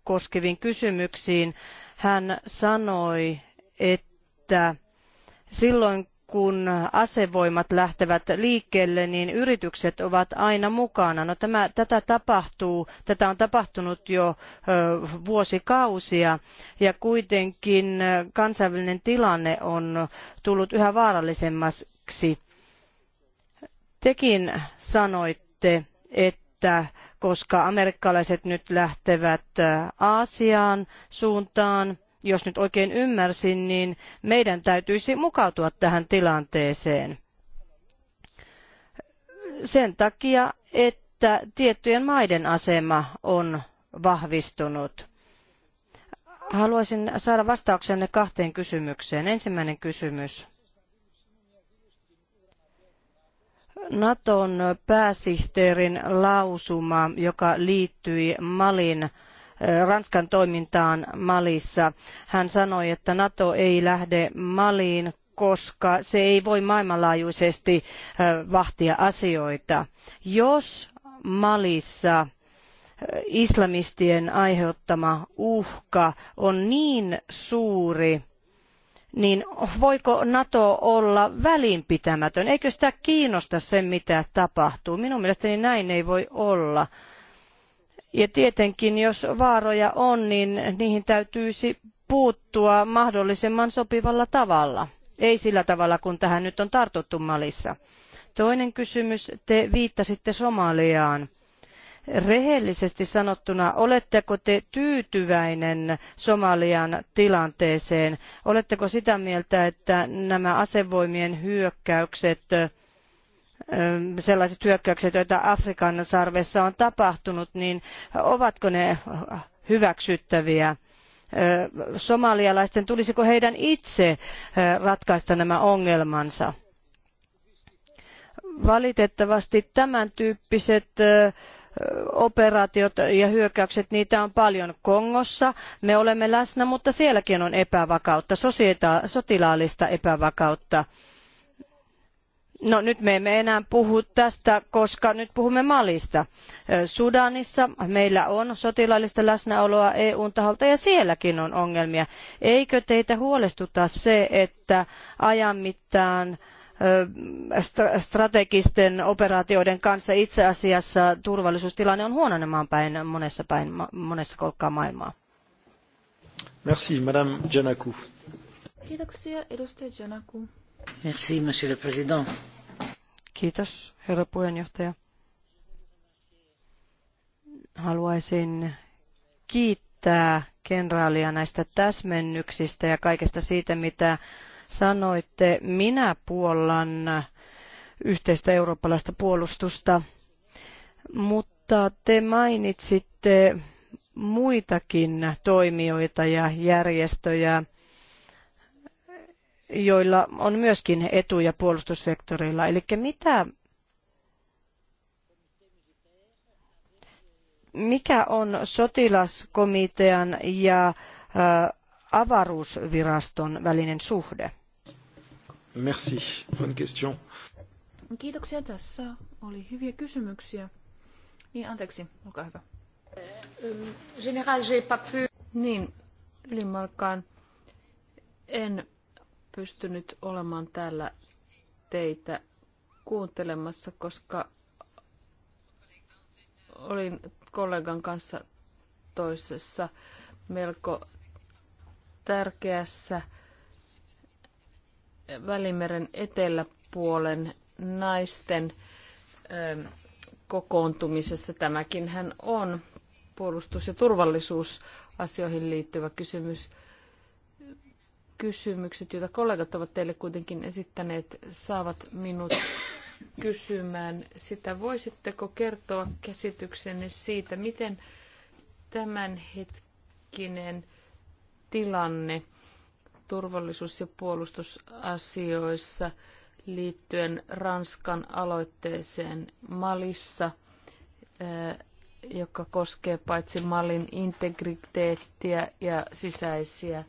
koskeviin kysymyksiin, hän sanoi, että silloin kun asevoimat lähtevät liikkeelle, niin yritykset ovat aina mukana. No tämä, tätä tapahtuu, tätä on tapahtunut jo ö, vuosikausia ja kuitenkin kansainvälinen tilanne on tullut yhä vaarallisemmaksi. Tekin sanoitte, että koska amerikkalaiset nyt lähtevät äh, Aasiaan suuntaan, jos nyt oikein ymmärsin, niin meidän täytyisi mukautua tähän tilanteeseen. Sen takia, että tiettyjen maiden asema on vahvistunut. Haluaisin saada vastauksenne kahteen kysymykseen. Ensimmäinen kysymys. Naton pääsihteerin lausuma, joka liittyi Malin Ranskan toimintaan Malissa. Hän sanoi, että NATO ei lähde Maliin, koska se ei voi maailmanlaajuisesti vahtia asioita. Jos Malissa islamistien aiheuttama uhka on niin suuri, niin voiko NATO olla välinpitämätön? Eikö sitä kiinnosta se, mitä tapahtuu? Minun mielestäni näin ei voi olla. Ja tietenkin, jos vaaroja on, niin niihin täytyisi puuttua mahdollisimman sopivalla tavalla. Ei sillä tavalla, kun tähän nyt on tartuttu Malissa. Toinen kysymys, te viittasitte Somaliaan. Rehellisesti sanottuna, oletteko te tyytyväinen Somalian tilanteeseen? Oletteko sitä mieltä, että nämä asevoimien hyökkäykset sellaiset hyökkäykset, joita Afrikan sarvessa on tapahtunut, niin ovatko ne hyväksyttäviä? Somalialaisten tulisiko heidän itse ratkaista nämä ongelmansa? Valitettavasti tämän tyyppiset operaatiot ja hyökkäykset, niitä on paljon Kongossa. Me olemme läsnä, mutta sielläkin on epävakautta, sotilaallista epävakautta. No nyt me emme enää puhu tästä, koska nyt puhumme Malista. Sudanissa meillä on sotilaallista läsnäoloa EUn taholta ja sielläkin on ongelmia. Eikö teitä huolestuta se, että ajan mittaan – strategisten operaatioiden kanssa itse asiassa turvallisuustilanne on huononemaan päin monessa, päin, monessa kolkkaa maailmaa. Merci, Madame Janaku. Kiitoksia, edustaja Janaku. Merci, Monsieur le Président. Kiitos, herra puheenjohtaja. Haluaisin kiittää kenraalia näistä täsmennyksistä ja kaikesta siitä, mitä sanoitte, minä puollan yhteistä eurooppalaista puolustusta, mutta te mainitsitte muitakin toimijoita ja järjestöjä, joilla on myöskin etuja puolustussektorilla. Eli mitä, mikä on sotilaskomitean ja avaruusviraston välinen suhde? Merci. Bonne question. Kiitoksia. Tässä oli hyviä kysymyksiä. Niin, anteeksi. Olkaa hyvä. Euh, General, j'ai pas pu... Niin, ylimalkaan en pystynyt olemaan täällä teitä kuuntelemassa, koska olin kollegan kanssa toisessa melko tärkeässä Välimeren eteläpuolen naisten ähm, kokoontumisessa. Tämäkin hän on puolustus- ja turvallisuusasioihin liittyvä kysymys. Kysymykset, joita kollegat ovat teille kuitenkin esittäneet, saavat minut kysymään sitä. Voisitteko kertoa käsityksenne siitä, miten tämänhetkinen tilanne – turvallisuus- ja puolustusasioissa liittyen Ranskan aloitteeseen Malissa, eh, joka koskee paitsi Malin integriteettiä ja sisäisiä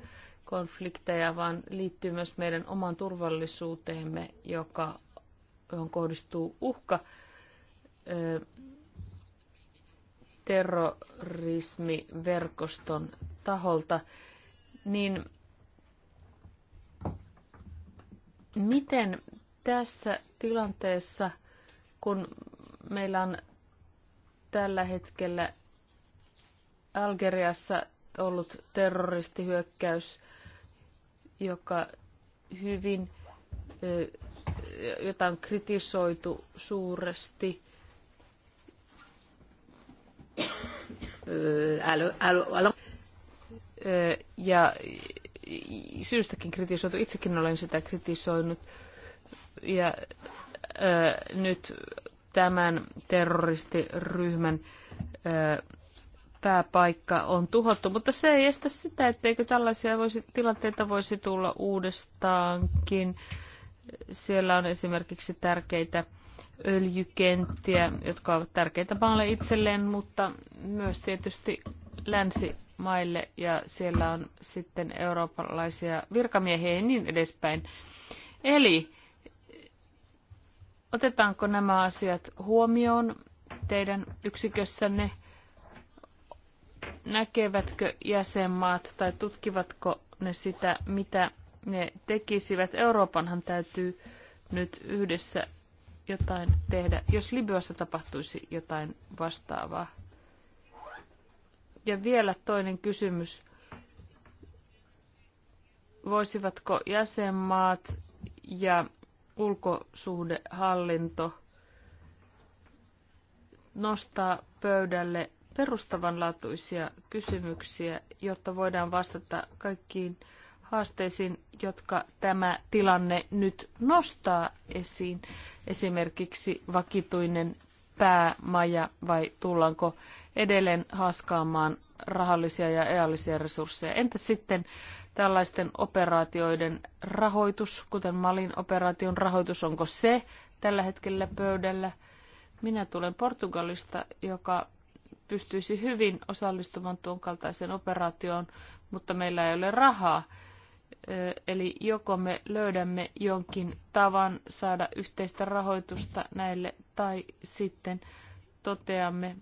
konflikteja, vaan liittyy myös meidän oman turvallisuuteemme, joka, johon kohdistuu uhka eh, terrorismiverkoston taholta, niin Miten tässä tilanteessa, kun meillä on tällä hetkellä Algeriassa ollut terroristihyökkäys, joka hyvin, jota on kritisoitu suuresti. Ja syystäkin kritisoitu. Itsekin olen sitä kritisoinut. Ja ö, nyt tämän terroristiryhmän ö, pääpaikka on tuhottu, mutta se ei estä sitä, etteikö tällaisia voisi, tilanteita voisi tulla uudestaankin. Siellä on esimerkiksi tärkeitä öljykenttiä, jotka ovat tärkeitä maalle itselleen, mutta myös tietysti länsi maille ja siellä on sitten eurooppalaisia virkamiehiä ja niin edespäin. Eli otetaanko nämä asiat huomioon teidän yksikössänne? Näkevätkö jäsenmaat tai tutkivatko ne sitä, mitä ne tekisivät? Euroopanhan täytyy nyt yhdessä jotain tehdä, jos Libyassa tapahtuisi jotain vastaavaa. Ja vielä toinen kysymys. Voisivatko jäsenmaat ja ulkosuhdehallinto nostaa pöydälle perustavanlaatuisia kysymyksiä, jotta voidaan vastata kaikkiin haasteisiin, jotka tämä tilanne nyt nostaa esiin, esimerkiksi vakituinen päämaja vai tullaanko edelleen haaskaamaan rahallisia ja eallisia resursseja. Entä sitten tällaisten operaatioiden rahoitus, kuten Malin operaation rahoitus, onko se tällä hetkellä pöydällä? Minä tulen Portugalista, joka pystyisi hyvin osallistumaan tuon kaltaiseen operaatioon, mutta meillä ei ole rahaa. Eli joko me löydämme jonkin tavan saada yhteistä rahoitusta näille, tai sitten toteamme,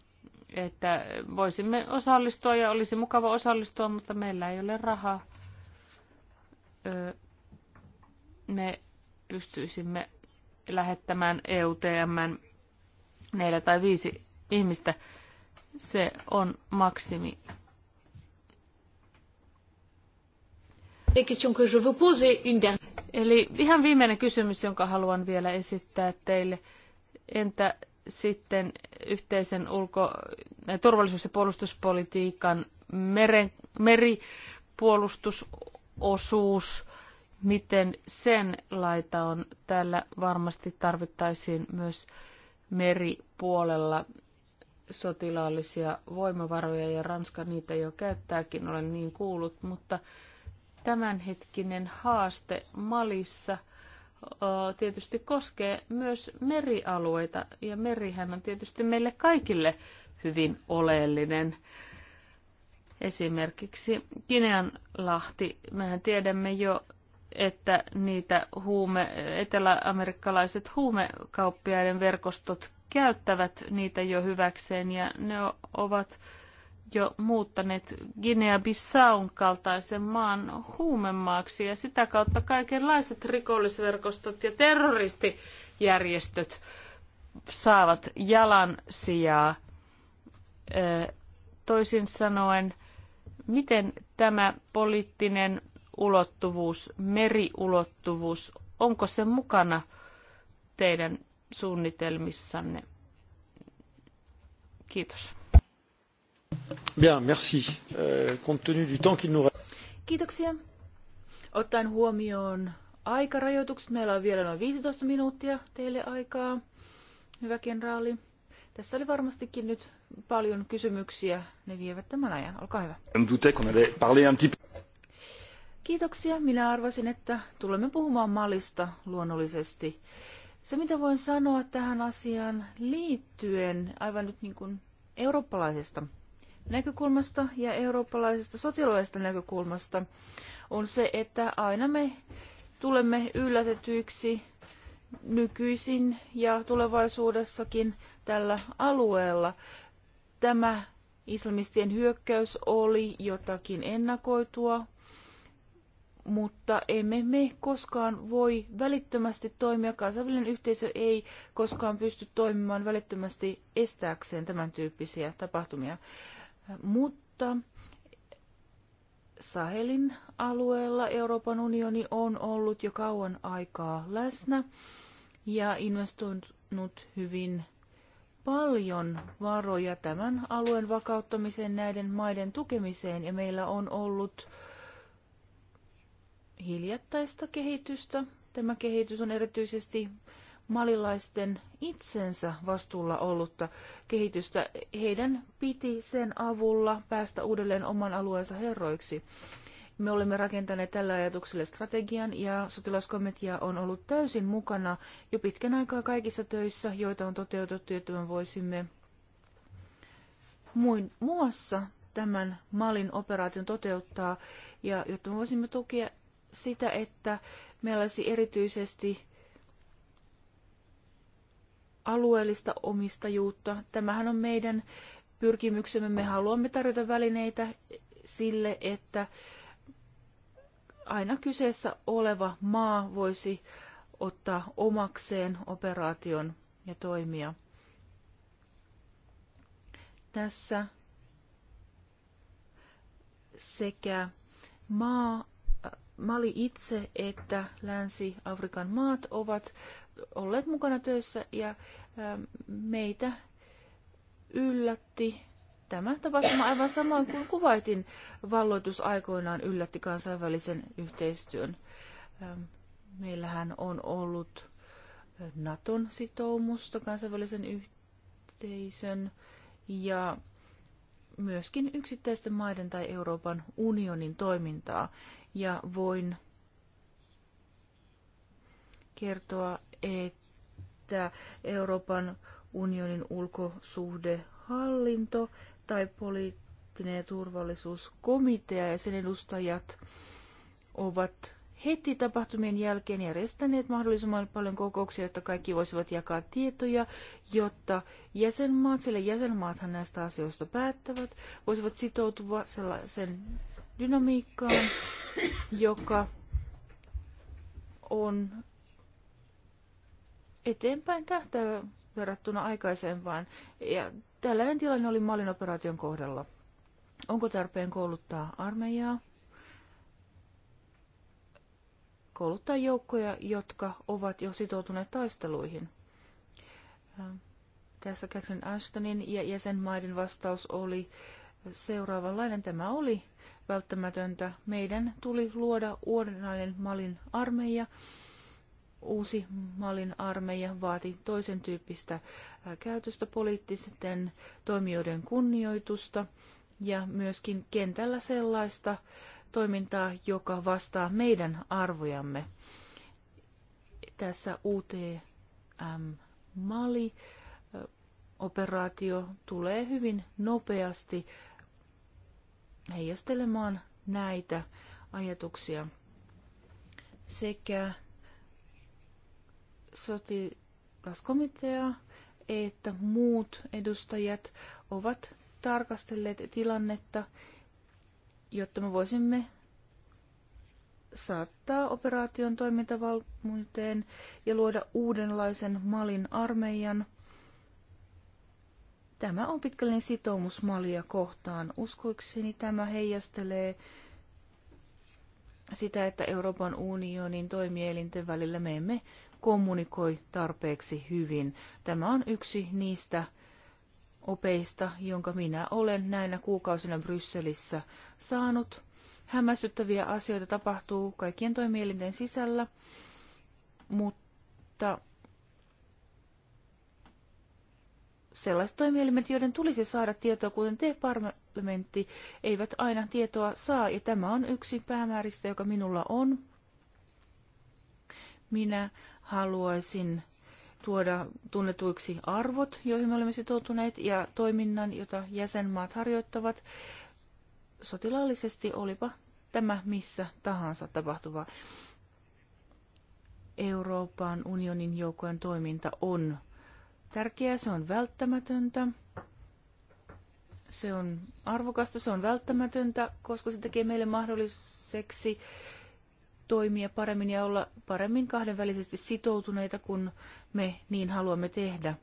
että voisimme osallistua ja olisi mukava osallistua, mutta meillä ei ole rahaa. me pystyisimme lähettämään EUTM neljä tai viisi ihmistä. Se on maksimi. Eli ihan viimeinen kysymys, jonka haluan vielä esittää teille. Entä sitten yhteisen ulko- ja äh, turvallisuus- ja puolustuspolitiikan meren, meripuolustusosuus, miten sen laita on. Täällä varmasti tarvittaisiin myös meripuolella sotilaallisia voimavaroja ja Ranska niitä jo käyttääkin, olen niin kuullut, mutta tämänhetkinen haaste Malissa – tietysti koskee myös merialueita, ja merihän on tietysti meille kaikille hyvin oleellinen. Esimerkiksi Kineanlahti, mehän tiedämme jo, että niitä huume, eteläamerikkalaiset huumekauppiaiden verkostot käyttävät niitä jo hyväkseen, ja ne ovat jo muuttaneet Guinea-Bissaun kaltaisen maan huumemaaksi ja sitä kautta kaikenlaiset rikollisverkostot ja terroristijärjestöt saavat jalan sijaa. Toisin sanoen, miten tämä poliittinen ulottuvuus, meriulottuvuus, onko se mukana teidän suunnitelmissanne? Kiitos. Euh, Kiitoksia. Ottaen huomioon aikarajoitukset, meillä on vielä noin 15 minuuttia teille aikaa, hyvä kenraali. Tässä oli varmastikin nyt paljon kysymyksiä. Ne vievät tämän ajan. Olkaa hyvä. Kiitoksia. Minä arvasin, että tulemme puhumaan malista luonnollisesti. Se, mitä voin sanoa tähän asiaan liittyen, aivan nyt niin kuin eurooppalaisesta näkökulmasta ja eurooppalaisesta sotilaallisesta näkökulmasta on se, että aina me tulemme yllätetyiksi nykyisin ja tulevaisuudessakin tällä alueella. Tämä islamistien hyökkäys oli jotakin ennakoitua, mutta emme me koskaan voi välittömästi toimia. Kansainvälinen yhteisö ei koskaan pysty toimimaan välittömästi estääkseen tämän tyyppisiä tapahtumia. Mutta Sahelin alueella Euroopan unioni on ollut jo kauan aikaa läsnä ja investoinut hyvin paljon varoja tämän alueen vakauttamiseen, näiden maiden tukemiseen ja meillä on ollut hiljattaista kehitystä. Tämä kehitys on erityisesti malilaisten itsensä vastuulla ollutta kehitystä. Heidän piti sen avulla päästä uudelleen oman alueensa herroiksi. Me olemme rakentaneet tällä ajatukselle strategian ja sotilaskomitea on ollut täysin mukana jo pitkän aikaa kaikissa töissä, joita on toteutettu, jotta me voisimme muin muassa tämän Malin operaation toteuttaa ja jotta me voisimme tukea sitä, että meillä olisi erityisesti alueellista omistajuutta. Tämähän on meidän pyrkimyksemme. Me haluamme tarjota välineitä sille, että aina kyseessä oleva maa voisi ottaa omakseen operaation ja toimia. Tässä sekä maa, Mali itse että Länsi-Afrikan maat ovat olleet mukana töissä ja meitä yllätti tämä tapahtuma aivan samoin kuin kuvaitin valloitus aikoinaan yllätti kansainvälisen yhteistyön. Meillähän on ollut Naton sitoumusta kansainvälisen yhteisön ja myöskin yksittäisten maiden tai Euroopan unionin toimintaa. Ja voin kertoa, että Euroopan unionin ulkosuhdehallinto tai poliittinen ja turvallisuuskomitea ja sen edustajat ovat heti tapahtumien jälkeen järjestäneet mahdollisimman paljon kokouksia, jotta kaikki voisivat jakaa tietoja, jotta jäsenmaat, sillä jäsenmaathan näistä asioista päättävät, voisivat sitoutua sellaisen dynamiikkaan, joka on eteenpäin tähtää verrattuna aikaisempaan. Ja tällainen tilanne oli Malin operaation kohdalla. Onko tarpeen kouluttaa armeijaa? Kouluttaa joukkoja, jotka ovat jo sitoutuneet taisteluihin. Ähm, tässä Catherine Ashtonin ja jäsenmaiden vastaus oli seuraavanlainen. Tämä oli välttämätöntä. Meidän tuli luoda uudenlainen Malin armeija, Uusi Malin armeija vaati toisen tyyppistä käytöstä poliittisten toimijoiden kunnioitusta ja myöskin kentällä sellaista toimintaa, joka vastaa meidän arvojamme. Tässä UTM Mali operaatio tulee hyvin nopeasti heijastelemaan näitä ajatuksia sekä sotilaskomitea että muut edustajat ovat tarkastelleet tilannetta, jotta me voisimme saattaa operaation toimintavalmuuteen ja luoda uudenlaisen Malin armeijan. Tämä on pitkällinen sitoumus Malia kohtaan. Uskoikseni tämä heijastelee sitä, että Euroopan unionin toimielinten välillä me emme kommunikoi tarpeeksi hyvin. Tämä on yksi niistä opeista, jonka minä olen näinä kuukausina Brysselissä saanut. Hämmästyttäviä asioita tapahtuu kaikkien toimielinten sisällä, mutta sellaiset toimielimet, joiden tulisi saada tietoa, kuten te parlamentti, eivät aina tietoa saa, ja tämä on yksi päämääristä, joka minulla on. Minä haluaisin tuoda tunnetuiksi arvot, joihin me olemme sitoutuneet, ja toiminnan, jota jäsenmaat harjoittavat sotilaallisesti, olipa tämä missä tahansa tapahtuva. Euroopan unionin joukkojen toiminta on tärkeää, se on välttämätöntä, se on arvokasta, se on välttämätöntä, koska se tekee meille mahdolliseksi äh, toimia paremmin ja olla paremmin kahdenvälisesti sitoutuneita, kun me niin haluamme tehdä.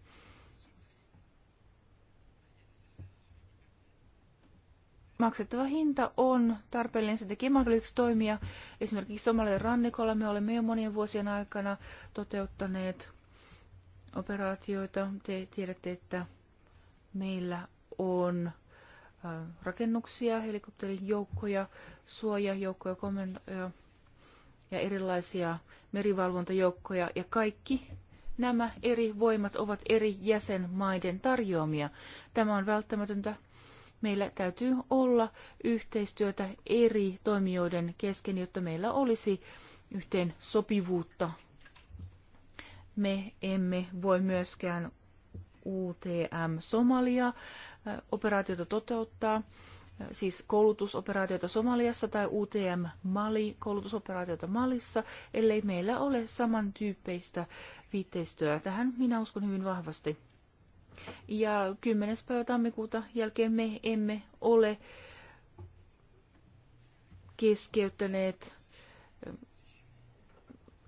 Maksettava hinta on tarpeellinen, se tekee mahdolliseksi toimia. Esimerkiksi Somalian rannikolla me olemme jo monien vuosien aikana toteuttaneet operaatioita. Te tiedätte, että meillä on äh, rakennuksia, helikopterijoukkoja, suojajoukkoja, komentoja, ja erilaisia merivalvontajoukkoja ja kaikki nämä eri voimat ovat eri jäsenmaiden tarjoamia. Tämä on välttämätöntä. Meillä täytyy olla yhteistyötä eri toimijoiden kesken, jotta meillä olisi yhteen sopivuutta. Me emme voi myöskään UTM Somalia operaatiota toteuttaa siis koulutusoperaatioita Somaliassa tai UTM Mali koulutusoperaatioita Malissa, ellei meillä ole samantyyppeistä viitteistöä. Tähän minä uskon hyvin vahvasti. Ja 10. päivä tammikuuta jälkeen me emme ole keskeyttäneet ähm,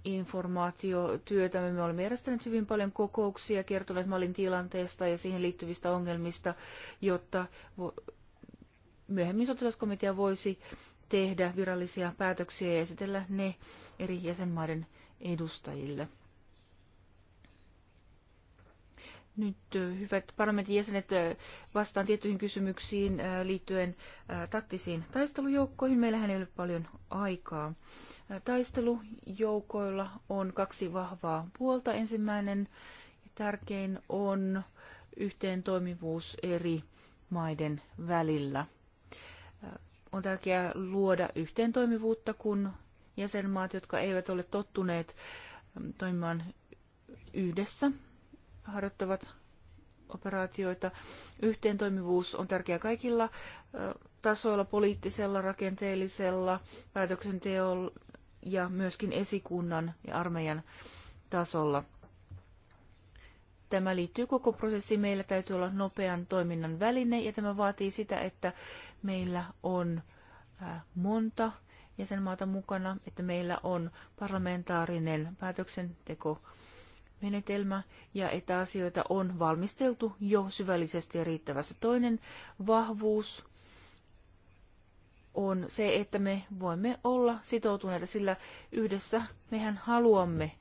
informaatiotyötä. Me olemme järjestäneet hyvin paljon kokouksia, kertoneet Malin tilanteesta ja siihen liittyvistä ongelmista, jotta myöhemmin sotilaskomitea voisi tehdä virallisia päätöksiä ja esitellä ne eri jäsenmaiden edustajille. Nyt hyvät parlamentin jäsenet, vastaan tiettyihin kysymyksiin liittyen taktisiin taistelujoukkoihin. Meillähän ei ole paljon aikaa. Taistelujoukoilla on kaksi vahvaa puolta. Ensimmäinen ja tärkein on yhteen toimivuus eri maiden välillä – on tärkeää luoda yhteentoimivuutta, kun jäsenmaat, jotka eivät ole tottuneet mm, toimimaan yhdessä, harjoittavat operaatioita. Yhteentoimivuus on tärkeää kaikilla tasoilla, poliittisella, rakenteellisella, päätöksenteolla ja myöskin esikunnan ja armeijan tasolla. Tämä liittyy koko prosessiin. Meillä täytyy olla nopean toiminnan väline ja tämä vaatii sitä, että meillä on monta jäsenmaata mukana, että meillä on parlamentaarinen päätöksenteko menetelmä ja että asioita on valmisteltu jo syvällisesti ja riittävästi. Toinen vahvuus on se, että me voimme olla sitoutuneita, sillä yhdessä mehän haluamme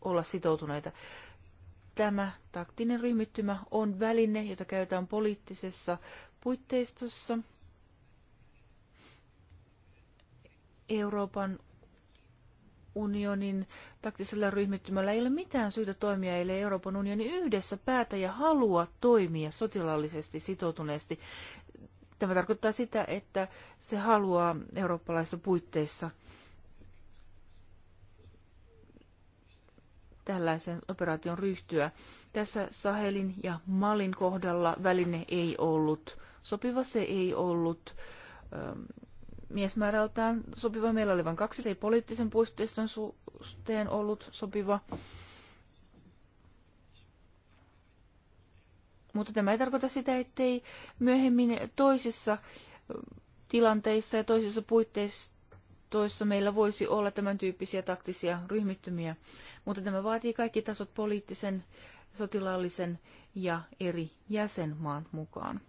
olla sitoutuneita. Tämä taktinen ryhmittymä on väline, jota käytetään poliittisessa puitteistossa – Euroopan unionin taktisella ryhmittymällä ei ole mitään syytä toimia, ellei Euroopan unioni yhdessä päätä ja halua toimia sotilaallisesti sitoutuneesti. Tämä tarkoittaa sitä, että se haluaa eurooppalaisissa puitteissa tällaisen operaation ryhtyä. Tässä Sahelin ja Malin kohdalla väline ei ollut sopiva, se ei ollut ähm, miesmäärältään sopiva. Meillä oli vain kaksi, se ei poliittisen puistoiston suhteen ollut sopiva. Mutta tämä ei tarkoita sitä, ettei myöhemmin toisissa tilanteissa ja toisissa puitteistoissa meillä voisi olla tämän tyyppisiä taktisia ryhmittymiä. Mutta tämä vaatii kaikki tasot poliittisen, sotilaallisen ja eri jäsenmaan mukaan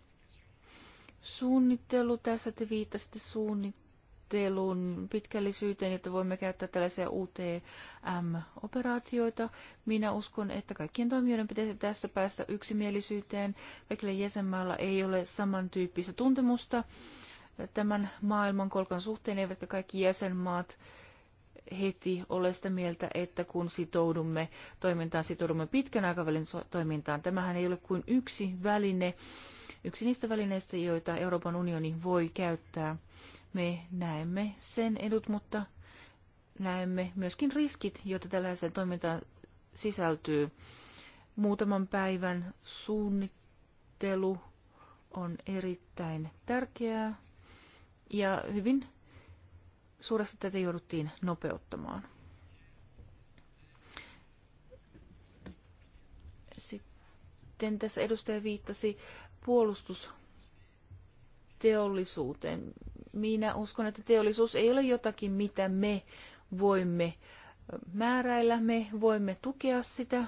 suunnittelu. Tässä te viittasitte suunnittelun pitkällisyyteen, että voimme käyttää tällaisia UTM-operaatioita. Minä uskon, että kaikkien toimijoiden pitäisi tässä päästä yksimielisyyteen. Kaikilla jäsenmailla ei ole samantyyppistä tuntemusta tämän maailman kolkan suhteen, eivätkä kaikki jäsenmaat heti ole sitä mieltä, että kun sitoudumme toimintaan, sitoudumme pitkän aikavälin toimintaan. Tämähän ei ole kuin yksi väline, yksi niistä välineistä, joita Euroopan unioni voi käyttää. Me näemme sen edut, mutta näemme myöskin riskit, joita tällaiseen toimintaan sisältyy. Muutaman päivän suunnittelu on erittäin tärkeää ja hyvin suuresti tätä jouduttiin nopeuttamaan. Sitten tässä edustaja viittasi puolustusteollisuuteen. Minä uskon, että teollisuus ei ole jotakin, mitä me voimme määräillä. Me voimme tukea sitä.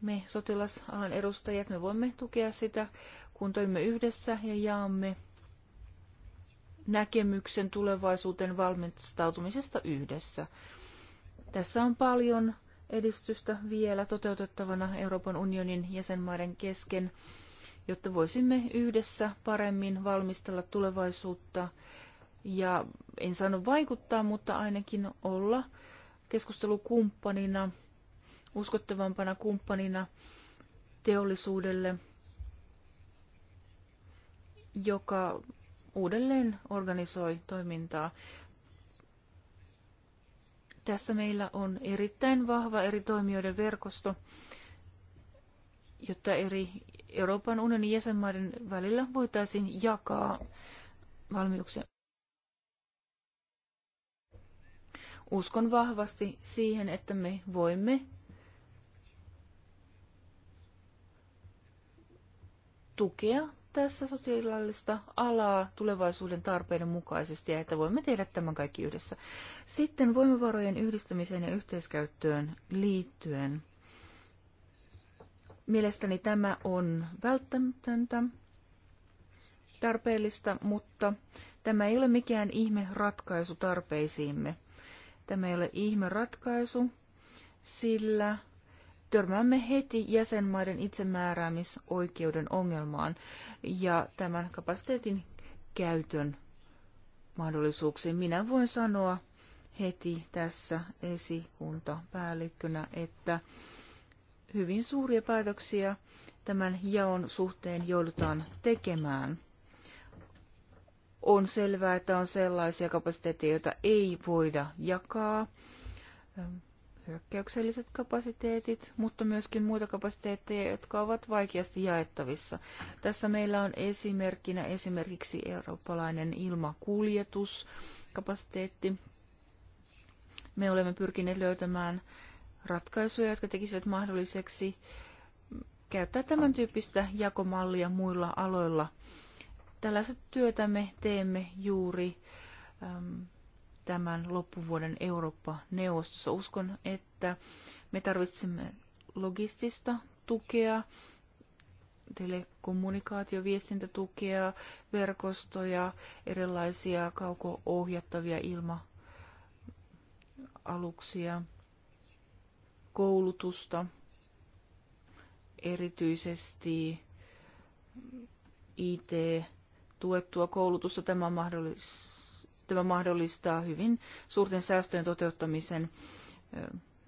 Me sotilasalan edustajat, me voimme tukea sitä, kun toimme yhdessä ja jaamme näkemyksen tulevaisuuteen valmistautumisesta yhdessä. Tässä on paljon edistystä vielä toteutettavana Euroopan unionin jäsenmaiden kesken jotta voisimme yhdessä paremmin valmistella tulevaisuutta ja en sano vaikuttaa, mutta ainakin olla keskustelukumppanina, uskottavampana kumppanina teollisuudelle, joka uudelleen organisoi toimintaa. Tässä meillä on erittäin vahva eri toimijoiden verkosto, jotta eri Euroopan unionin jäsenmaiden välillä voitaisiin jakaa valmiuksia. Uskon vahvasti siihen, että me voimme tukea tässä sotilaallista alaa tulevaisuuden tarpeiden mukaisesti ja että voimme tehdä tämän kaikki yhdessä. Sitten voimavarojen yhdistämiseen ja yhteiskäyttöön liittyen – Mielestäni tämä on välttämätöntä, tarpeellista, mutta tämä ei ole mikään ihme ratkaisu tarpeisiimme. Tämä ei ole ihme ratkaisu, sillä törmäämme heti jäsenmaiden itsemääräämisoikeuden ongelmaan ja tämän kapasiteetin käytön mahdollisuuksiin. Minä voin sanoa heti tässä esikuntapäällikkönä, että hyvin suuria päätöksiä tämän jaon suhteen joudutaan tekemään. On selvää, että on sellaisia kapasiteetteja, joita ei voida jakaa, hyökkäykselliset kapasiteetit, mutta myöskin muita kapasiteetteja, jotka ovat vaikeasti jaettavissa. Tässä meillä on esimerkkinä esimerkiksi eurooppalainen ilmakuljetuskapasiteetti. Me olemme pyrkineet löytämään ratkaisuja, jotka tekisivät mahdolliseksi käyttää tämän tyyppistä jakomallia muilla aloilla. Tällaista työtä me teemme juuri äm, tämän loppuvuoden Eurooppa-neuvostossa. Uskon, että me tarvitsemme logistista tukea, telekommunikaatioviestintätukea, verkostoja, erilaisia kauko-ohjattavia ilma-aluksia – koulutusta, erityisesti IT-tuettua koulutusta. Tämä, mahdollis- tämä mahdollistaa hyvin suurten säästöjen toteuttamisen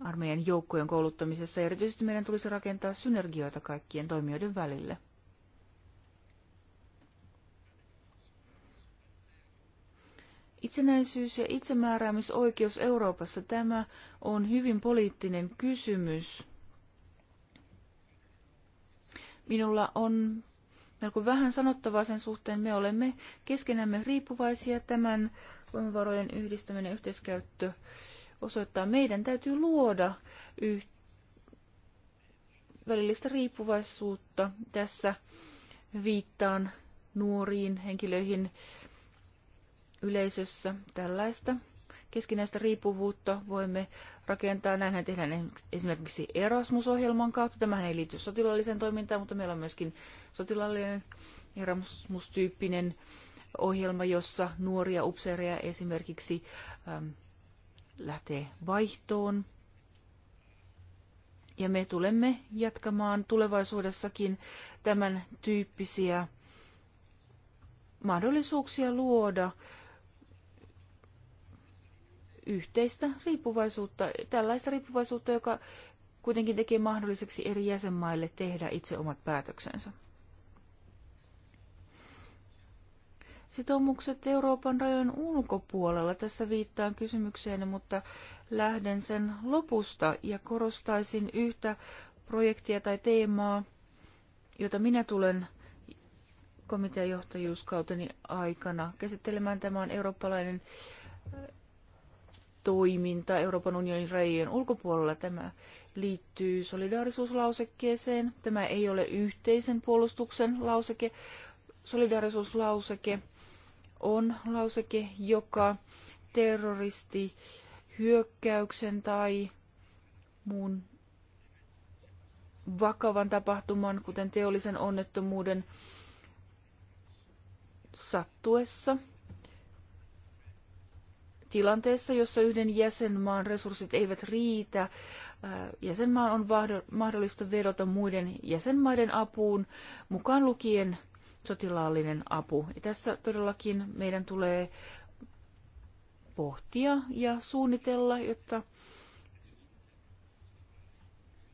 armeijan joukkojen kouluttamisessa. Erityisesti meidän tulisi rakentaa synergioita kaikkien toimijoiden välille. Itsenäisyys ja itsemääräämisoikeus Euroopassa, tämä on hyvin poliittinen kysymys. Minulla on melko vähän sanottavaa sen suhteen. Me olemme keskenämme riippuvaisia. Tämän voimavarojen yhdistäminen ja yhteiskäyttö osoittaa, meidän täytyy luoda yh- välillistä riippuvaisuutta. Tässä viittaan nuoriin henkilöihin, yleisössä tällaista keskinäistä riippuvuutta voimme rakentaa. Näinhän tehdään esimerkiksi Erasmus-ohjelman kautta. Tämähän ei liity sotilaalliseen toimintaan, mutta meillä on myöskin sotilaallinen Erasmus-tyyppinen ohjelma, jossa nuoria upseereja esimerkiksi ähm, lähtee vaihtoon. Ja me tulemme jatkamaan tulevaisuudessakin tämän tyyppisiä mahdollisuuksia luoda äh, yhteistä riippuvaisuutta, tällaista riippuvaisuutta, joka kuitenkin tekee mahdolliseksi eri jäsenmaille tehdä itse omat päätöksensä. Sitoumukset Euroopan rajojen ulkopuolella. Tässä viittaan kysymykseen, mutta lähden sen lopusta ja korostaisin yhtä projektia tai teemaa, jota minä tulen komiteajohtajuuskauteni aikana käsittelemään. Tämä on eurooppalainen toiminta Euroopan unionin rajojen ulkopuolella. Tämä liittyy solidaarisuuslausekkeeseen. Tämä ei ole yhteisen puolustuksen lauseke. Solidaarisuuslauseke on lauseke, joka terroristi hyökkäyksen tai muun vakavan tapahtuman, kuten teollisen onnettomuuden sattuessa tilanteessa, jossa yhden jäsenmaan resurssit eivät riitä, jäsenmaan on mahdollista vedota muiden jäsenmaiden apuun, mukaan lukien sotilaallinen apu. Ja tässä todellakin meidän tulee pohtia ja suunnitella, jotta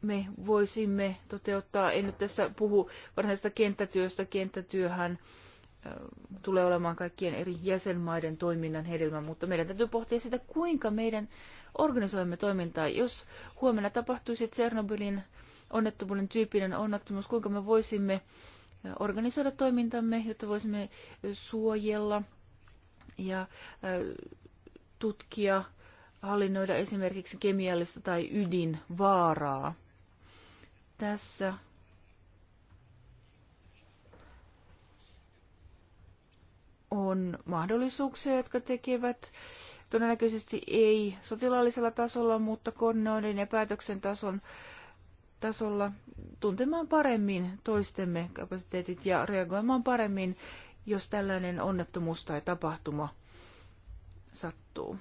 me voisimme toteuttaa, en nyt tässä puhu varsinaisesta kenttätyöstä, kenttätyöhän tulee olemaan kaikkien eri jäsenmaiden toiminnan hedelmä, mutta meidän täytyy pohtia sitä, kuinka meidän organisoimme toimintaa. Jos huomenna tapahtuisi Tsernobylin onnettomuuden tyyppinen onnettomuus, kuinka me voisimme organisoida toimintamme, jotta voisimme suojella ja tutkia, hallinnoida esimerkiksi kemiallista tai ydinvaaraa. Tässä on mahdollisuuksia, jotka tekevät todennäköisesti ei sotilaallisella tasolla, mutta koordinoiden ja päätöksen tason tasolla tuntemaan paremmin toistemme kapasiteetit ja reagoimaan paremmin, jos tällainen onnettomuus tai tapahtuma sattuu.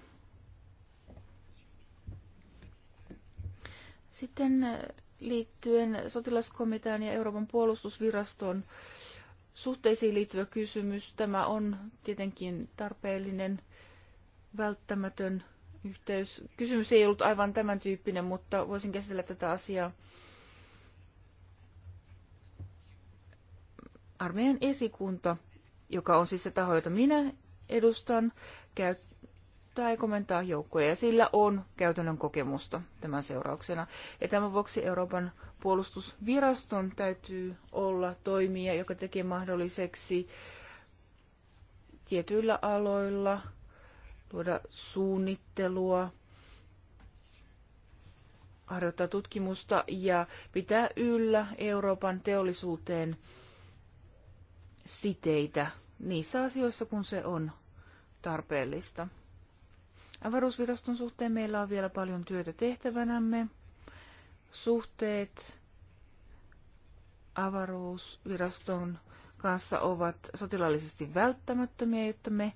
Sitten liittyen sotilaskomitean ja Euroopan puolustusviraston suhteisiin liittyvä kysymys. Tämä on tietenkin tarpeellinen, välttämätön yhteys. Kysymys ei ollut aivan tämän tyyppinen, mutta voisin käsitellä tätä asiaa. Armeijan esikunta, joka on siis se taho, jota minä edustan, käy tai komentaa joukkoja, ja sillä on käytännön kokemusta tämän seurauksena. Ja tämän vuoksi Euroopan puolustusviraston täytyy olla toimija, joka tekee mahdolliseksi tietyillä aloilla luoda suunnittelua, harjoittaa tutkimusta ja pitää yllä Euroopan teollisuuteen siteitä niissä asioissa, kun se on tarpeellista. Avaruusviraston suhteen meillä on vielä paljon työtä tehtävänämme. Suhteet avaruusviraston kanssa ovat sotilaallisesti välttämättömiä, jotta me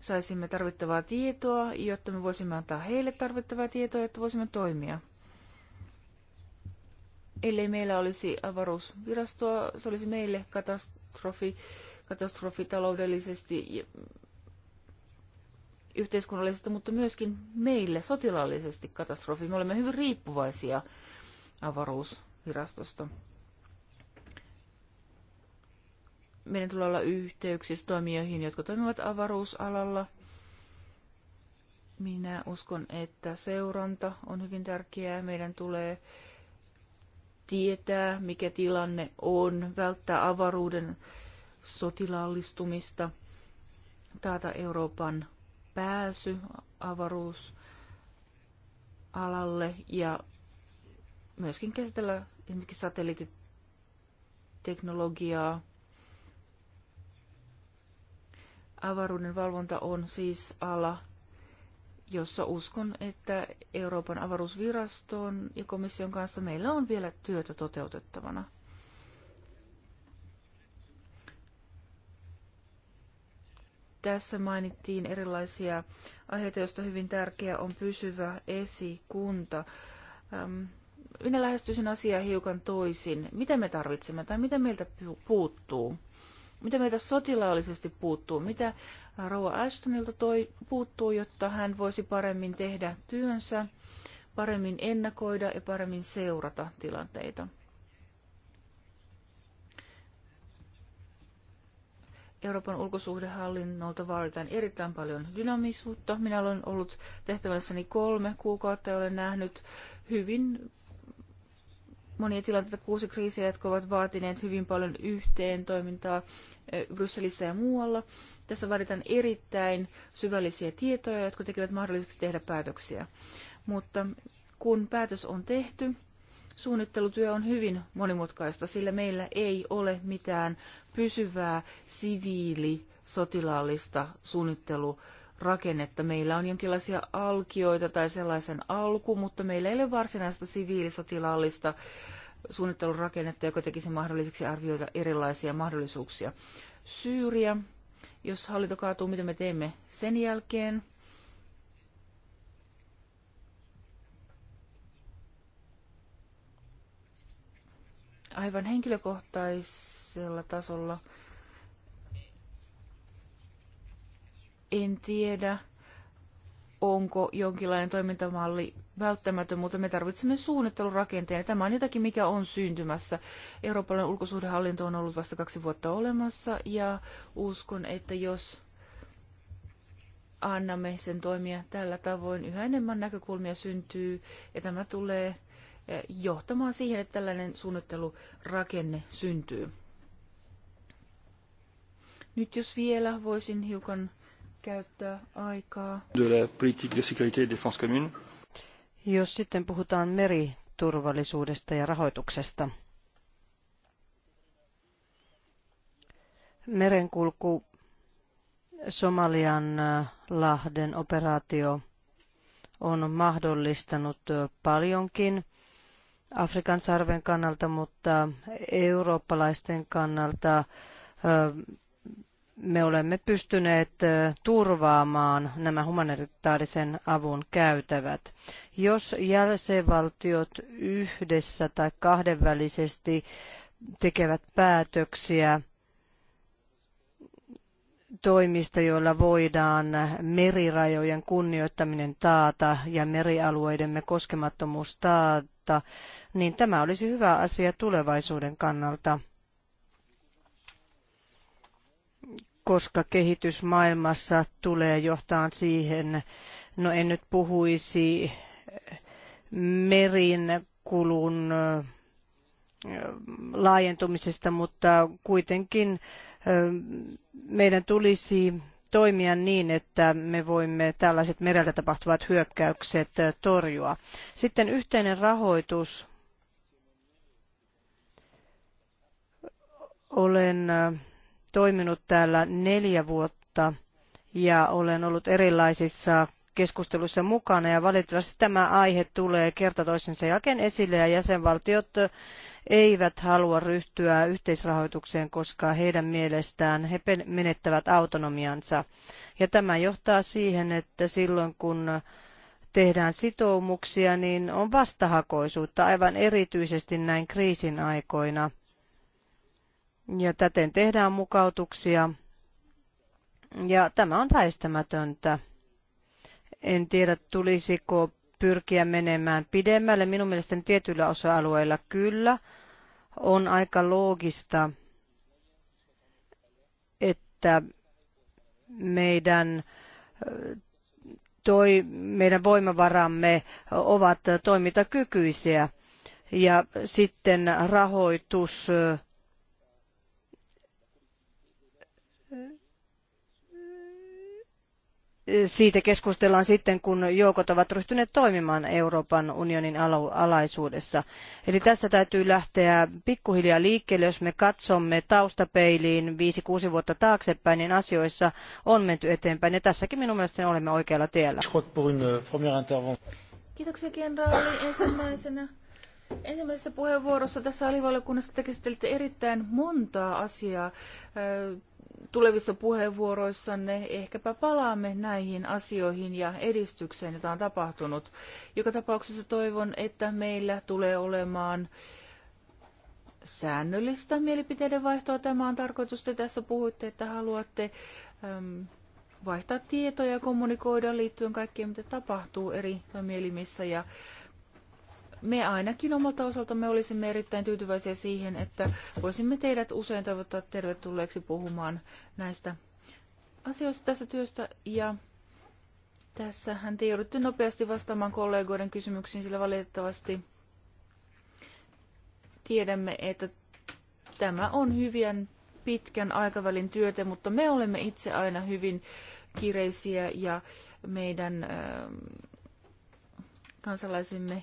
saisimme tarvittavaa tietoa, jotta me voisimme antaa heille tarvittavaa tietoa, jotta voisimme toimia. Ellei meillä olisi avaruusvirastoa, se olisi meille katastrofi, katastrofi taloudellisesti yhteiskunnallisesti, mutta myöskin meille sotilaallisesti katastrofi. Me olemme hyvin riippuvaisia avaruusvirastosta. Meidän tulee olla yhteyksissä toimijoihin, jotka toimivat avaruusalalla. Minä uskon, että seuranta on hyvin tärkeää. Meidän tulee tietää, mikä tilanne on, välttää avaruuden sotilaallistumista, taata Euroopan pääsy avaruusalalle ja myöskin käsitellä esimerkiksi satelliittiteknologiaa. Avaruuden valvonta on siis ala, jossa uskon, että Euroopan avaruusviraston ja komission kanssa meillä on vielä työtä toteutettavana. Tässä mainittiin erilaisia aiheita, joista hyvin tärkeä on pysyvä esikunta. Öm, minä lähestyisin asiaa hiukan toisin. Mitä me tarvitsemme tai mitä meiltä puuttuu? Mitä meiltä sotilaallisesti puuttuu? Mitä Rouva Ashtonilta toi, puuttuu, jotta hän voisi paremmin tehdä työnsä, paremmin ennakoida ja paremmin seurata tilanteita? Euroopan ulkosuhdehallinnolta vaaditaan erittäin paljon dynamisuutta. Minä olen ollut tehtävässäni kolme kuukautta ja olen nähnyt hyvin monia tilanteita, kuusi kriisiä, jotka ovat vaatineet hyvin paljon yhteen toimintaa eh, Brysselissä ja muualla. Tässä vaaditaan erittäin syvällisiä tietoja, jotka tekevät mahdolliseksi tehdä päätöksiä. Mutta kun päätös on tehty, suunnittelutyö on hyvin monimutkaista, sillä meillä ei ole mitään pysyvää siviili sotilaallista suunnittelurakennetta. Meillä on jonkinlaisia alkioita tai sellaisen alku, mutta meillä ei ole varsinaista siviilisotilaallista suunnittelurakennetta, joka tekisi mahdolliseksi arvioida erilaisia mahdollisuuksia. Syyriä, jos hallinto kaatuu, mitä me teemme sen jälkeen? Aivan henkilökohtais sillä tasolla. En tiedä, onko jonkinlainen toimintamalli välttämätön, mutta me tarvitsemme suunnittelurakenteen. Tämä on jotakin, mikä on syntymässä. Euroopan ulkosuhdehallinto on ollut vasta kaksi vuotta olemassa ja uskon, että jos annamme sen toimia tällä tavoin, yhä enemmän näkökulmia syntyy ja tämä tulee eh, johtamaan siihen, että tällainen suunnittelurakenne syntyy. Nyt jos vielä voisin hiukan käyttää aikaa. De la politique de sécurité et défense commune. Jos sitten puhutaan meriturvallisuudesta ja rahoituksesta. Merenkulku Somalian äh, lahden operaatio on mahdollistanut äh, paljonkin Afrikan sarven kannalta, mutta eurooppalaisten kannalta äh, me olemme pystyneet turvaamaan nämä humanitaarisen avun käytävät. Jos jäsenvaltiot yhdessä tai kahdenvälisesti tekevät päätöksiä toimista, joilla voidaan merirajojen kunnioittaminen taata ja merialueidemme koskemattomuus taata, niin tämä olisi hyvä asia tulevaisuuden kannalta – koska kehitys maailmassa tulee johtaan siihen, no en nyt puhuisi eh, merin kulun eh, laajentumisesta, mutta kuitenkin eh, meidän tulisi toimia niin, että me voimme tällaiset mereltä tapahtuvat hyökkäykset torjua. Sitten yhteinen rahoitus. Olen toiminut täällä neljä vuotta ja olen ollut erilaisissa keskusteluissa mukana ja valitettavasti tämä aihe tulee kerta toisensa jälkeen esille ja jäsenvaltiot eivät halua ryhtyä yhteisrahoitukseen, koska heidän mielestään he menettävät autonomiansa. Ja tämä johtaa siihen, että silloin kun tehdään sitoumuksia, niin on vastahakoisuutta aivan erityisesti näin kriisin aikoina – ja täten tehdään mukautuksia. Ja tämä on väistämätöntä. En tiedä, tulisiko pyrkiä menemään pidemmälle. Minun mielestäni tietyillä osa-alueilla kyllä on aika loogista, että meidän toi, meidän voimavaramme ovat toimintakykyisiä. Ja sitten rahoitus siitä keskustellaan sitten, kun joukot ovat ryhtyneet toimimaan Euroopan unionin alaisuudessa. Eli tässä täytyy lähteä pikkuhiljaa liikkeelle. Jos me katsomme taustapeiliin 5-6 vuotta taaksepäin, niin asioissa on menty eteenpäin. Ja tässäkin minun mielestäni olemme oikealla tiellä. Kiitoksia kenraali ensimmäisenä. Ensimmäisessä puheenvuorossa tässä alivaliokunnassa te käsittelitte erittäin montaa asiaa tulevissa puheenvuoroissanne ehkäpä palaamme näihin asioihin ja edistykseen, jota on tapahtunut. Joka tapauksessa toivon, että meillä tulee olemaan säännöllistä mielipiteiden vaihtoa. Tämä on tarkoitus, te tässä puhuitte, että haluatte äm, vaihtaa tietoja ja kommunikoida liittyen kaikkeen, mitä tapahtuu eri toimielimissä ja me ainakin omalta osaltamme olisimme erittäin tyytyväisiä siihen, että voisimme teidät usein toivottaa tervetulleeksi puhumaan näistä asioista tästä työstä. Ja tässähän te joudutte nopeasti vastaamaan kollegoiden kysymyksiin, sillä valitettavasti tiedämme, että tämä on hyvien pitkän aikavälin työtä, mutta me olemme itse aina hyvin kireisiä ja meidän ähm, kansalaisimme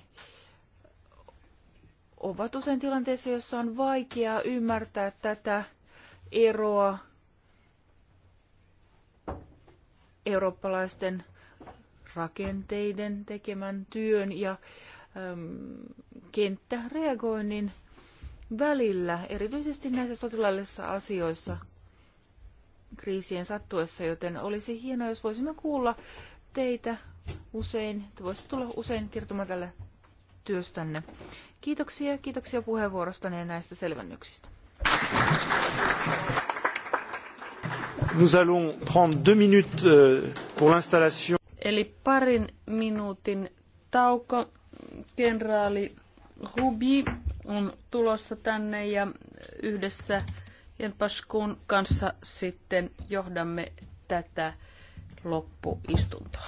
ovat usein tilanteessa, jossa on vaikeaa ymmärtää tätä eroa eurooppalaisten rakenteiden tekemän työn ja äm, kenttäreagoinnin välillä, erityisesti näissä sotilaallisissa asioissa kriisien sattuessa, joten olisi hienoa, jos voisimme kuulla teitä usein, te voisitte tulla usein kertomaan tälle työstänne. Kiitoksia, kiitoksia puheenvuorostanne ja näistä selvennyksistä. Nous allons prendre deux minutes euh, pour l'installation. Eli parin minuutin tauko. Kenraali Rubi on tulossa tänne ja yhdessä Jenpaskun kanssa sitten johdamme tätä loppuistuntoa.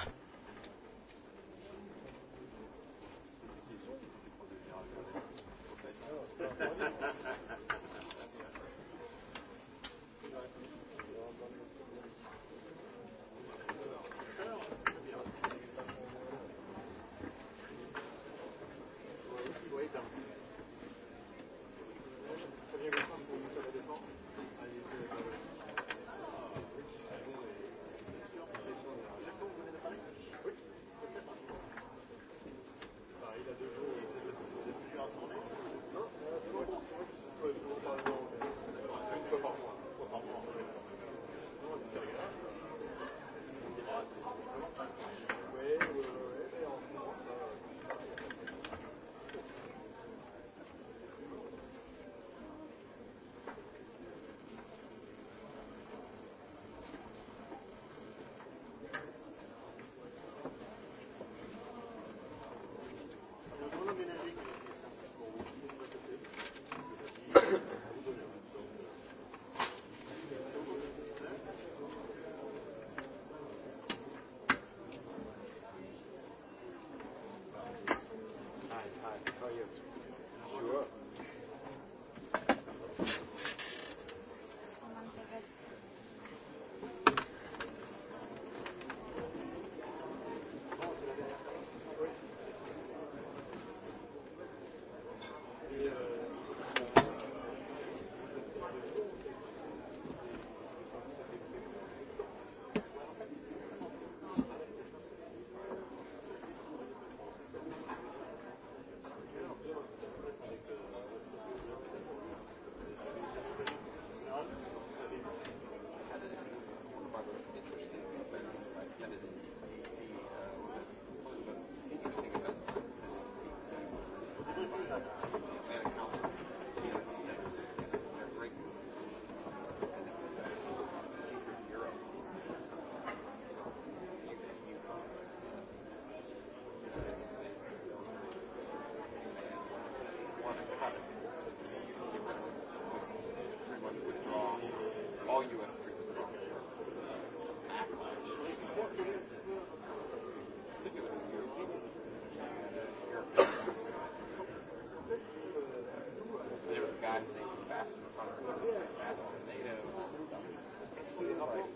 massive across borders, massive NATO stuff. And he is like,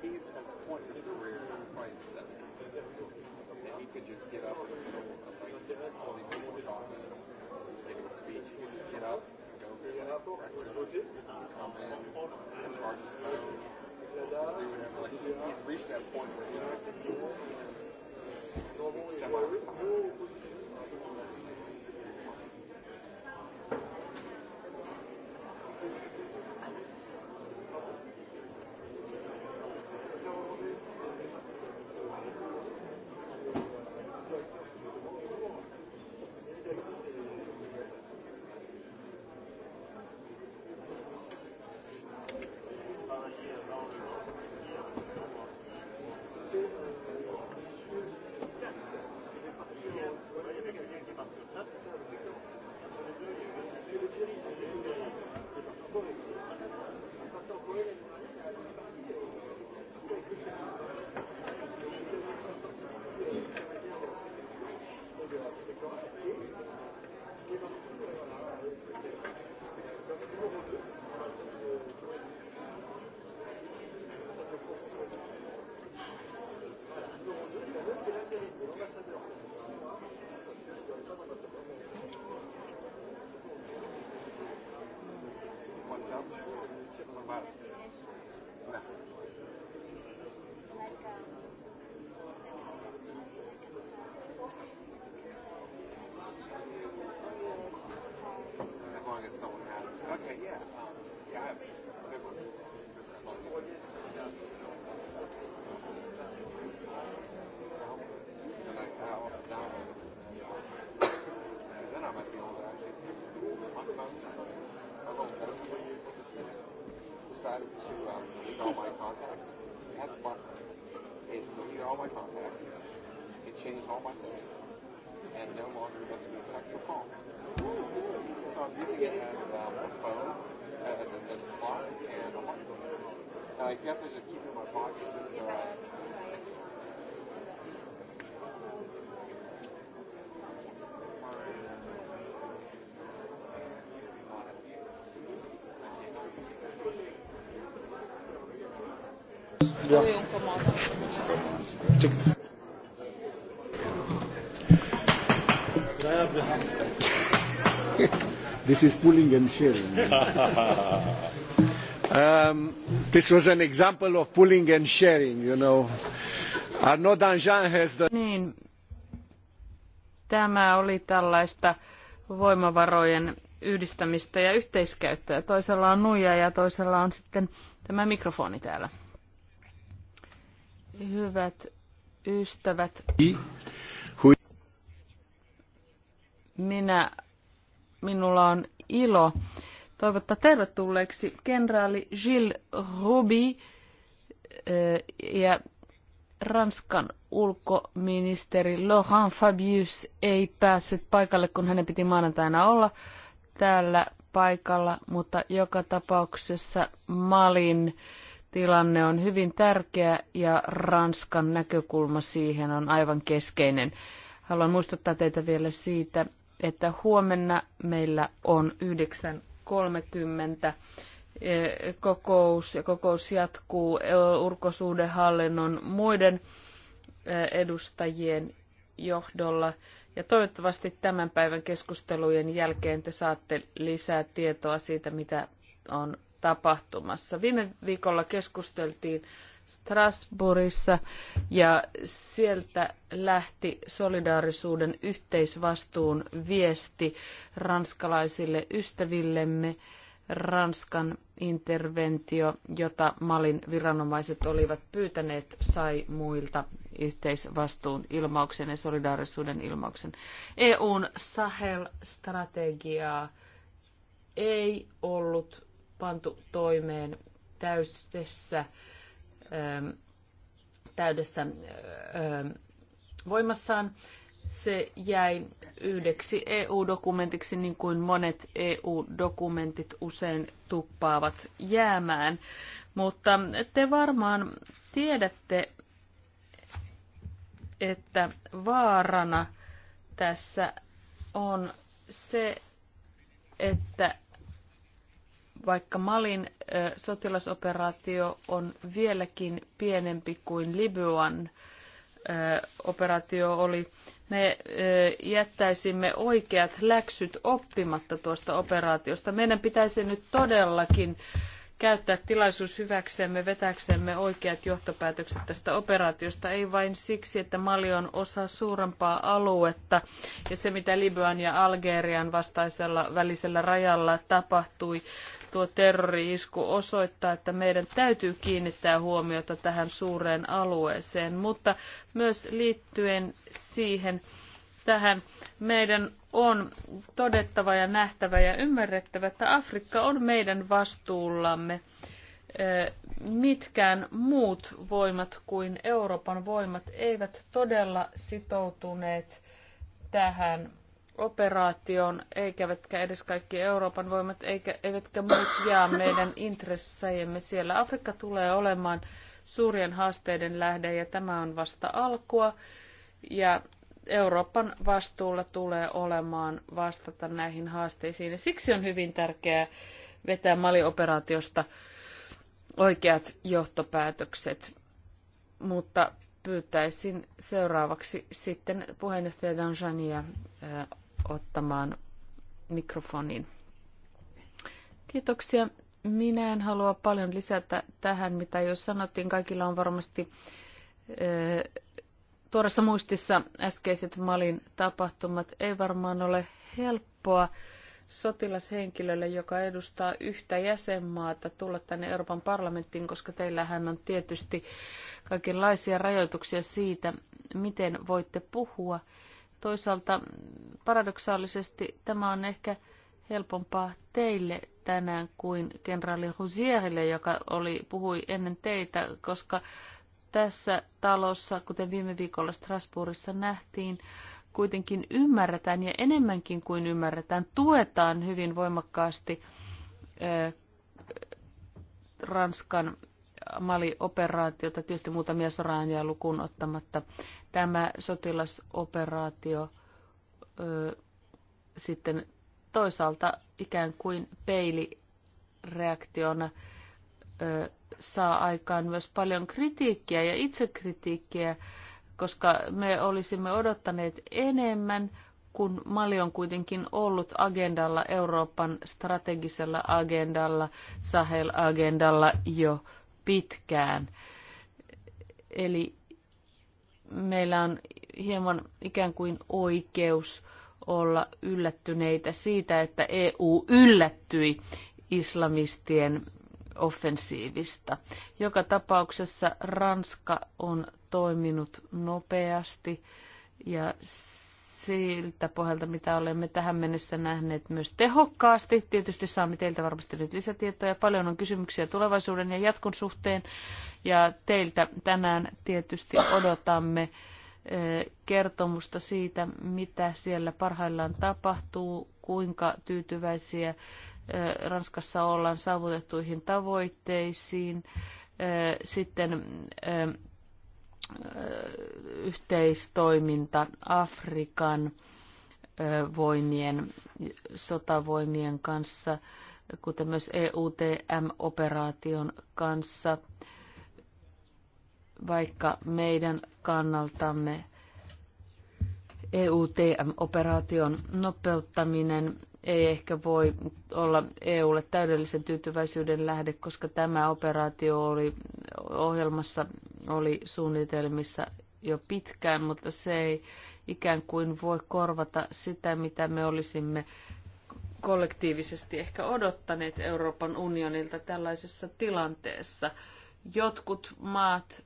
he's at the point in his career, he's probably in the 70s, that he could just get up in the middle of like all these people talking, making a speech, he could just get up go through like breakfast, come in, and charge his phone, Like he, he's reached that point where you know, he's semi-retired. decided to um, delete all my contacts. It has a button. It deleted all my contacts. It changed all my things. And no longer lets me text or call. So I'm using it as um, a phone, uh, as a, as a clock, and a microphone. Uh, I guess I just keep it in my pocket just so I. Bien. *laughs* this is pulling and sharing. *laughs* um, this was an example of pulling and sharing, you know. Arnaud Danjean has the... Niin. Tämä oli tällaista voimavarojen yhdistämistä ja yhteiskäyttöä. Toisella on nuija ja toisella on sitten tämä mikrofoni täällä. Hyvät ystävät, minä, minulla on ilo toivottaa tervetulleeksi kenraali Gilles Ruby eh, ja Ranskan ulkoministeri Laurent Fabius ei päässyt paikalle, kun hänen piti maanantaina olla täällä paikalla, mutta joka tapauksessa Malin tilanne on hyvin tärkeä ja Ranskan näkökulma siihen on aivan keskeinen. Haluan muistuttaa teitä vielä siitä, että huomenna meillä on 9.30 eh, kokous ja kokous jatkuu urkosuhdehallinnon muiden eh, edustajien johdolla. Ja toivottavasti tämän päivän keskustelujen jälkeen te saatte lisää tietoa siitä, mitä on tapahtumassa. Viime viikolla keskusteltiin Strasbourgissa ja sieltä lähti solidaarisuuden yhteisvastuun viesti ranskalaisille ystävillemme. Ranskan interventio, jota Malin viranomaiset olivat pyytäneet, sai muilta yhteisvastuun ilmauksen ja solidaarisuuden ilmauksen. EUn Sahel-strategiaa ei ollut pantu toimeen täysessä, ähm, täydessä ähm, voimassaan. Se jäi yhdeksi EU-dokumentiksi, niin kuin monet EU-dokumentit usein tuppaavat jäämään. Mutta te varmaan tiedätte, että vaarana tässä on se, että vaikka Malin sotilasoperaatio on vieläkin pienempi kuin Libyan operaatio oli, me jättäisimme oikeat läksyt oppimatta tuosta operaatiosta. Meidän pitäisi nyt todellakin käyttää tilaisuus hyväksemme, vetäksemme oikeat johtopäätökset tästä operaatiosta, ei vain siksi, että Mali on osa suurempaa aluetta ja se, mitä Libyan ja Algerian vastaisella välisellä rajalla tapahtui, tuo terrori-isku osoittaa, että meidän täytyy kiinnittää huomiota tähän suureen alueeseen, mutta myös liittyen siihen, tähän, meidän on todettava ja nähtävä ja ymmärrettävä, että Afrikka on meidän vastuullamme. Mitkään muut voimat kuin Euroopan voimat eivät todella sitoutuneet tähän operaatioon, eivätkä edes kaikki Euroopan voimat, eikä, eivätkä muut jaa meidän intressejämme siellä. Afrikka tulee olemaan suurien haasteiden lähde ja tämä on vasta alkua. Ja Euroopan vastuulla tulee olemaan vastata näihin haasteisiin. Ja siksi on hyvin tärkeää vetää Mali-operaatiosta oikeat johtopäätökset. Mutta pyytäisin seuraavaksi sitten puheenjohtaja Danjania eh, ottamaan mikrofonin. Kiitoksia. Minä en halua paljon lisätä tähän, mitä jo sanottiin. Kaikilla on varmasti eh, tuoreessa muistissa äskeiset Malin tapahtumat ei varmaan ole helppoa sotilashenkilölle, joka edustaa yhtä jäsenmaata, tulla tänne Euroopan parlamenttiin, koska teillähän on tietysti kaikenlaisia rajoituksia siitä, miten voitte puhua. Toisaalta paradoksaalisesti tämä on ehkä helpompaa teille tänään kuin kenraali Husierille, joka oli, puhui ennen teitä, koska tässä talossa, kuten viime viikolla Strasbourgissa nähtiin, kuitenkin ymmärretään ja enemmänkin kuin ymmärretään, tuetaan hyvin voimakkaasti Ranskan Mali-operaatiota, tietysti muutamia soraanjaa lukuun ottamatta. Tämä sotilasoperaatio äh, sitten toisaalta ikään kuin peilireaktiona saa aikaan myös paljon kritiikkiä ja itsekritiikkiä, koska me olisimme odottaneet enemmän, kun Mali on kuitenkin ollut agendalla, Euroopan strategisella agendalla, Sahel-agendalla jo pitkään. Eli meillä on hieman ikään kuin oikeus olla yllättyneitä siitä, että EU yllättyi islamistien offensiivista. Joka tapauksessa Ranska on toiminut nopeasti ja siltä pohjalta, mitä olemme tähän mennessä nähneet myös tehokkaasti. Tietysti saamme teiltä varmasti nyt lisätietoja. Paljon on kysymyksiä tulevaisuuden ja jatkon suhteen. Ja teiltä tänään tietysti odotamme eh, kertomusta siitä, mitä siellä parhaillaan tapahtuu, kuinka tyytyväisiä Ranskassa ollaan saavutettuihin tavoitteisiin, sitten yhteistoiminta Afrikan voimien, sotavoimien kanssa, kuten myös EUTM-operaation kanssa, vaikka meidän kannaltamme EUTM-operaation nopeuttaminen ei ehkä voi olla EUlle täydellisen tyytyväisyyden lähde, koska tämä operaatio oli ohjelmassa, oli suunnitelmissa jo pitkään, mutta se ei ikään kuin voi korvata sitä, mitä me olisimme kollektiivisesti ehkä odottaneet Euroopan unionilta tällaisessa tilanteessa. Jotkut maat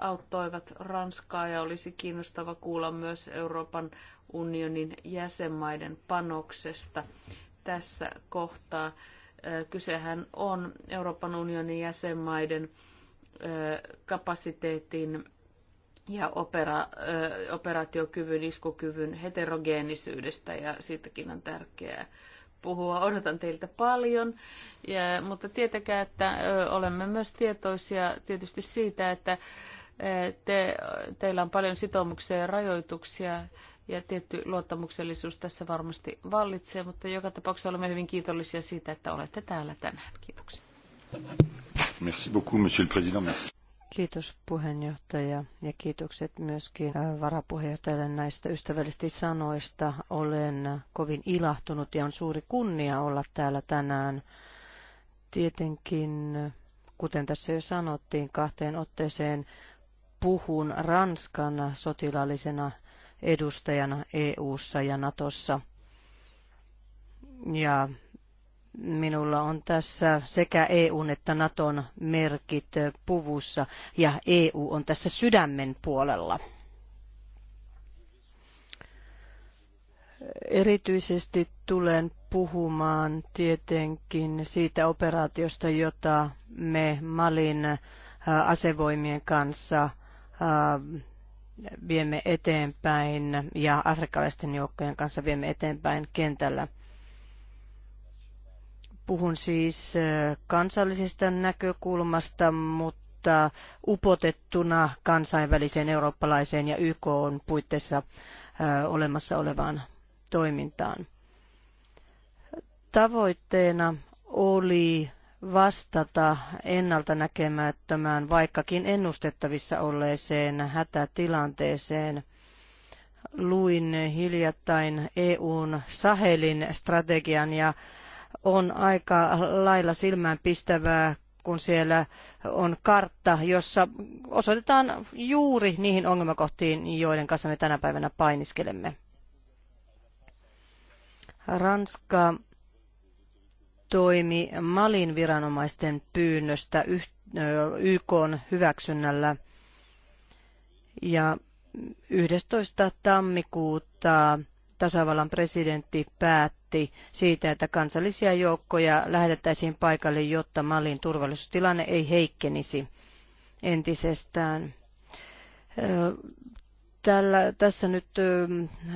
auttoivat Ranskaa ja olisi kiinnostava kuulla myös Euroopan unionin jäsenmaiden panoksesta tässä kohtaa. Kysehän on Euroopan unionin jäsenmaiden kapasiteetin ja opera, operaatiokyvyn, iskukyvyn heterogeenisyydestä ja siitäkin on tärkeää puhua. Odotan teiltä paljon, ja, mutta tietäkää, että ö, olemme myös tietoisia tietysti siitä, että te, teillä on paljon sitoumuksia ja rajoituksia ja tietty luottamuksellisuus tässä varmasti vallitsee, mutta joka tapauksessa olemme hyvin kiitollisia siitä, että olette täällä tänään. Kiitoksia. Merci beaucoup, monsieur le président. Merci. Kiitos puheenjohtaja ja kiitokset myöskin varapuheenjohtajalle näistä ystävällisesti sanoista. Olen kovin ilahtunut ja on suuri kunnia olla täällä tänään. Tietenkin, kuten tässä jo sanottiin, kahteen otteeseen puhun Ranskan sotilaallisena edustajana EU:ssa ja Natossa. Ja minulla on tässä sekä EUn että Naton merkit puvussa ja EU on tässä sydämen puolella. Erityisesti tulen puhumaan tietenkin siitä operaatiosta, jota me Malin asevoimien kanssa Ähm, viemme eteenpäin ja afrikkalaisten joukkojen kanssa viemme eteenpäin kentällä. Puhun siis äh, kansallisesta näkökulmasta, mutta upotettuna kansainväliseen, eurooppalaiseen ja YK on puitteissa äh, olemassa olevaan toimintaan. Tavoitteena oli vastata ennalta näkemättömään, vaikkakin ennustettavissa olleeseen hätätilanteeseen. Luin hiljattain EUn Sahelin strategian ja on aika lailla silmäänpistävää, kun siellä on kartta, jossa osoitetaan juuri niihin ongelmakohtiin, joiden kanssa me tänä päivänä painiskelemme. Ranska toimi Malin viranomaisten pyynnöstä YK hyväksynnällä. Ja 11. tammikuuta tasavallan presidentti päätti siitä, että kansallisia joukkoja lähetettäisiin paikalle, jotta Malin turvallisuustilanne ei heikkenisi entisestään. Tällä, tässä nyt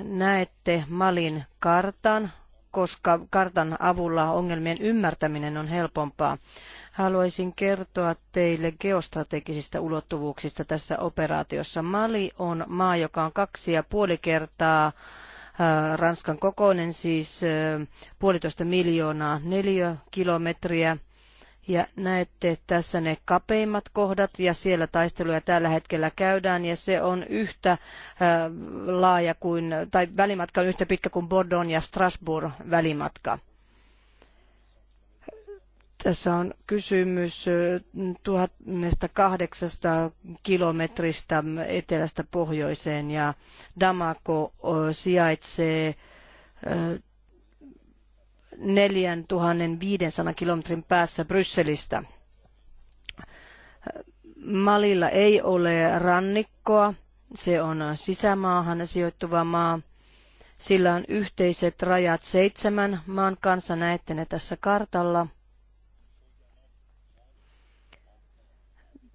näette Malin kartan koska kartan avulla ongelmien ymmärtäminen on helpompaa. Haluaisin kertoa teille geostrategisista ulottuvuuksista tässä operaatiossa. Mali on maa, joka on kaksi ja puoli kertaa äh, Ranskan kokoinen, siis äh, puolitoista miljoonaa neliökilometriä. kilometriä ja näette tässä ne kapeimmat kohdat ja siellä taisteluja tällä hetkellä käydään ja se on yhtä äh, laaja kuin, tai välimatka on yhtä pitkä kuin Bordeaux ja Strasbourg välimatka. Tässä on kysymys 1800 kilometristä etelästä pohjoiseen ja Damako sijaitsee 4500 kilometrin päässä Brysselistä. Malilla ei ole rannikkoa, se on sisämaahan sijoittuva maa. Sillä on yhteiset rajat seitsemän maan kanssa, näette ne tässä kartalla.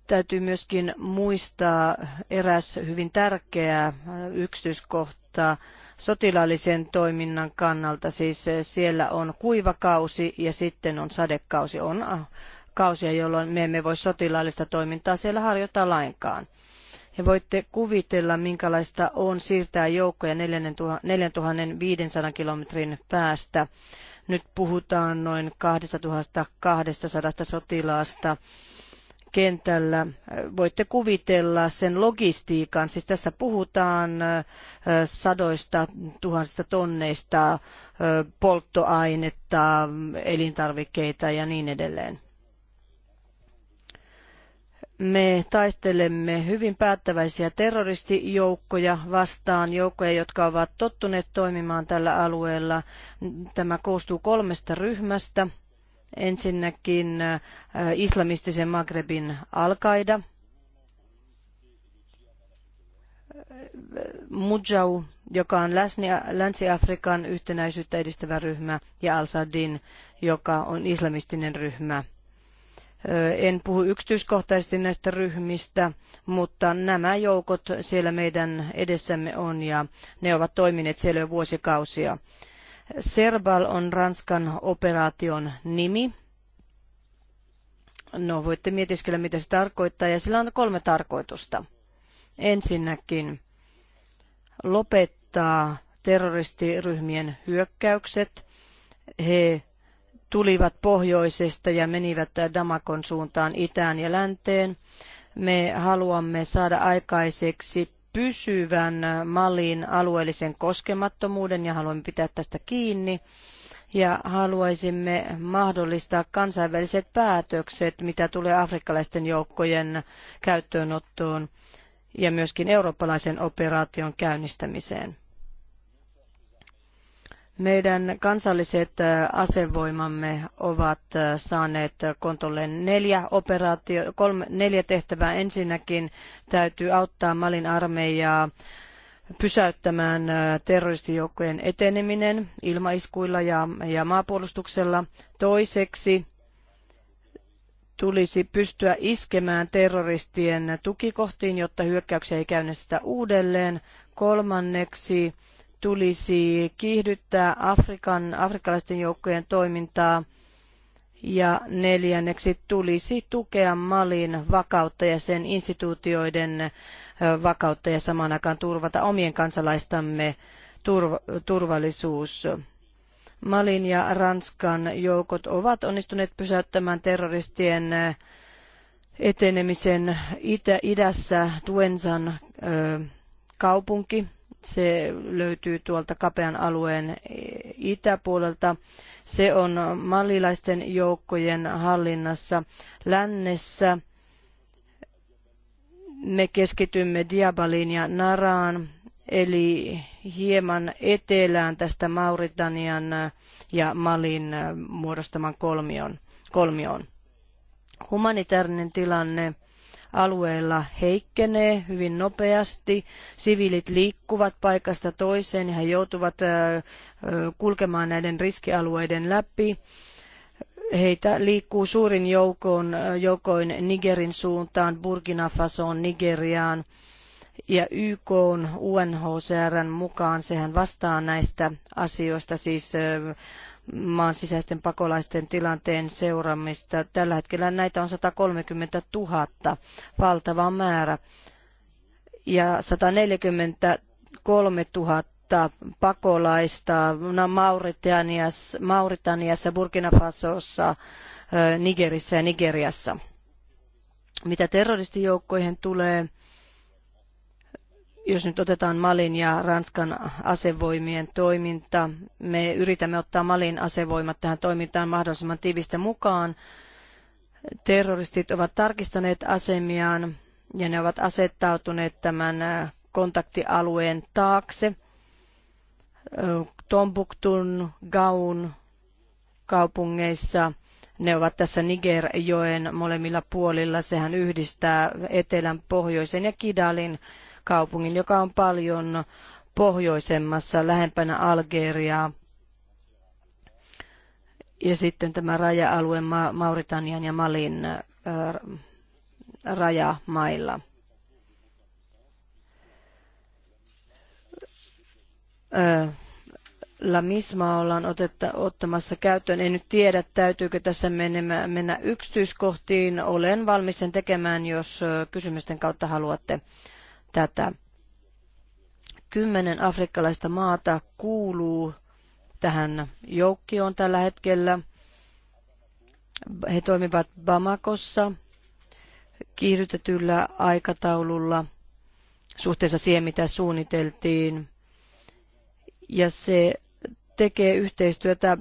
Täytyy myöskin muistaa eräs hyvin tärkeä yksityiskohta sotilaallisen toiminnan kannalta. Siis eh, siellä on kuivakausi ja sitten on sadekausi. On ah, kausia, jolloin me emme voi sotilaallista toimintaa siellä harjoittaa lainkaan. Ja voitte kuvitella, minkälaista on siirtää joukkoja 4500 kilometrin päästä. Nyt puhutaan noin 2200 sotilaasta kentällä. Voitte kuvitella sen logistiikan, siis tässä puhutaan sadoista tuhansista tonneista polttoainetta, elintarvikkeita ja niin edelleen. Me taistelemme hyvin päättäväisiä terroristijoukkoja vastaan, joukkoja, jotka ovat tottuneet toimimaan tällä alueella. Tämä koostuu kolmesta ryhmästä. Ensinnäkin äh, islamistisen Magrebin alkaida, Mujau, joka on Länsi-Afrikan yhtenäisyyttä edistävä ryhmä, ja Al-Sadin, joka on islamistinen ryhmä. Äh, en puhu yksityiskohtaisesti näistä ryhmistä, mutta nämä joukot siellä meidän edessämme on ja ne ovat toimineet siellä jo vuosikausia. Serbal on Ranskan operaation nimi. No, voitte mietiskellä, mitä se tarkoittaa, ja sillä on kolme tarkoitusta. Ensinnäkin lopettaa terroristiryhmien hyökkäykset. He tulivat pohjoisesta ja menivät Damakon suuntaan itään ja länteen. Me haluamme saada aikaiseksi pysyvän Malin alueellisen koskemattomuuden ja haluamme pitää tästä kiinni ja haluaisimme mahdollistaa kansainväliset päätökset, mitä tulee afrikkalaisten joukkojen käyttöönottoon ja myöskin eurooppalaisen operaation käynnistämiseen. Meidän kansalliset asevoimamme ovat saaneet kontolle neljä, operaatio, kolme, neljä tehtävää. Ensinnäkin täytyy auttaa Malin armeijaa pysäyttämään terroristijoukkojen eteneminen ilmaiskuilla ja, ja maapuolustuksella. Toiseksi tulisi pystyä iskemään terroristien tukikohtiin, jotta hyökkäyksiä ei käynnistetä uudelleen. Kolmanneksi tulisi kiihdyttää Afrikan, afrikkalaisten joukkojen toimintaa ja neljänneksi tulisi tukea Malin vakautta ja sen instituutioiden vakautta ja samaan aikaan turvata omien kansalaistamme turv- turvallisuus. Malin ja Ranskan joukot ovat onnistuneet pysäyttämään terroristien etenemisen itä, idässä Tuensan ö, kaupunki se löytyy tuolta kapean alueen itäpuolelta. Se on mallilaisten joukkojen hallinnassa lännessä. Me keskitymme Diabaliin ja Naraan, eli hieman etelään tästä Mauritanian ja Malin muodostaman kolmion. kolmion. Humanitaarinen tilanne alueella heikkenee hyvin nopeasti. Siviilit liikkuvat paikasta toiseen ja he joutuvat kulkemaan näiden riskialueiden läpi. Heitä liikkuu suurin joukoin, joukoin Nigerin suuntaan, Burkina Fasoon, Nigeriaan ja YK on UNHCRn mukaan sehän vastaa näistä asioista, siis maan sisäisten pakolaisten tilanteen seuraamista. Tällä hetkellä näitä on 130 000, valtava määrä. Ja 143 000 pakolaista Mauritaniassa, Mauritaniassa Burkina Fasossa, Nigerissä ja Nigeriassa. Mitä terroristijoukkoihin tulee, jos nyt otetaan Malin ja Ranskan asevoimien toiminta, me yritämme ottaa Malin asevoimat tähän toimintaan mahdollisimman tiivistä mukaan. Terroristit ovat tarkistaneet asemiaan ja ne ovat asettautuneet tämän äh, kontaktialueen taakse. Tombuktun, Gaun kaupungeissa ne ovat tässä Nigerjoen molemmilla puolilla. Sehän yhdistää etelän, pohjoisen ja Kidalin kaupungin, joka on paljon pohjoisemmassa, lähempänä Algeriaa. Ja sitten tämä raja-alue Mauritanian ja Malin rajamailla. La lamismaa ollaan otetta, ottamassa käyttöön. En nyt tiedä, täytyykö tässä mennä, mennä yksityiskohtiin. Olen valmis sen tekemään, jos kysymysten kautta haluatte tätä. Kymmenen afrikkalaista maata kuuluu tähän joukkioon tällä hetkellä. He toimivat Bamakossa kiihdytetyllä aikataululla suhteessa siihen, mitä suunniteltiin. Ja se tekee yhteistyötä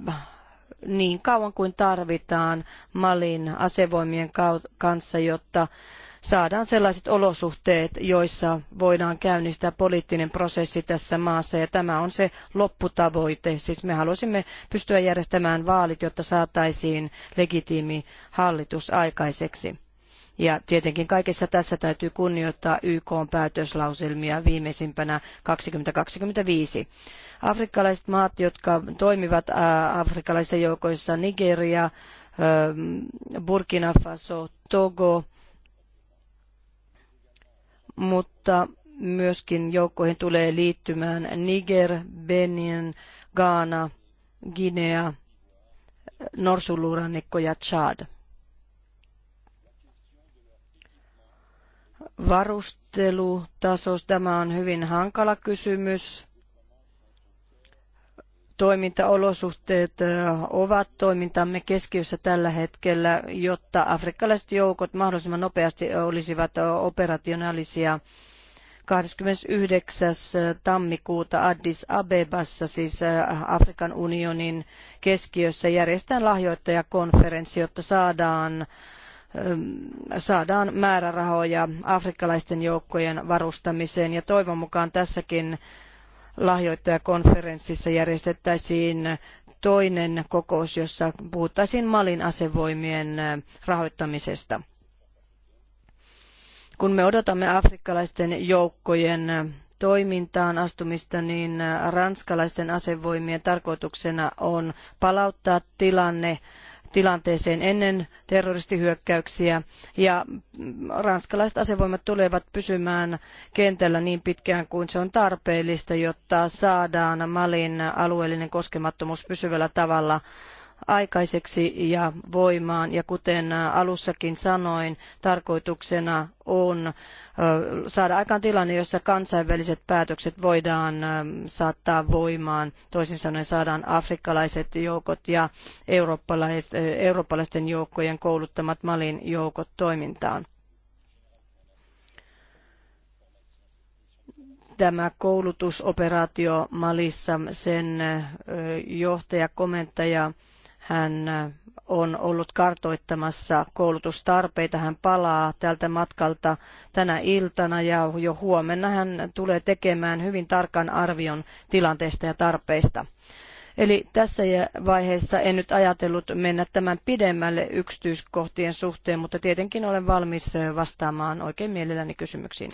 niin kauan kuin tarvitaan Malin asevoimien kanssa, jotta saadaan sellaiset olosuhteet, joissa voidaan käynnistää poliittinen prosessi tässä maassa. Ja tämä on se lopputavoite. Siis me haluaisimme pystyä järjestämään vaalit, jotta saataisiin legitiimi hallitus aikaiseksi. Ja tietenkin kaikessa tässä täytyy kunnioittaa YK päätöslauselmia viimeisimpänä 2025. Afrikkalaiset maat, jotka toimivat afrikkalaisissa joukoissa Nigeria, Burkina Faso, Togo, mutta myöskin joukkoihin tulee liittymään Niger, Benin, Ghana, Guinea, Norsulurannikko ja Chad. Varustelutasos, tämä on hyvin hankala kysymys toimintaolosuhteet ovat toimintamme keskiössä tällä hetkellä, jotta afrikkalaiset joukot mahdollisimman nopeasti olisivat operationaalisia 29. tammikuuta Addis Abebassa, siis Afrikan unionin keskiössä, järjestetään lahjoittajakonferenssi, jotta saadaan saadaan määrärahoja afrikkalaisten joukkojen varustamiseen ja toivon mukaan tässäkin lahjoittajakonferenssissa järjestettäisiin toinen kokous, jossa puhuttaisiin Malin asevoimien rahoittamisesta. Kun me odotamme afrikkalaisten joukkojen toimintaan astumista, niin ranskalaisten asevoimien tarkoituksena on palauttaa tilanne tilanteeseen ennen terroristihyökkäyksiä ja ranskalaiset asevoimat tulevat pysymään kentällä niin pitkään kuin se on tarpeellista, jotta saadaan Malin alueellinen koskemattomuus pysyvällä tavalla aikaiseksi ja voimaan. Ja kuten alussakin sanoin, tarkoituksena on saada aikaan tilanne, jossa kansainväliset päätökset voidaan saattaa voimaan. Toisin sanoen saadaan afrikkalaiset joukot ja eurooppalaiset, eurooppalaisten joukkojen kouluttamat Malin joukot toimintaan. tämä koulutusoperaatio Malissa, sen johtaja, komentaja hän äh, on ollut kartoittamassa koulutustarpeita. Hän palaa tältä matkalta tänä iltana ja jo huomenna hän tulee tekemään hyvin tarkan arvion tilanteesta ja tarpeista. Eli tässä vaiheessa en nyt ajatellut mennä tämän pidemmälle yksityiskohtien suhteen, mutta tietenkin olen valmis äh, vastaamaan oikein mielelläni kysymyksiin.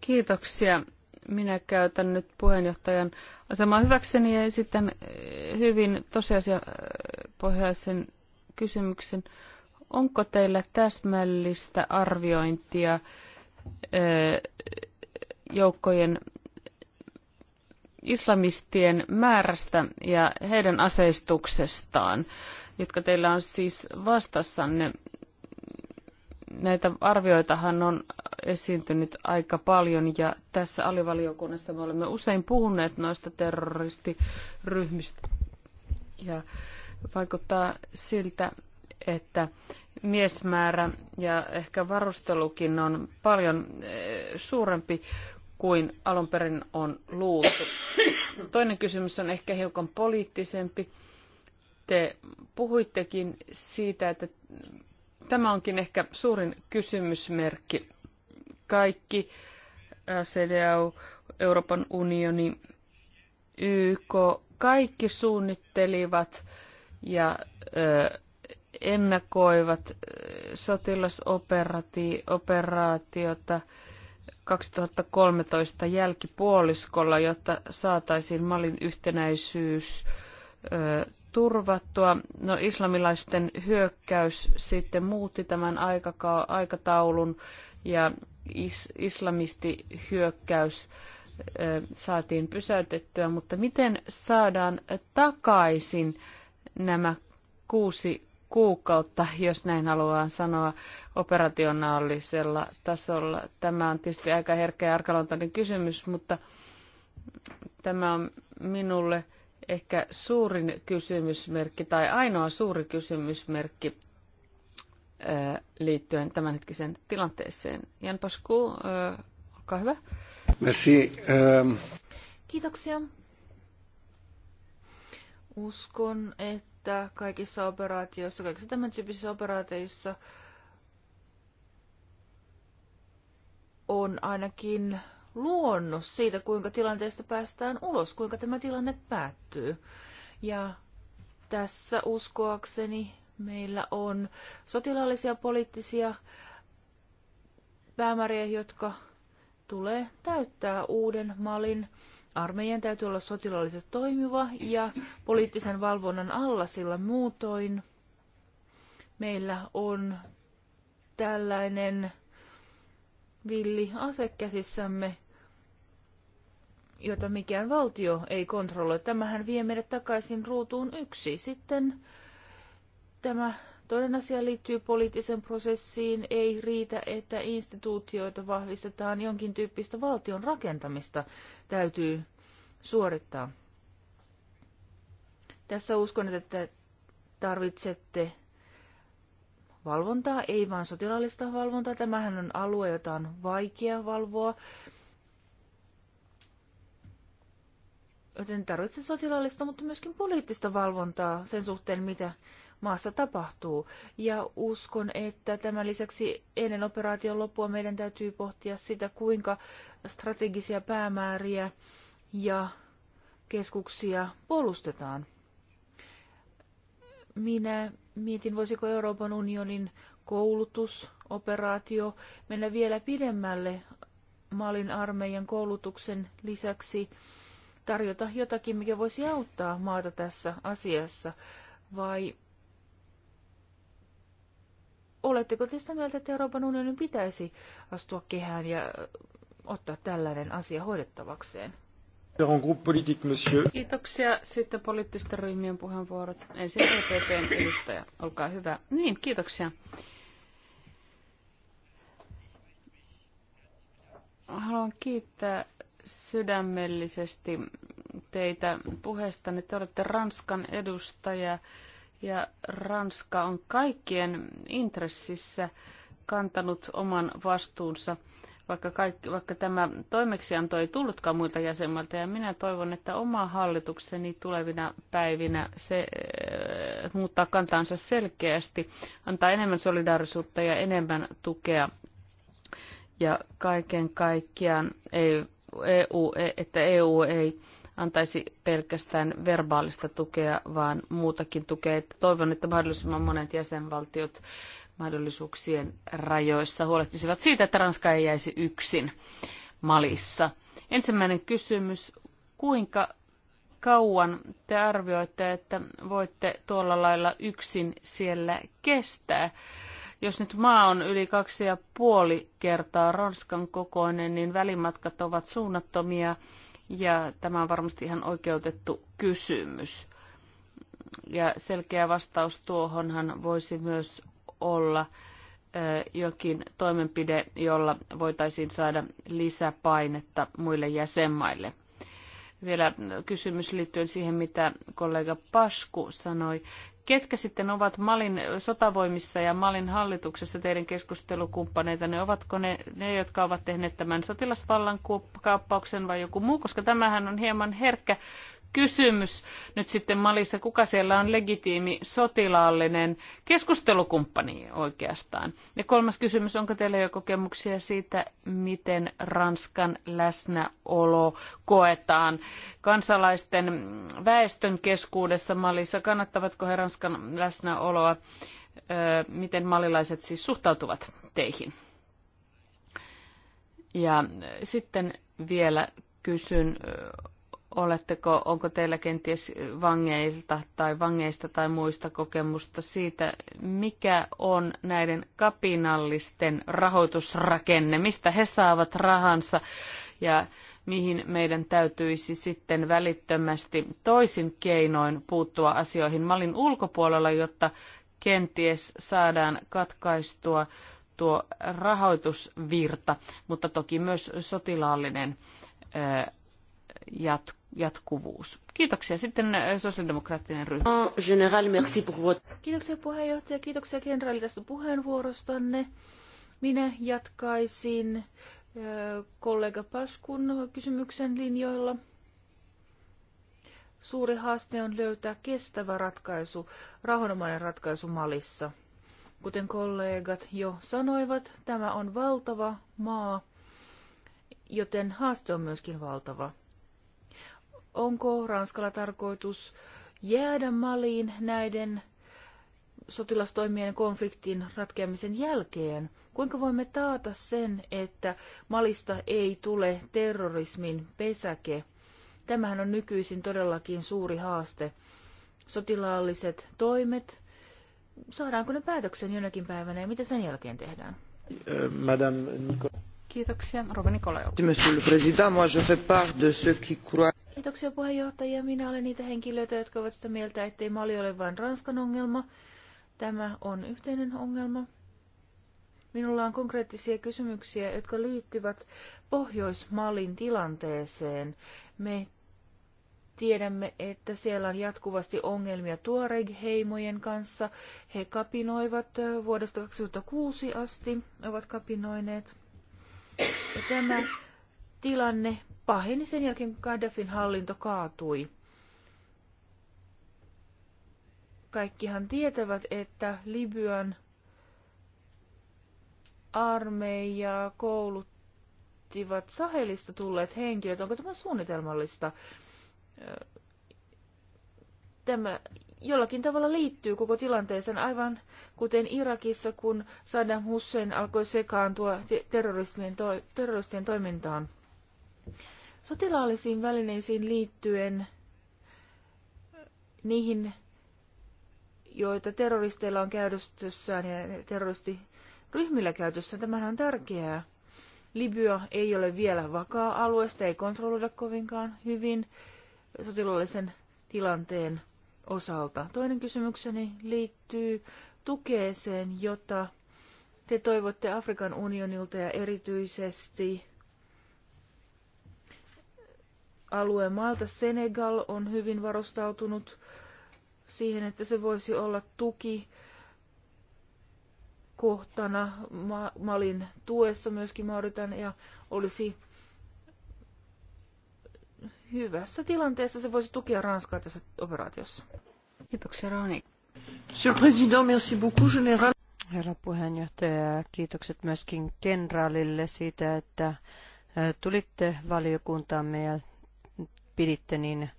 Kiitoksia. Minä käytän nyt puheenjohtajan asemaa hyväkseni ja esitän eh, hyvin tosiasiapohjaisen kysymyksen. Onko teillä täsmällistä arviointia eh, joukkojen islamistien määrästä ja heidän aseistuksestaan, jotka teillä on siis vastassanne näitä arvioitahan on esiintynyt aika paljon ja tässä alivaliokunnassa me olemme usein puhuneet noista terroristiryhmistä ja vaikuttaa siltä, että miesmäärä ja ehkä varustelukin on paljon eh, suurempi kuin alun perin on luultu. Toinen kysymys on ehkä hiukan poliittisempi. Te puhuittekin siitä, että Tämä onkin ehkä suurin kysymysmerkki. Kaikki CDU, Euroopan unioni, YK, kaikki suunnittelivat ja ö, ennakoivat sotilasoperaatiota 2013 jälkipuoliskolla, jotta saataisiin Malin yhtenäisyys ö, turvattua. No islamilaisten hyökkäys sitten muutti tämän aikaka- aikataulun ja is- islamistihyökkäys saatiin pysäytettyä, mutta miten saadaan takaisin nämä kuusi kuukautta, jos näin haluaa sanoa, operationaalisella tasolla. Tämä on tietysti aika herkkä ja arkaluontainen kysymys, mutta tämä on minulle ehkä suurin kysymysmerkki tai ainoa suuri kysymysmerkki liittyen tämänhetkiseen tilanteeseen. Jan Pasku, olkaa hyvä. Merci. Kiitoksia. Uskon, että kaikissa operaatioissa, kaikissa tämän tyyppisissä operaatioissa on ainakin luonnos siitä, kuinka tilanteesta päästään ulos, kuinka tämä tilanne päättyy. Ja tässä uskoakseni meillä on sotilaallisia poliittisia päämääriä, jotka tulee täyttää uuden malin. Armeijan täytyy olla sotilaallisesti toimiva ja poliittisen valvonnan alla, sillä muutoin meillä on tällainen villi ase käsissämme, jota mikään valtio ei kontrolloi. Tämähän vie meidät takaisin ruutuun yksi. Sitten tämä toinen asia liittyy poliittiseen prosessiin. Ei riitä, että instituutioita vahvistetaan. Jonkin tyyppistä valtion rakentamista täytyy suorittaa. Tässä uskon, että tarvitsette valvontaa, ei vain sotilaallista valvontaa. Tämähän on alue, jota on vaikea valvoa. Joten tarvitse sotilaallista, mutta myöskin poliittista valvontaa sen suhteen, mitä maassa tapahtuu. Ja uskon, että tämän lisäksi ennen operaation loppua meidän täytyy pohtia sitä, kuinka strategisia päämääriä ja keskuksia puolustetaan. Minä mietin, voisiko Euroopan unionin koulutusoperaatio mennä vielä pidemmälle Malin armeijan koulutuksen lisäksi tarjota jotakin, mikä voisi auttaa maata tässä asiassa, vai oletteko te sitä mieltä, että Euroopan unionin pitäisi astua kehään ja ottaa tällainen asia hoidettavakseen? Kiitoksia. Sitten poliittisten ryhmien puheenvuorot. Ensin EPPn edustaja, olkaa hyvä. Niin, kiitoksia. Haluan kiittää sydämellisesti teitä puheesta Te olette Ranskan edustaja ja Ranska on kaikkien intressissä kantanut oman vastuunsa, vaikka, kaikki, vaikka tämä toimeksianto ei tullutkaan muilta jäsenmailta. Ja minä toivon, että oma hallitukseni tulevina päivinä se äh, muuttaa kantaansa selkeästi, antaa enemmän solidaarisuutta ja enemmän tukea. Ja kaiken kaikkiaan ei EU, että EU ei antaisi pelkästään verbaalista tukea, vaan muutakin tukea. Että toivon, että mahdollisimman monet jäsenvaltiot mahdollisuuksien rajoissa huolehtisivat siitä, että Ranska ei jäisi yksin Malissa. Ensimmäinen kysymys, kuinka kauan te arvioitte, että voitte tuolla lailla yksin siellä kestää? Jos nyt maa on yli kaksi ja puoli kertaa Ranskan kokoinen, niin välimatkat ovat suunnattomia ja tämä on varmasti ihan oikeutettu kysymys. Ja selkeä vastaus tuohonhan voisi myös olla jokin toimenpide, jolla voitaisiin saada lisäpainetta muille jäsenmaille. Vielä kysymys liittyen siihen, mitä kollega Pasku sanoi. Ketkä sitten ovat Malin sotavoimissa ja Malin hallituksessa teidän keskustelukumppaneita? Ne ovatko ne, ne jotka ovat tehneet tämän sotilasvallan kaappauksen vai joku muu? Koska tämähän on hieman herkkä kysymys nyt sitten Malissa, kuka siellä on legitiimi sotilaallinen keskustelukumppani oikeastaan. Ja kolmas kysymys, onko teillä jo kokemuksia siitä, miten Ranskan läsnäolo koetaan kansalaisten väestön keskuudessa Malissa? Kannattavatko he Ranskan läsnäoloa? Miten malilaiset siis suhtautuvat teihin? Ja sitten vielä kysyn, Oletteko, onko teillä kenties vangeilta tai vangeista tai muista kokemusta siitä, mikä on näiden kapinallisten rahoitusrakenne, mistä he saavat rahansa ja mihin meidän täytyisi sitten välittömästi toisin keinoin puuttua asioihin mallin ulkopuolella, jotta kenties saadaan katkaistua tuo rahoitusvirta, mutta toki myös sotilaallinen jat, jatkuvuus. Kiitoksia. Sitten äh, sosiaalidemokraattinen ryhmä. General, merci pour votre... Kiitoksia puheenjohtaja. Kiitoksia kenraali tästä puheenvuorostanne. Minä jatkaisin äh, kollega Paskun kysymyksen linjoilla. Suuri haaste on löytää kestävä ratkaisu, rauhanomainen ratkaisu Malissa. Kuten kollegat jo sanoivat, tämä on valtava maa, joten haaste on myöskin valtava. Onko Ranskalla tarkoitus jäädä maliin näiden sotilastoimien konfliktin ratkeamisen jälkeen? Kuinka voimme taata sen, että Malista ei tule terrorismin pesäke? Tämähän on nykyisin todellakin suuri haaste. Sotilaalliset toimet, saadaanko ne päätöksen jonakin päivänä ja mitä sen jälkeen tehdään? Madame Nicole. Kiitoksia. Ruben Nikolajov. Kiitoksia puheenjohtaja. Minä olen niitä henkilöitä, jotka ovat sitä mieltä, ettei Mali ole vain Ranskan ongelma. Tämä on yhteinen ongelma. Minulla on konkreettisia kysymyksiä, jotka liittyvät Pohjois-Malin tilanteeseen. Me tiedämme, että siellä on jatkuvasti ongelmia Tuareg-heimojen kanssa. He kapinoivat vuodesta 2006 asti, ovat kapinoineet ja tämä tilanne paheni sen jälkeen, kun Gaddafin hallinto kaatui. Kaikkihan tietävät, että Libyan armeijaa kouluttivat Sahelista tulleet henkilöt. Onko tämä suunnitelmallista? Tämä jollakin tavalla liittyy koko tilanteeseen, aivan kuten Irakissa, kun Saddam Hussein alkoi sekaantua terroristien, to- terroristien toimintaan. Sotilaallisiin välineisiin liittyen niihin, joita terroristeilla on käytössään ja terroristiryhmillä käytössään, tämähän on tärkeää. Libya ei ole vielä vakaa alue, ei kontrolloida kovinkaan hyvin sotilaallisen tilanteen osalta. Toinen kysymykseni liittyy tukeeseen, jota te toivotte Afrikan unionilta ja erityisesti alueen maalta. Senegal on hyvin varustautunut siihen, että se voisi olla tuki kohtana Malin tuessa myöskin Mauritania ja olisi hyvässä tilanteessa se voisi tukea Ranskaa tässä operaatiossa. Kiitoksia, Roni. Monsieur Président, merci beaucoup, général. Herra puheenjohtaja, kiitokset myöskin kenraalille siitä, että tulitte valiokuntaamme ja piditte niin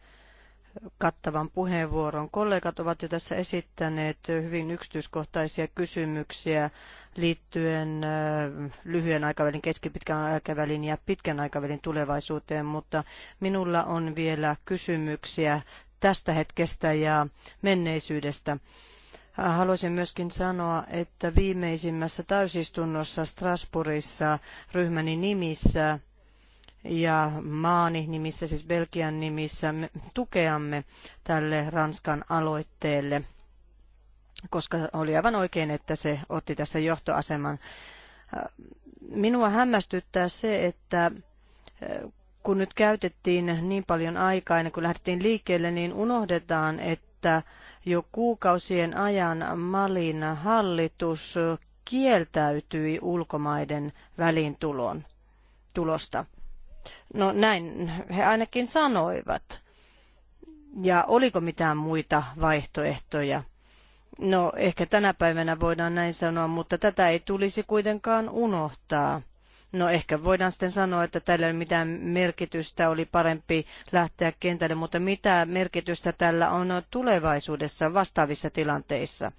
kattavan puheenvuoron. Kollegat ovat jo tässä esittäneet hyvin yksityiskohtaisia kysymyksiä liittyen lyhyen aikavälin, keskipitkän aikavälin ja pitkän aikavälin tulevaisuuteen, mutta minulla on vielä kysymyksiä tästä hetkestä ja menneisyydestä. Haluaisin myöskin sanoa, että viimeisimmässä täysistunnossa Strasbourgissa ryhmäni nimissä ja maani nimissä, siis Belgian nimissä, tukeamme tälle Ranskan aloitteelle – koska oli aivan oikein, että se otti tässä johtoaseman. Äh, minua hämmästyttää se, että äh, kun nyt käytettiin niin paljon aikaa ennen kuin lähdettiin liikkeelle, niin unohdetaan, että jo kuukausien ajan Malin hallitus kieltäytyi ulkomaiden tulon tulosta. No näin he ainakin sanoivat. Ja oliko mitään muita vaihtoehtoja? No, ehkä tänä päivänä voidaan näin sanoa, mutta tätä ei tulisi kuitenkaan unohtaa. No ehkä voidaan sitten sanoa, että tällä ei ole mitään merkitystä, oli parempi lähteä kentälle, mutta mitä merkitystä tällä on tulevaisuudessa vastaavissa tilanteissa?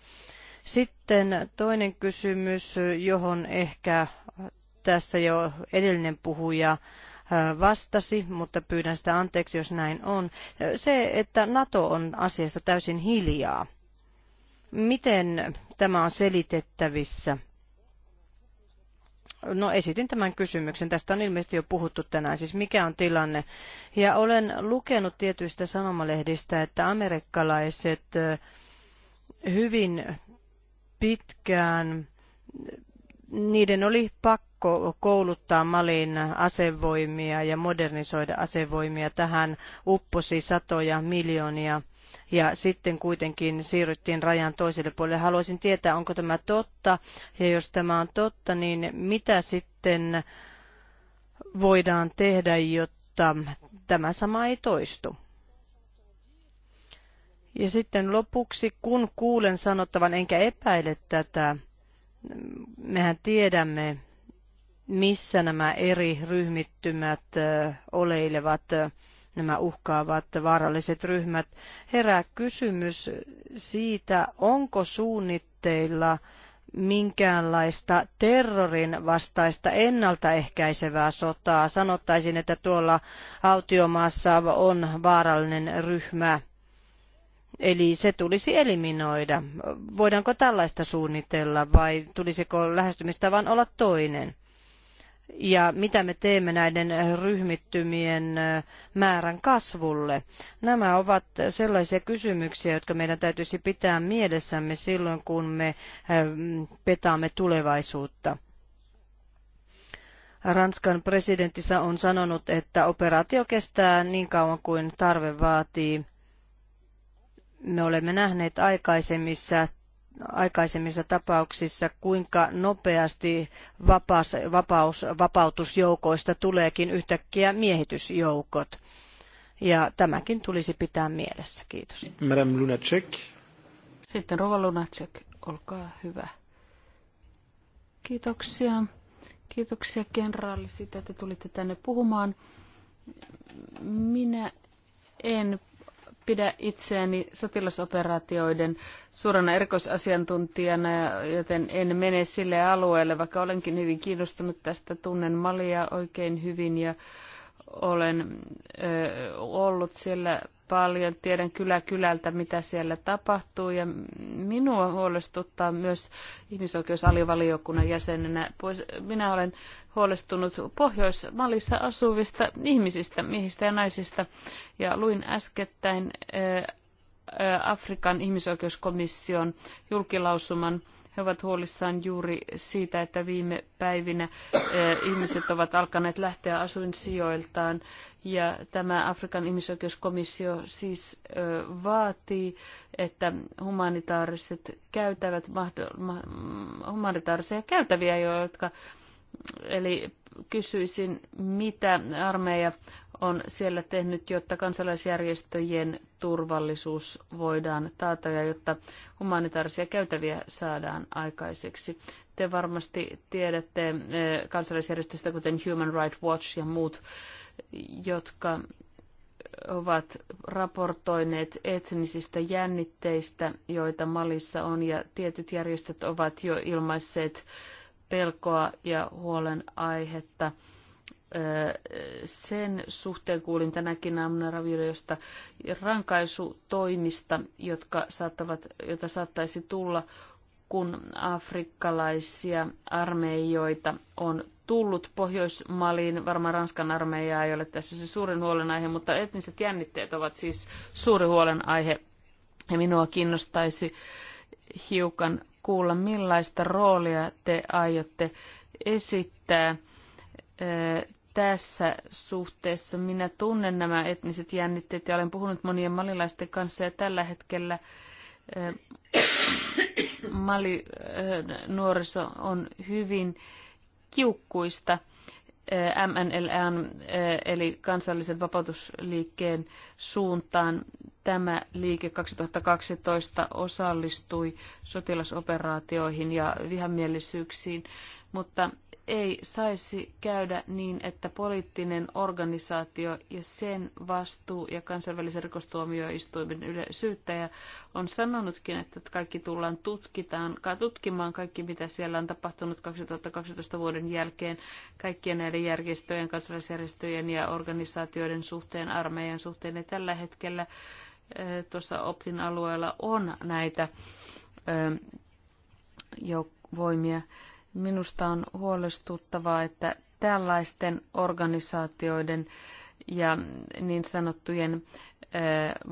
Sitten toinen kysymys, johon ehkä tässä jo edellinen puhuja äh, vastasi, mutta pyydän sitä anteeksi, jos näin on. Äh, se, että NATO on asiasta täysin hiljaa. Miten tämä on selitettävissä? No esitin tämän kysymyksen. Tästä on ilmeisesti jo puhuttu tänään. Siis mikä on tilanne? Ja olen lukenut tietyistä sanomalehdistä, että amerikkalaiset hyvin pitkään niiden oli pakko kouluttaa Malin asevoimia ja modernisoida asevoimia. Tähän upposi satoja miljoonia ja sitten kuitenkin siirryttiin rajan toiselle puolelle. Haluaisin tietää, onko tämä totta ja jos tämä on totta, niin mitä sitten voidaan tehdä, jotta tämä sama ei toistu? Ja sitten lopuksi, kun kuulen sanottavan, enkä epäile tätä, mehän tiedämme, missä nämä eri ryhmittymät oleilevat nämä uhkaavat vaaralliset ryhmät. Herää kysymys siitä, onko suunnitteilla minkäänlaista terrorin vastaista ennaltaehkäisevää sotaa. Sanottaisin, että tuolla autiomaassa on vaarallinen ryhmä, eli se tulisi eliminoida. Voidaanko tällaista suunnitella vai tulisiko lähestymistavan olla toinen? ja mitä me teemme näiden ryhmittymien määrän kasvulle. Nämä ovat sellaisia kysymyksiä, jotka meidän täytyisi pitää mielessämme silloin, kun me petaamme tulevaisuutta. Ranskan presidenttissä on sanonut, että operaatio kestää niin kauan kuin tarve vaatii. Me olemme nähneet aikaisemmissa aikaisemmissa tapauksissa, kuinka nopeasti vapaus, vapaus, vapautusjoukoista tuleekin yhtäkkiä miehitysjoukot. Ja tämäkin tulisi pitää mielessä. Kiitos. Madame Lunacek. Sitten Rova Lunacek, olkaa hyvä. Kiitoksia. Kiitoksia kenraali siitä, että tulitte tänne puhumaan. Minä en pidä itseäni sotilasoperaatioiden suurena erikoisasiantuntijana, joten en mene sille alueelle, vaikka olenkin hyvin kiinnostunut tästä, tunnen Malia oikein hyvin ja olen ö, ollut siellä paljon, tiedän kyllä kylältä, mitä siellä tapahtuu. Ja minua huolestuttaa myös ihmisoikeusalivaliokunnan jäsenenä. Minä olen huolestunut Pohjois-Malissa asuvista ihmisistä, miehistä ja naisista. Ja luin äskettäin Afrikan ihmisoikeuskomission julkilausuman – he ovat huolissaan juuri siitä, että viime päivinä eh, ihmiset ovat alkaneet lähteä asuinsijoiltaan. Ja tämä Afrikan ihmisoikeuskomissio siis eh, vaatii, että humanitaariset käytävät, humanitaarisia käytäviä, jotka Eli kysyisin, mitä armeija on siellä tehnyt, jotta kansalaisjärjestöjen turvallisuus voidaan taata ja jotta humanitaarisia käytäviä saadaan aikaiseksi. Te varmasti tiedätte eh, kansalaisjärjestöistä, kuten Human Rights Watch ja muut, jotka ovat raportoineet etnisistä jännitteistä, joita Malissa on, ja tietyt järjestöt ovat jo ilmaisseet pelkoa ja huolenaihetta aihetta sen suhteen kuulin tänäkin aamuna ravioliitosta rankaisutoimista, jotka saattavat, joita saattaisi tulla, kun afrikkalaisia armeijoita on tullut Pohjoismaliin. Varmaan Ranskan armeija ei ole tässä se suurin huolenaihe, mutta etniset jännitteet ovat siis suuri huolenaihe. Ja minua kiinnostaisi hiukan kuulla, millaista roolia te aiotte esittää tässä suhteessa. Minä tunnen nämä etniset jännitteet ja olen puhunut monien malilaisten kanssa ja tällä hetkellä eh, *coughs* Mali eh, nuoriso on hyvin kiukkuista eh, MNLN eli kansallisen vapautusliikkeen suuntaan. Tämä liike 2012 osallistui sotilasoperaatioihin ja vihamielisyyksiin, mutta ei saisi käydä niin, että poliittinen organisaatio ja sen vastuu ja kansainvälisen rikostuomioistuimen syyttäjä on sanonutkin, että kaikki tullaan tutkitaan, tutkimaan, kaikki mitä siellä on tapahtunut 2012 vuoden jälkeen, kaikkien näiden järjestöjen, kansalaisjärjestöjen ja organisaatioiden suhteen, armeijan suhteen. Ja tällä hetkellä tuossa Optin alueella on näitä voimia. Minusta on huolestuttavaa, että tällaisten organisaatioiden ja niin sanottujen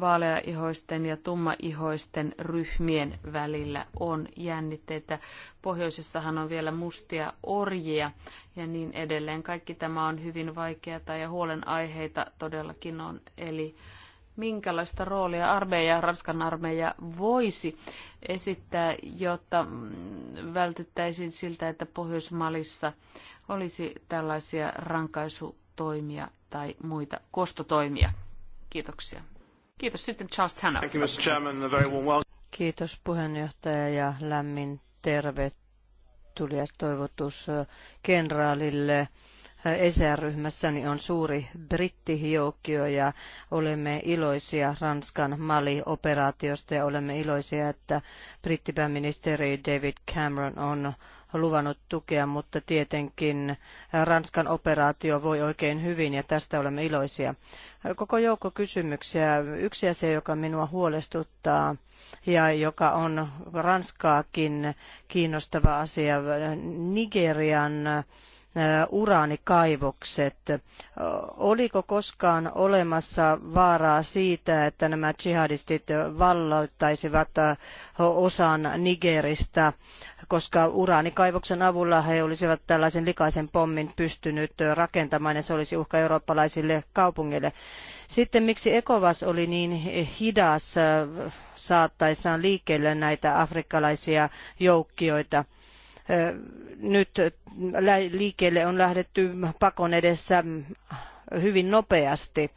vaaleaihoisten ja tummaihoisten ryhmien välillä on jännitteitä. Pohjoisessahan on vielä mustia orjia ja niin edelleen. Kaikki tämä on hyvin vaikeata ja huolenaiheita todellakin on. Eli minkälaista roolia armeija, Ranskan armeija voisi esittää, jotta mm, vältyttäisiin siltä, että Pohjoismalissa olisi tällaisia rankaisutoimia tai muita kostotoimia. Kiitoksia. Kiitos sitten Charles Tanner. Kiitos puheenjohtaja ja lämmin tervetulias toivotus kenraalille. ESR-ryhmässäni on suuri brittijoukko ja olemme iloisia Ranskan Mali-operaatiosta ja olemme iloisia, että brittipääministeri David Cameron on luvannut tukea, mutta tietenkin Ranskan operaatio voi oikein hyvin ja tästä olemme iloisia. Koko joukko kysymyksiä. Yksi asia, joka minua huolestuttaa ja joka on Ranskaakin kiinnostava asia, Nigerian uraanikaivokset. Oliko koskaan olemassa vaaraa siitä, että nämä jihadistit valloittaisivat osan Nigeristä, koska uraanikaivoksen avulla he olisivat tällaisen likaisen pommin pystynyt rakentamaan ja se olisi uhka eurooppalaisille kaupungeille. Sitten miksi ECOWAS oli niin hidas saattaessaan liikkeelle näitä afrikkalaisia joukkioita? Nyt liikkeelle on lähdetty pakon edessä hyvin nopeasti.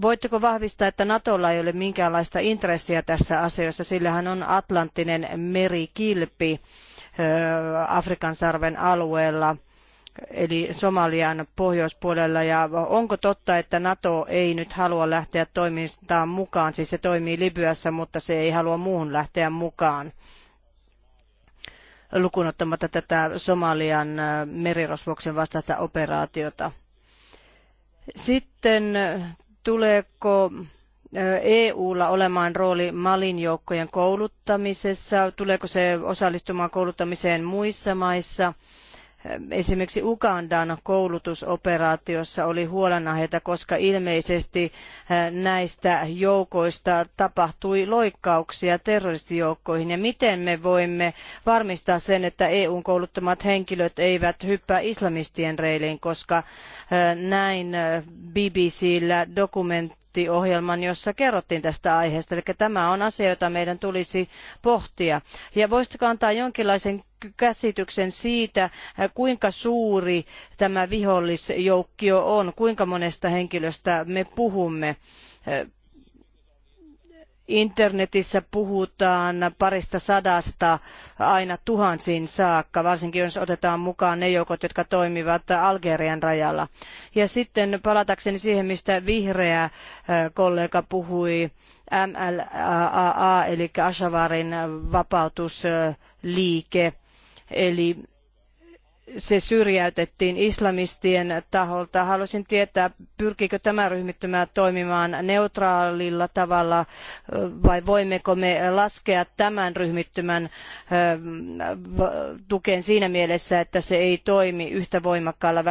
Voitteko vahvistaa, että Natolla ei ole minkäänlaista intressiä tässä asiassa, sillä hän on Atlanttinen merikilpi Afrikan sarven alueella, eli Somalian pohjoispuolella. Ja onko totta, että NATO ei nyt halua lähteä toimistaan mukaan, siis se toimii Libyassa, mutta se ei halua muuhun lähteä mukaan? lukunottamatta tätä Somalian äh, merirosvoksen vastaista operaatiota. Sitten äh, tuleeko äh, EUlla olemaan rooli Malin joukkojen kouluttamisessa? Tuleeko se osallistumaan kouluttamiseen muissa maissa? Esimerkiksi Ugandan koulutusoperaatiossa oli huolenaiheita, koska ilmeisesti näistä joukoista tapahtui loikkauksia terroristijoukkoihin. Ja miten me voimme varmistaa sen, että EUn kouluttamat henkilöt eivät hyppää islamistien reiliin, koska näin BBCllä dokumentti budjettiohjelman, jossa kerrottiin tästä aiheesta. Eli tämä on asia, jota meidän tulisi pohtia. Ja voisitko antaa jonkinlaisen käsityksen siitä, kuinka suuri tämä vihollisjoukkio on, kuinka monesta henkilöstä me puhumme Internetissä puhutaan parista sadasta aina tuhansiin saakka, varsinkin jos otetaan mukaan ne joukot, jotka toimivat Algerian rajalla. Ja sitten palatakseni siihen, mistä vihreä kollega puhui, MLAA, eli Ashavarin vapautusliike, eli se syrjäytettiin islamistien taholta. Haluaisin tietää, pyrkiikö tämä ryhmittymä toimimaan neutraalilla tavalla vai voimmeko me laskea tämän ryhmittymän tukeen siinä mielessä, että se ei toimi yhtä voimakkaalla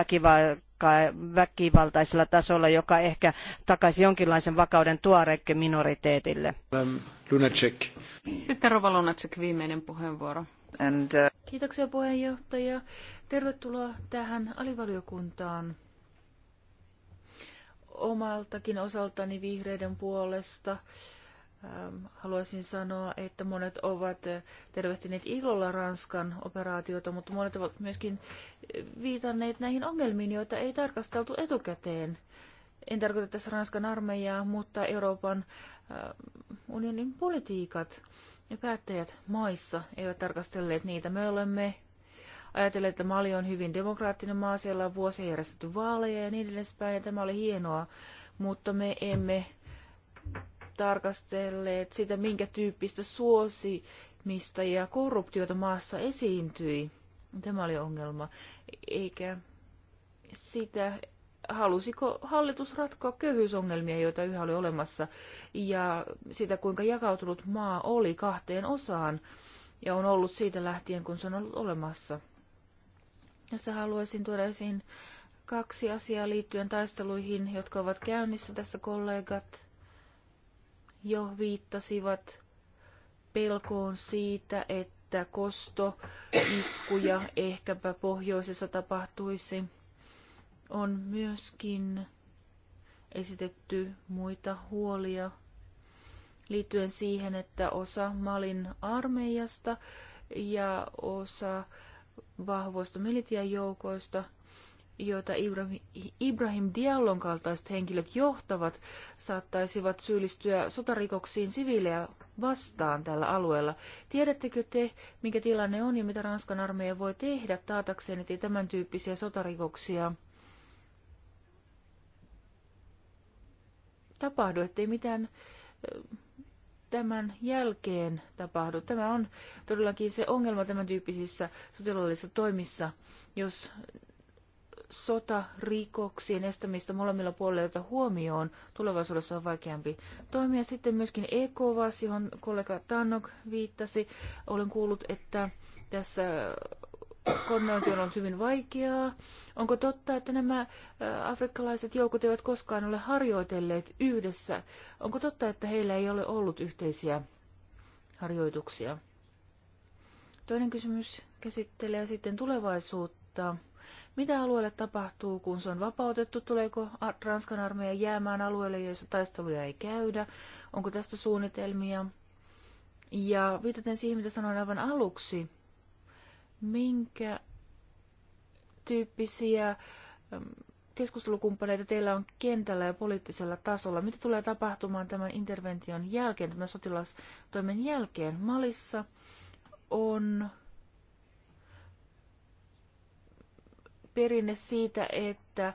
väkivaltaisella tasolla, joka ehkä takaisi jonkinlaisen vakauden tuarekke minoriteetille. Lunacek. Sitten Rova Lunacek, viimeinen puheenvuoro. And, uh... Kiitoksia puheenjohtaja. Tervetuloa tähän alivaliokuntaan. Omaltakin osaltani vihreiden puolesta ähm, haluaisin sanoa, että monet ovat tervehtineet ilolla Ranskan operaatiota, mutta monet ovat myöskin viitanneet näihin ongelmiin, joita ei tarkasteltu etukäteen. En tarkoita tässä Ranskan armeijaa, mutta Euroopan ähm, unionin politiikat. Ja päättäjät maissa eivät tarkastelleet niitä. Me olemme ajatelleet, että Mali on hyvin demokraattinen maa, siellä on vuosia järjestetty vaaleja ja niin edespäin, ja tämä oli hienoa, mutta me emme tarkastelleet sitä, minkä tyyppistä suosimista ja korruptiota maassa esiintyi. Tämä oli ongelma, eikä sitä, halusiko hallitus ratkoa köyhyysongelmia, joita yhä oli olemassa, ja sitä, kuinka jakautunut maa oli kahteen osaan, ja on ollut siitä lähtien, kun se on ollut olemassa. Tässä haluaisin tuoda esiin kaksi asiaa liittyen taisteluihin, jotka ovat käynnissä. Tässä kollegat jo viittasivat pelkoon siitä, että kostoiskuja ehkäpä pohjoisessa tapahtuisi. On myöskin esitetty muita huolia liittyen siihen, että osa Malin armeijasta ja osa vahvoista militiajoukoista, joita Ibrahim Diallon kaltaiset henkilöt johtavat, saattaisivat syyllistyä sotarikoksiin siviilejä vastaan tällä alueella. Tiedättekö te, mikä tilanne on ja mitä Ranskan armeija voi tehdä taatakseen, että tämän tyyppisiä sotarikoksia tapahdu, ettei mitään tämän jälkeen tapahdu. Tämä on todellakin se ongelma tämän tyyppisissä sotilaallisissa toimissa, jos sotarikoksien estämistä molemmilla puolilla huomioon tulevaisuudessa on vaikeampi toimia. Sitten myöskin EKVAS, johon kollega Tannok viittasi. Olen kuullut, että tässä koordinointi on ollut hyvin vaikeaa. Onko totta, että nämä afrikkalaiset joukot eivät koskaan ole harjoitelleet yhdessä? Onko totta, että heillä ei ole ollut yhteisiä harjoituksia? Toinen kysymys käsittelee sitten tulevaisuutta. Mitä alueelle tapahtuu, kun se on vapautettu? Tuleeko Ranskan armeija jäämään alueelle, joissa taisteluja ei käydä? Onko tästä suunnitelmia? Ja viitaten siihen, mitä sanoin aivan aluksi, Minkä tyyppisiä keskustelukumppaneita teillä on kentällä ja poliittisella tasolla? Mitä tulee tapahtumaan tämän intervention jälkeen, tämän sotilastoimen jälkeen? Malissa on perinne siitä, että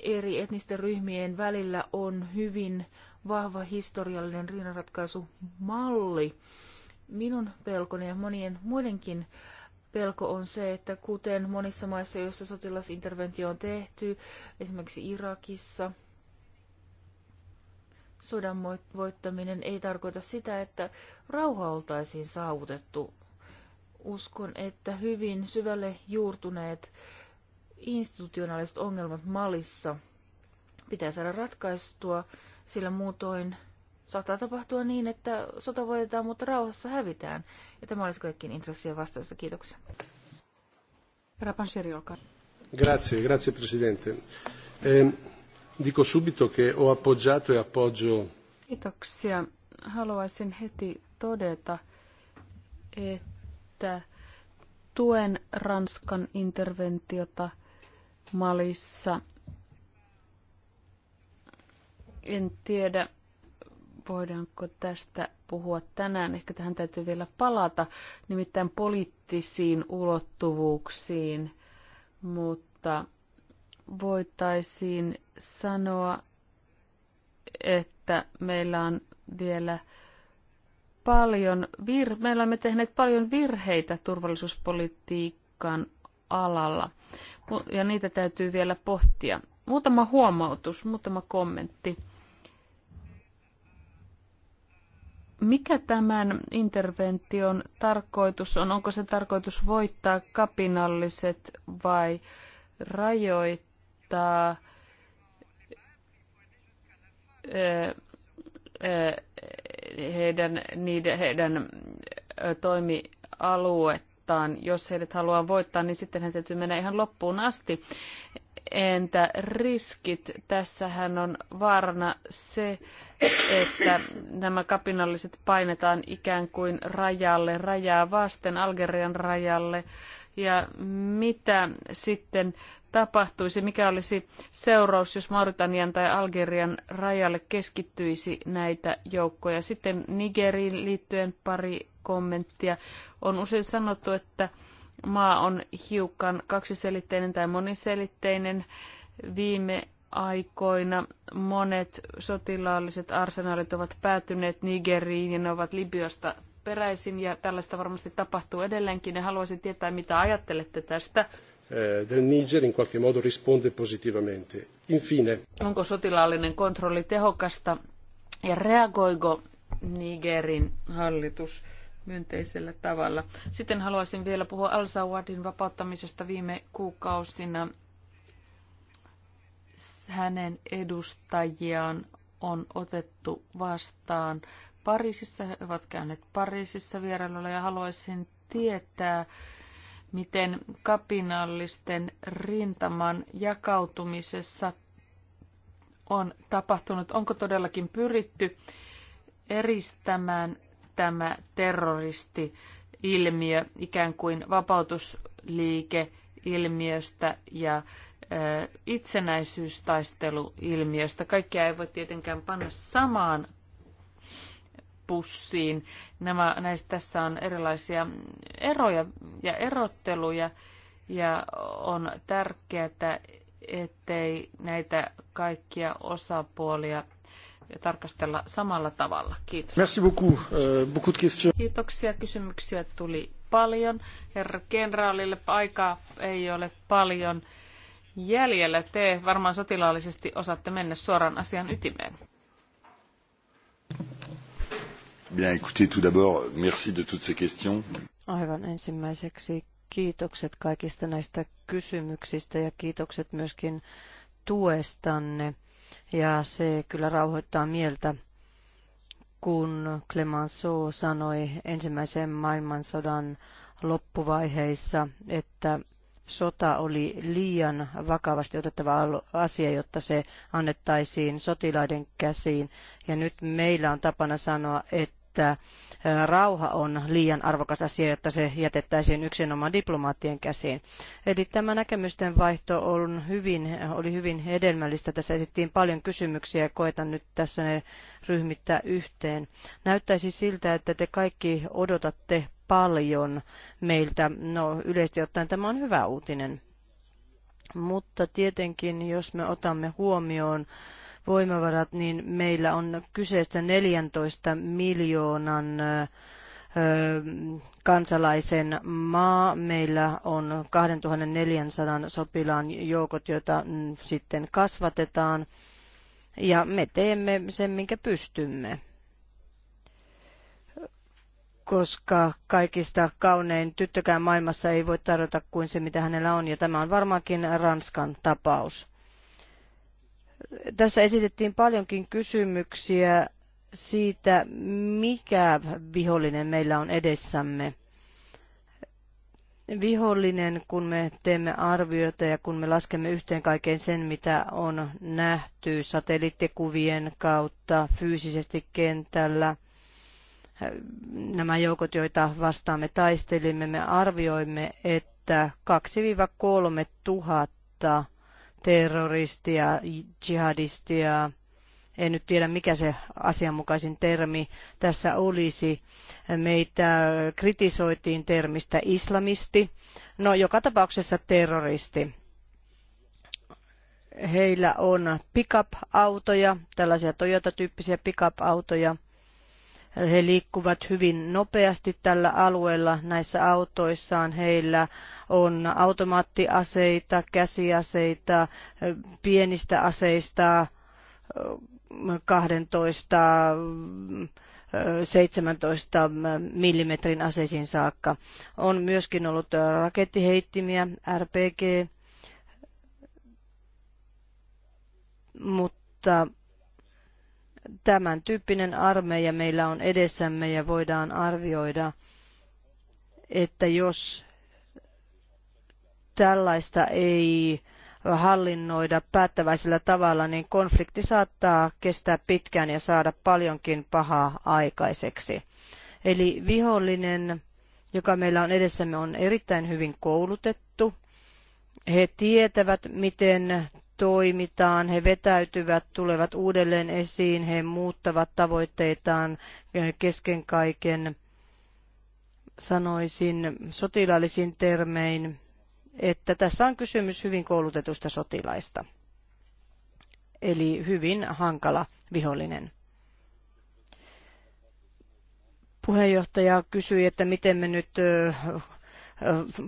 eri etnisten ryhmien välillä on hyvin vahva historiallinen riinaratkaisumalli. malli minun pelkoni ja monien muidenkin pelko on se, että kuten monissa maissa, joissa sotilasinterventio on tehty, esimerkiksi Irakissa, sodan voittaminen ei tarkoita sitä, että rauha oltaisiin saavutettu. Uskon, että hyvin syvälle juurtuneet institutionaaliset ongelmat Malissa pitää saada ratkaistua, sillä muutoin Saattaa tapahtua niin, että sota voitetaan, mutta rauhassa hävitään. Ja tämä olisi kaikkien intressien vastaista. Kiitoksia. Rapanseri, olkaa. Grazie, grazie Presidente. Eh, dico subito che ho appoggiato e appoggio... Kiitoksia. Haluaisin heti todeta, että tuen Ranskan interventiota Malissa. En tiedä, voidaanko tästä puhua tänään. Ehkä tähän täytyy vielä palata, nimittäin poliittisiin ulottuvuuksiin, mutta voitaisiin sanoa, että meillä on vielä paljon, vir- me olemme tehneet paljon virheitä turvallisuuspolitiikan alalla, ja niitä täytyy vielä pohtia. Muutama huomautus, muutama kommentti Mikä tämän intervention tarkoitus on? Onko se tarkoitus voittaa kapinalliset vai rajoittaa heidän, niiden, heidän toimialuettaan. Jos heidät haluaa voittaa, niin sitten he täytyy mennä ihan loppuun asti. Entä riskit? Tässähän on vaarana se, että nämä kapinalliset painetaan ikään kuin rajalle, rajaa vasten Algerian rajalle. Ja mitä sitten tapahtuisi, mikä olisi seuraus, jos Mauritanian tai Algerian rajalle keskittyisi näitä joukkoja. Sitten Nigeriin liittyen pari kommenttia. On usein sanottu, että maa on hiukan kaksiselitteinen tai moniselitteinen. Viime aikoina monet sotilaalliset arsenaalit ovat päätyneet Nigeriin ja ne ovat Libyasta peräisin ja tällaista varmasti tapahtuu edelleenkin ja haluaisin tietää, mitä ajattelette tästä. Eh, del Niger in qualche modo risponde positivamente. Infine. Onko sotilaallinen kontrolli tehokasta ja reagoiko Nigerin hallitus myönteisellä tavalla? Sitten haluaisin vielä puhua Al-Sawadin vapauttamisesta viime kuukausina hänen edustajiaan on otettu vastaan Pariisissa. He ovat käyneet Pariisissa vierailulla ja haluaisin tietää, miten kapinallisten rintaman jakautumisessa on tapahtunut. Onko todellakin pyritty eristämään tämä terroristi-ilmiö ikään kuin vapautusliike ilmiöstä ja itsenäisyystaisteluilmiöstä. Kaikkia ei voi tietenkään panna samaan pussiin. Nämä, näissä tässä on erilaisia eroja ja erotteluja ja on tärkeää, ettei näitä kaikkia osapuolia tarkastella samalla tavalla. Kiitos. Merci beaucoup. Euh, beaucoup de questions. Kiitoksia. Kysymyksiä tuli paljon. Herra kenraalille aikaa ei ole paljon jäljellä. Te varmaan sotilaallisesti osaatte mennä suoraan asian ytimeen. Bien, écoutez, tout d'abord, merci de toutes ces questions. Aivan ensimmäiseksi kiitokset kaikista näistä kysymyksistä ja kiitokset myöskin tuestanne. Ja se kyllä rauhoittaa mieltä, kun Clemenceau sanoi ensimmäisen maailmansodan loppuvaiheissa, että sota oli liian vakavasti otettava asia, jotta se annettaisiin sotilaiden käsiin. Ja nyt meillä on tapana sanoa, että että rauha on liian arvokas asia, jotta se jätettäisiin yksinomaan diplomaattien käsiin. Eli tämä näkemysten vaihto on hyvin, oli hyvin hedelmällistä. Tässä esittiin paljon kysymyksiä ja koetan nyt tässä ne ryhmittää yhteen. Näyttäisi siltä, että te kaikki odotatte paljon meiltä. No yleisesti ottaen tämä on hyvä uutinen. Mutta tietenkin, jos me otamme huomioon voimavarat, niin meillä on kyseessä 14 miljoonan kansalaisen maa. Meillä on 2400 sopilaan joukot, joita mm, sitten kasvatetaan. Ja me teemme sen, minkä pystymme koska kaikista kaunein tyttökään maailmassa ei voi tarjota kuin se, mitä hänellä on. Ja tämä on varmaankin Ranskan tapaus. Tässä esitettiin paljonkin kysymyksiä siitä, mikä vihollinen meillä on edessämme. Vihollinen, kun me teemme arvioita ja kun me laskemme yhteen kaiken sen, mitä on nähty satelliittikuvien kautta fyysisesti kentällä – nämä joukot, joita vastaan me taistelimme, me arvioimme, että 2-3 tuhatta terroristia, jihadistia, en nyt tiedä mikä se asianmukaisin termi tässä olisi. Meitä kritisoitiin termistä islamisti, no joka tapauksessa terroristi. Heillä on pickup-autoja, tällaisia Toyota-tyyppisiä pickup-autoja, he liikkuvat hyvin nopeasti tällä alueella näissä autoissaan. Heillä on automaattiaseita, käsiaseita, pienistä aseista 12 17 millimetrin aseisiin saakka. On myöskin ollut rakettiheittimiä, RPG, mutta tämän tyyppinen armeija meillä on edessämme ja voidaan arvioida, että jos tällaista ei hallinnoida päättäväisellä tavalla, niin konflikti saattaa kestää pitkään ja saada paljonkin pahaa aikaiseksi. Eli vihollinen, joka meillä on edessämme, on erittäin hyvin koulutettu. He tietävät, miten toimitaan, he vetäytyvät, tulevat uudelleen esiin, he muuttavat tavoitteitaan kesken kaiken, sanoisin sotilaallisin termein, että tässä on kysymys hyvin koulutetusta sotilaista, eli hyvin hankala vihollinen. Puheenjohtaja kysyi, että miten me nyt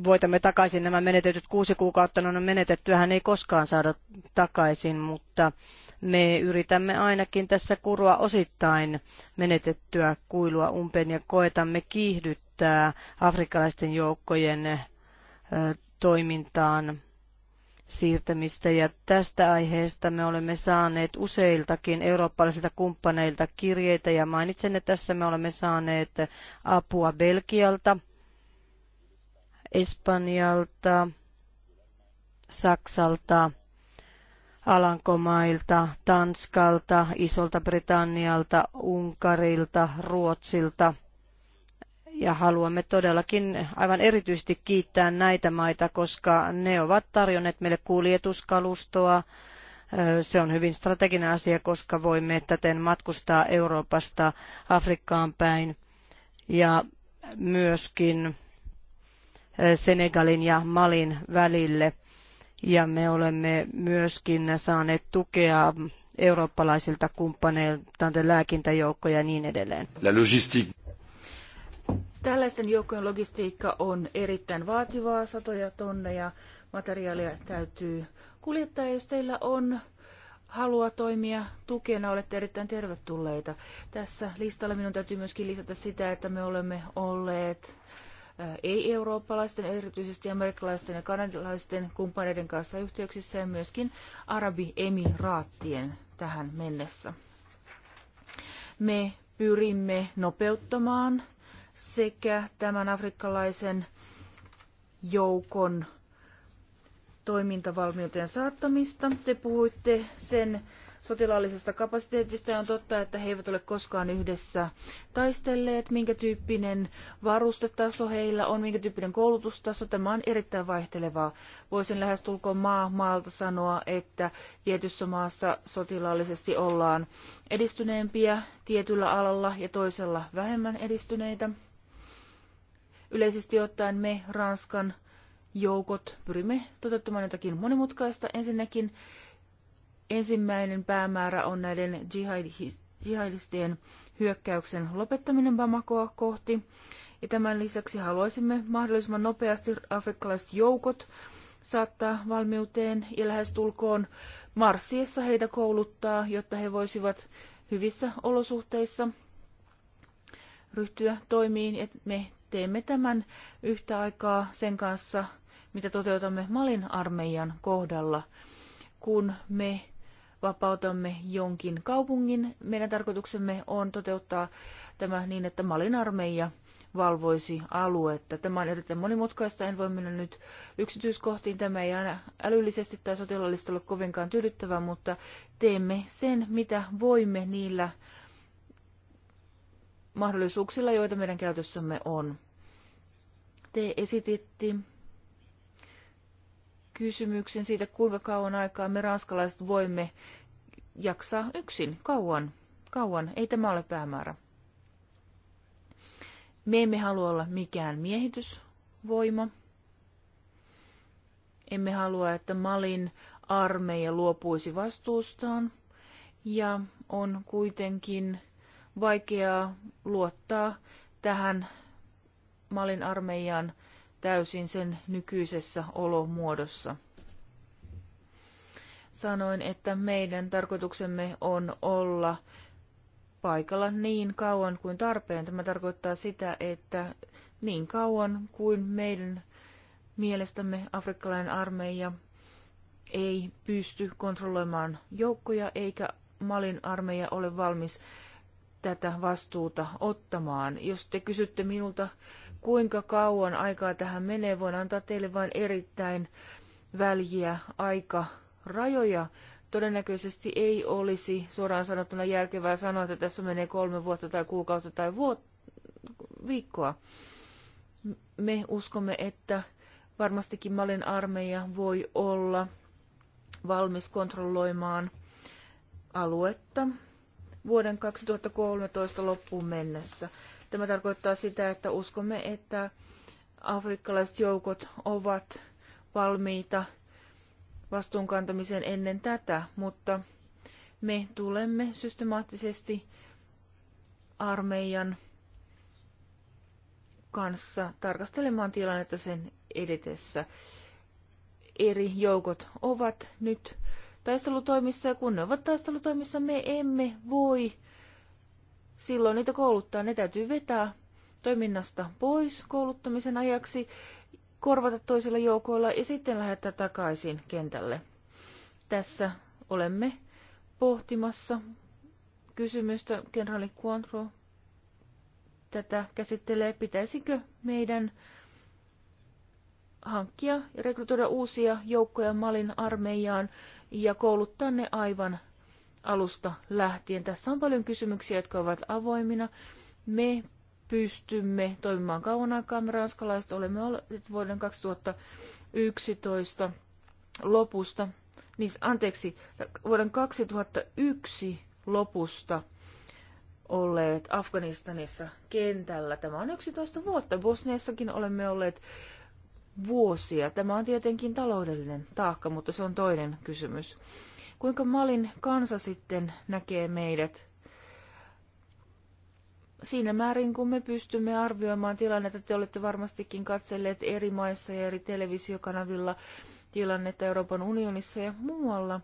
voitamme takaisin nämä menetetyt kuusi kuukautta, no, no menetettyähän ei koskaan saada takaisin, mutta me yritämme ainakin tässä kurua osittain menetettyä kuilua umpeen ja koetamme kiihdyttää afrikkalaisten joukkojen toimintaan siirtämistä. Ja tästä aiheesta me olemme saaneet useiltakin eurooppalaisilta kumppaneilta kirjeitä ja mainitsen, että tässä me olemme saaneet apua Belgialta, Espanjalta, Saksalta, Alankomailta, Tanskalta, Isolta Britannialta, Unkarilta, Ruotsilta. Ja haluamme todellakin aivan erityisesti kiittää näitä maita, koska ne ovat tarjonneet meille kuljetuskalustoa. Se on hyvin strateginen asia, koska voimme täten matkustaa Euroopasta Afrikkaan päin ja myöskin Senegalin ja Malin välille. Ja me olemme myöskin saaneet tukea eurooppalaisilta kumppaneilta lääkintäjoukkoja ja niin edelleen. La logistique. Tällaisten joukkojen logistiikka on erittäin vaativaa, satoja tonneja materiaalia täytyy kuljettaa, jos teillä on halua toimia tukena, olette erittäin tervetulleita. Tässä listalla minun täytyy myöskin lisätä sitä, että me olemme olleet ei-eurooppalaisten, erityisesti amerikkalaisten ja kanadalaisten kumppaneiden kanssa yhteyksissä ja myöskin Arabiemiraattien tähän mennessä. Me pyrimme nopeuttamaan sekä tämän afrikkalaisen joukon toimintavalmiuteen saattamista. Te puhuitte sen sotilaallisesta kapasiteetista ja on totta, että he eivät ole koskaan yhdessä taistelleet, minkä tyyppinen varustetaso heillä on, minkä tyyppinen koulutustaso. Tämä on erittäin vaihtelevaa. Voisin lähestulkoon maa maalta sanoa, että tietyssä maassa sotilaallisesti ollaan edistyneempiä tietyllä alalla ja toisella vähemmän edistyneitä. Yleisesti ottaen me Ranskan joukot pyrimme toteuttamaan jotakin monimutkaista. Ensinnäkin ensimmäinen päämäärä on näiden jihadistien hyökkäyksen lopettaminen Bamakoa kohti. Ja tämän lisäksi haluaisimme mahdollisimman nopeasti afrikkalaiset joukot saattaa valmiuteen ja lähestulkoon marssiessa heitä kouluttaa, jotta he voisivat hyvissä olosuhteissa ryhtyä toimiin. Et me teemme tämän yhtä aikaa sen kanssa, mitä toteutamme Malin armeijan kohdalla, kun me vapautamme jonkin kaupungin. Meidän tarkoituksemme on toteuttaa tämä niin, että Malin armeija valvoisi aluetta. Tämä on erittäin monimutkaista, en voi mennä nyt yksityiskohtiin. Tämä ei aina älyllisesti tai sotilaallisesti ole kovinkaan tyydyttävää, mutta teemme sen, mitä voimme niillä mahdollisuuksilla, joita meidän käytössämme on. Te esititti kysymyksen siitä, kuinka kauan aikaa me ranskalaiset voimme jaksaa yksin. Kauan, kauan. Ei tämä ole päämäärä. Me emme halua olla mikään miehitysvoima. Emme halua, että Malin armeija luopuisi vastuustaan. Ja on kuitenkin vaikeaa luottaa tähän Malin armeijan täysin sen nykyisessä olomuodossa. Sanoin, että meidän tarkoituksemme on olla paikalla niin kauan kuin tarpeen. Tämä tarkoittaa sitä, että niin kauan kuin meidän mielestämme afrikkalainen armeija ei pysty kontrolloimaan joukkoja eikä Malin armeija ole valmis tätä vastuuta ottamaan. Jos te kysytte minulta, kuinka kauan aikaa tähän menee. Voin antaa teille vain erittäin väljiä aikarajoja. Todennäköisesti ei olisi suoraan sanottuna järkevää sanoa, että tässä menee kolme vuotta tai kuukautta tai vuot- viikkoa. Me uskomme, että varmastikin Malin armeija voi olla valmis kontrolloimaan aluetta vuoden 2013 loppuun mennessä. Tämä tarkoittaa sitä, että uskomme, että afrikkalaiset joukot ovat valmiita vastuunkantamiseen ennen tätä, mutta me tulemme systemaattisesti armeijan kanssa tarkastelemaan tilannetta sen edetessä. Eri joukot ovat nyt taistelutoimissa ja kun ne ovat taistelutoimissa, me emme voi silloin niitä kouluttaa, ne täytyy vetää toiminnasta pois kouluttamisen ajaksi, korvata toisilla joukoilla ja sitten lähettää takaisin kentälle. Tässä olemme pohtimassa kysymystä, kenraali Quantro tätä käsittelee, pitäisikö meidän hankkia ja rekrytoida uusia joukkoja Malin armeijaan ja kouluttaa ne aivan alusta lähtien. Tässä on paljon kysymyksiä, jotka ovat avoimina. Me pystymme toimimaan kauan aikaa. Me ranskalaiset olemme olleet vuoden 2011 lopusta, niin anteeksi, vuoden 2001 lopusta olleet Afganistanissa kentällä. Tämä on 11 vuotta. Bosniassakin olemme olleet vuosia. Tämä on tietenkin taloudellinen taakka, mutta se on toinen kysymys. Kuinka Malin kansa sitten näkee meidät? Siinä määrin, kun me pystymme arvioimaan tilannetta, te olette varmastikin katselleet eri maissa ja eri televisiokanavilla tilannetta Euroopan unionissa ja muualla.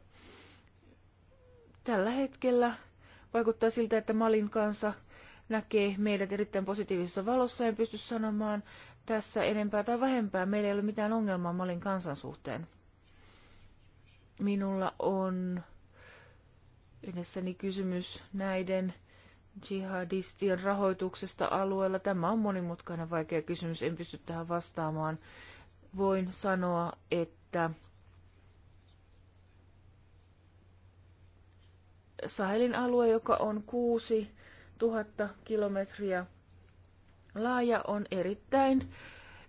Tällä hetkellä vaikuttaa siltä, että Malin kansa näkee meidät erittäin positiivisessa valossa. ja pysty sanomaan tässä enempää tai vähempää. Meillä ei ole mitään ongelmaa Malin kansan suhteen. Minulla on edessäni kysymys näiden jihadistien rahoituksesta alueella. Tämä on monimutkainen vaikea kysymys, en pysty tähän vastaamaan. Voin sanoa, että Sahelin alue, joka on 6000 kilometriä laaja, on erittäin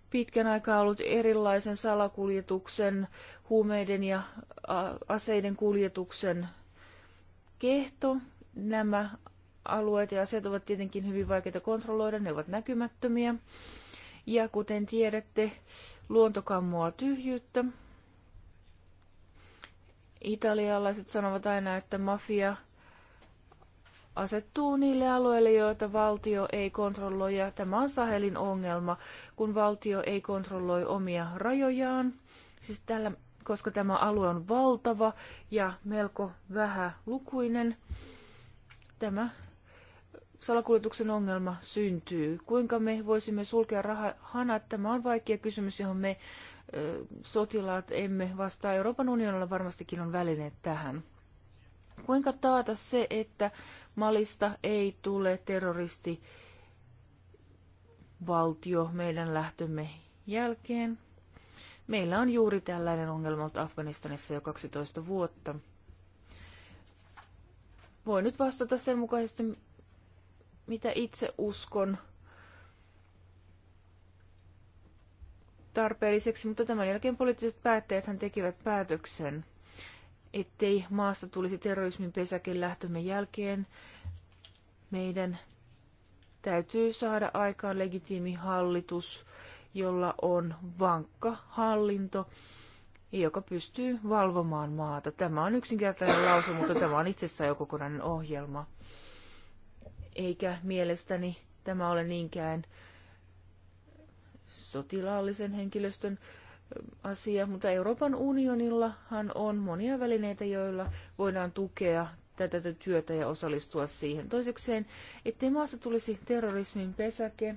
pitkän aikaa ollut erilaisen salakuljetuksen huumeiden ja aseiden kuljetuksen kehto. Nämä alueet ja aseet ovat tietenkin hyvin vaikeita kontrolloida, ne ovat näkymättömiä. Ja kuten tiedätte, luontokammoa tyhjyyttä. Italialaiset sanovat aina, että mafia asettuu niille alueille, joita valtio ei kontrolloi, ja tämä on Sahelin ongelma, kun valtio ei kontrolloi omia rajojaan. Siis tällä koska tämä alue on valtava ja melko vähälukuinen. Tämä salakuljetuksen ongelma syntyy. Kuinka me voisimme sulkea rahanat? Tämä on vaikea kysymys, johon me sotilaat emme vastaa. Euroopan unionilla varmastikin on välineet tähän. Kuinka taata se, että Malista ei tule terroristi valtio meidän lähtömme jälkeen? Meillä on juuri tällainen ongelma ollut Afganistanissa jo 12 vuotta. Voin nyt vastata sen mukaisesti, mitä itse uskon tarpeelliseksi, mutta tämän jälkeen poliittiset päättäjät tekivät päätöksen, ettei maasta tulisi terrorismin pesäkin lähtömme jälkeen. Meidän täytyy saada aikaan legitiimi hallitus, jolla on vankka hallinto, joka pystyy valvomaan maata. Tämä on yksinkertainen lause, mutta tämä on itsessään jo kokonainen ohjelma. Eikä mielestäni tämä ole niinkään sotilaallisen henkilöstön asia, mutta Euroopan unionillahan on monia välineitä, joilla voidaan tukea tätä työtä ja osallistua siihen. Toisekseen, ettei maassa tulisi terrorismin pesäke,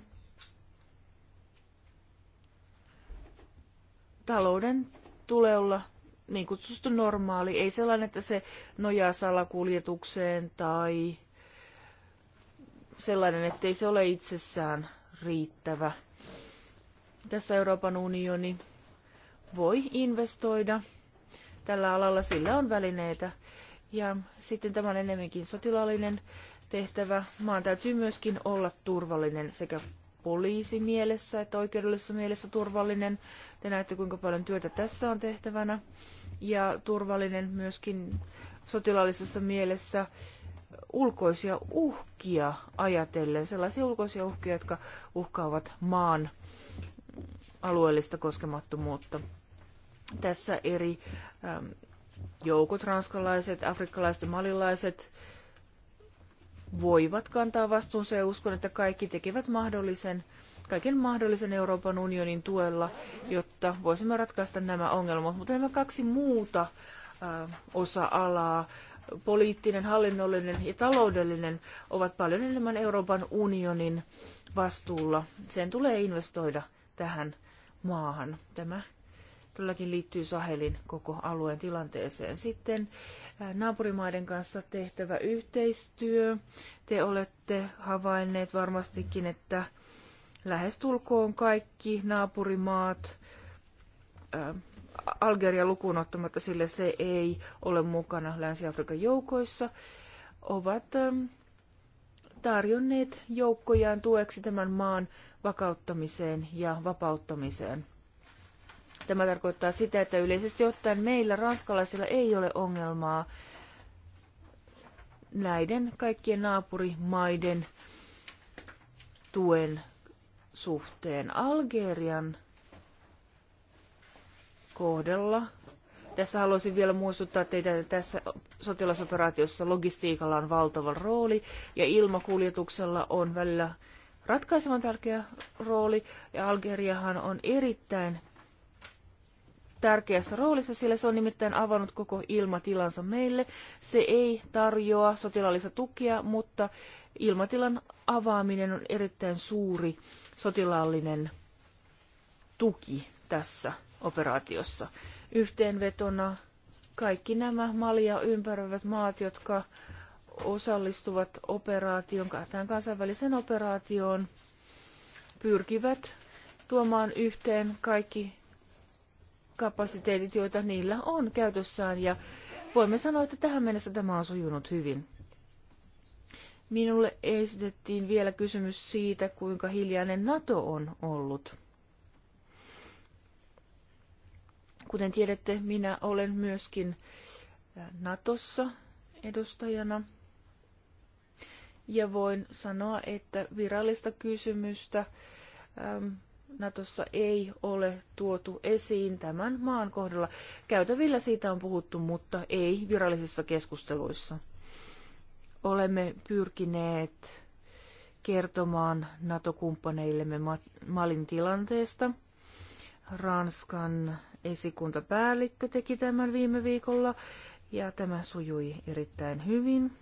talouden tulee olla niin kutsuttu normaali, ei sellainen, että se nojaa salakuljetukseen tai sellainen, ei se ole itsessään riittävä. Tässä Euroopan unioni voi investoida tällä alalla, sillä on välineitä. Ja sitten tämä on enemmänkin sotilaallinen tehtävä. Maan täytyy myöskin olla turvallinen sekä poliisimielessä että oikeudellisessa mielessä turvallinen. Te näette, kuinka paljon työtä tässä on tehtävänä. Ja turvallinen myöskin sotilaallisessa mielessä ulkoisia uhkia ajatellen, sellaisia ulkoisia uhkia, jotka uhkaavat maan alueellista koskemattomuutta. Tässä eri ähm, joukot, ranskalaiset, afrikkalaiset ja malilaiset, voivat kantaa vastuunsa ja uskon, että kaikki tekevät mahdollisen kaiken mahdollisen Euroopan unionin tuella, jotta voisimme ratkaista nämä ongelmat. Mutta nämä kaksi muuta äh, osa-alaa, poliittinen, hallinnollinen ja taloudellinen, ovat paljon enemmän Euroopan unionin vastuulla. Sen tulee investoida tähän maahan. Tämä todellakin liittyy Sahelin koko alueen tilanteeseen. Sitten äh, naapurimaiden kanssa tehtävä yhteistyö. Te olette havainneet varmastikin, että lähestulkoon kaikki naapurimaat, äh, Algeria lukuun ottamatta, sillä se ei ole mukana Länsi-Afrikan joukoissa, ovat ähm, tarjonneet joukkojaan tueksi tämän maan vakauttamiseen ja vapauttamiseen. Tämä tarkoittaa sitä, että yleisesti ottaen meillä ranskalaisilla ei ole ongelmaa näiden kaikkien naapurimaiden tuen suhteen Algerian kohdalla. Tässä haluaisin vielä muistuttaa teitä, että tässä sotilasoperaatiossa logistiikalla on valtava rooli ja ilmakuljetuksella on välillä ratkaisevan tärkeä rooli. Ja Algeriahan on erittäin tärkeässä roolissa, sillä se on nimittäin avannut koko ilmatilansa meille. Se ei tarjoa sotilaallista tukea, mutta ilmatilan avaaminen on erittäin suuri sotilaallinen tuki tässä operaatiossa. Yhteenvetona kaikki nämä Malia ympäröivät maat, jotka osallistuvat operaation, tähän kansainväliseen operaatioon, pyrkivät tuomaan yhteen kaikki kapasiteetit, joita niillä on käytössään. Ja voimme sanoa, että tähän mennessä tämä on sujunut hyvin. Minulle esitettiin vielä kysymys siitä, kuinka hiljainen NATO on ollut. Kuten tiedätte, minä olen myöskin Natossa edustajana. Ja voin sanoa, että virallista kysymystä Natossa ei ole tuotu esiin tämän maan kohdalla. Käytävillä siitä on puhuttu, mutta ei virallisissa keskusteluissa olemme pyrkineet kertomaan NATO-kumppaneillemme Malin tilanteesta. Ranskan esikuntapäällikkö teki tämän viime viikolla ja tämä sujui erittäin hyvin.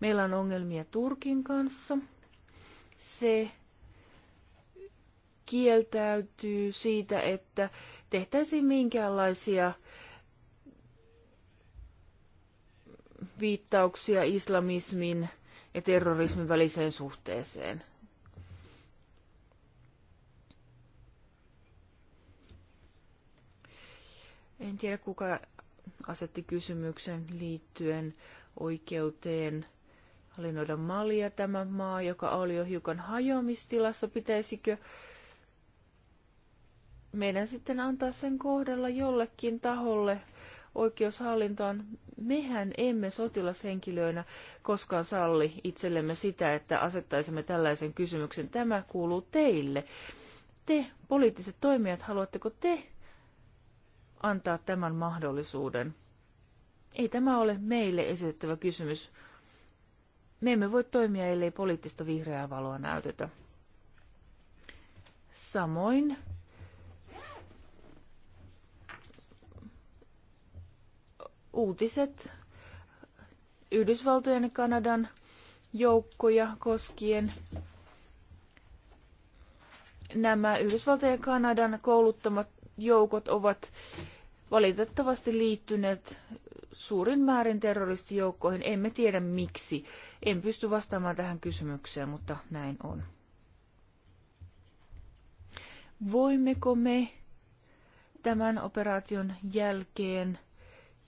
Meillä on ongelmia Turkin kanssa. Se kieltäytyy siitä, että tehtäisiin minkäänlaisia viittauksia islamismin ja terrorismin väliseen suhteeseen. En tiedä, kuka asetti kysymyksen liittyen oikeuteen hallinnoida malia tämä maa, joka oli jo hiukan hajoamistilassa. Pitäisikö meidän sitten antaa sen kohdella jollekin taholle, oikeushallintoon. Mehän emme sotilashenkilöinä koskaan salli itsellemme sitä, että asettaisimme tällaisen kysymyksen. Tämä kuuluu teille. Te, poliittiset toimijat, haluatteko te antaa tämän mahdollisuuden? Ei tämä ole meille esitettävä kysymys. Me emme voi toimia, ellei poliittista vihreää valoa näytetä. Samoin uutiset Yhdysvaltojen ja Kanadan joukkoja koskien. Nämä Yhdysvaltojen ja Kanadan kouluttamat joukot ovat valitettavasti liittyneet suurin määrin terroristijoukkoihin. Emme tiedä miksi. En pysty vastaamaan tähän kysymykseen, mutta näin on. Voimmeko me tämän operaation jälkeen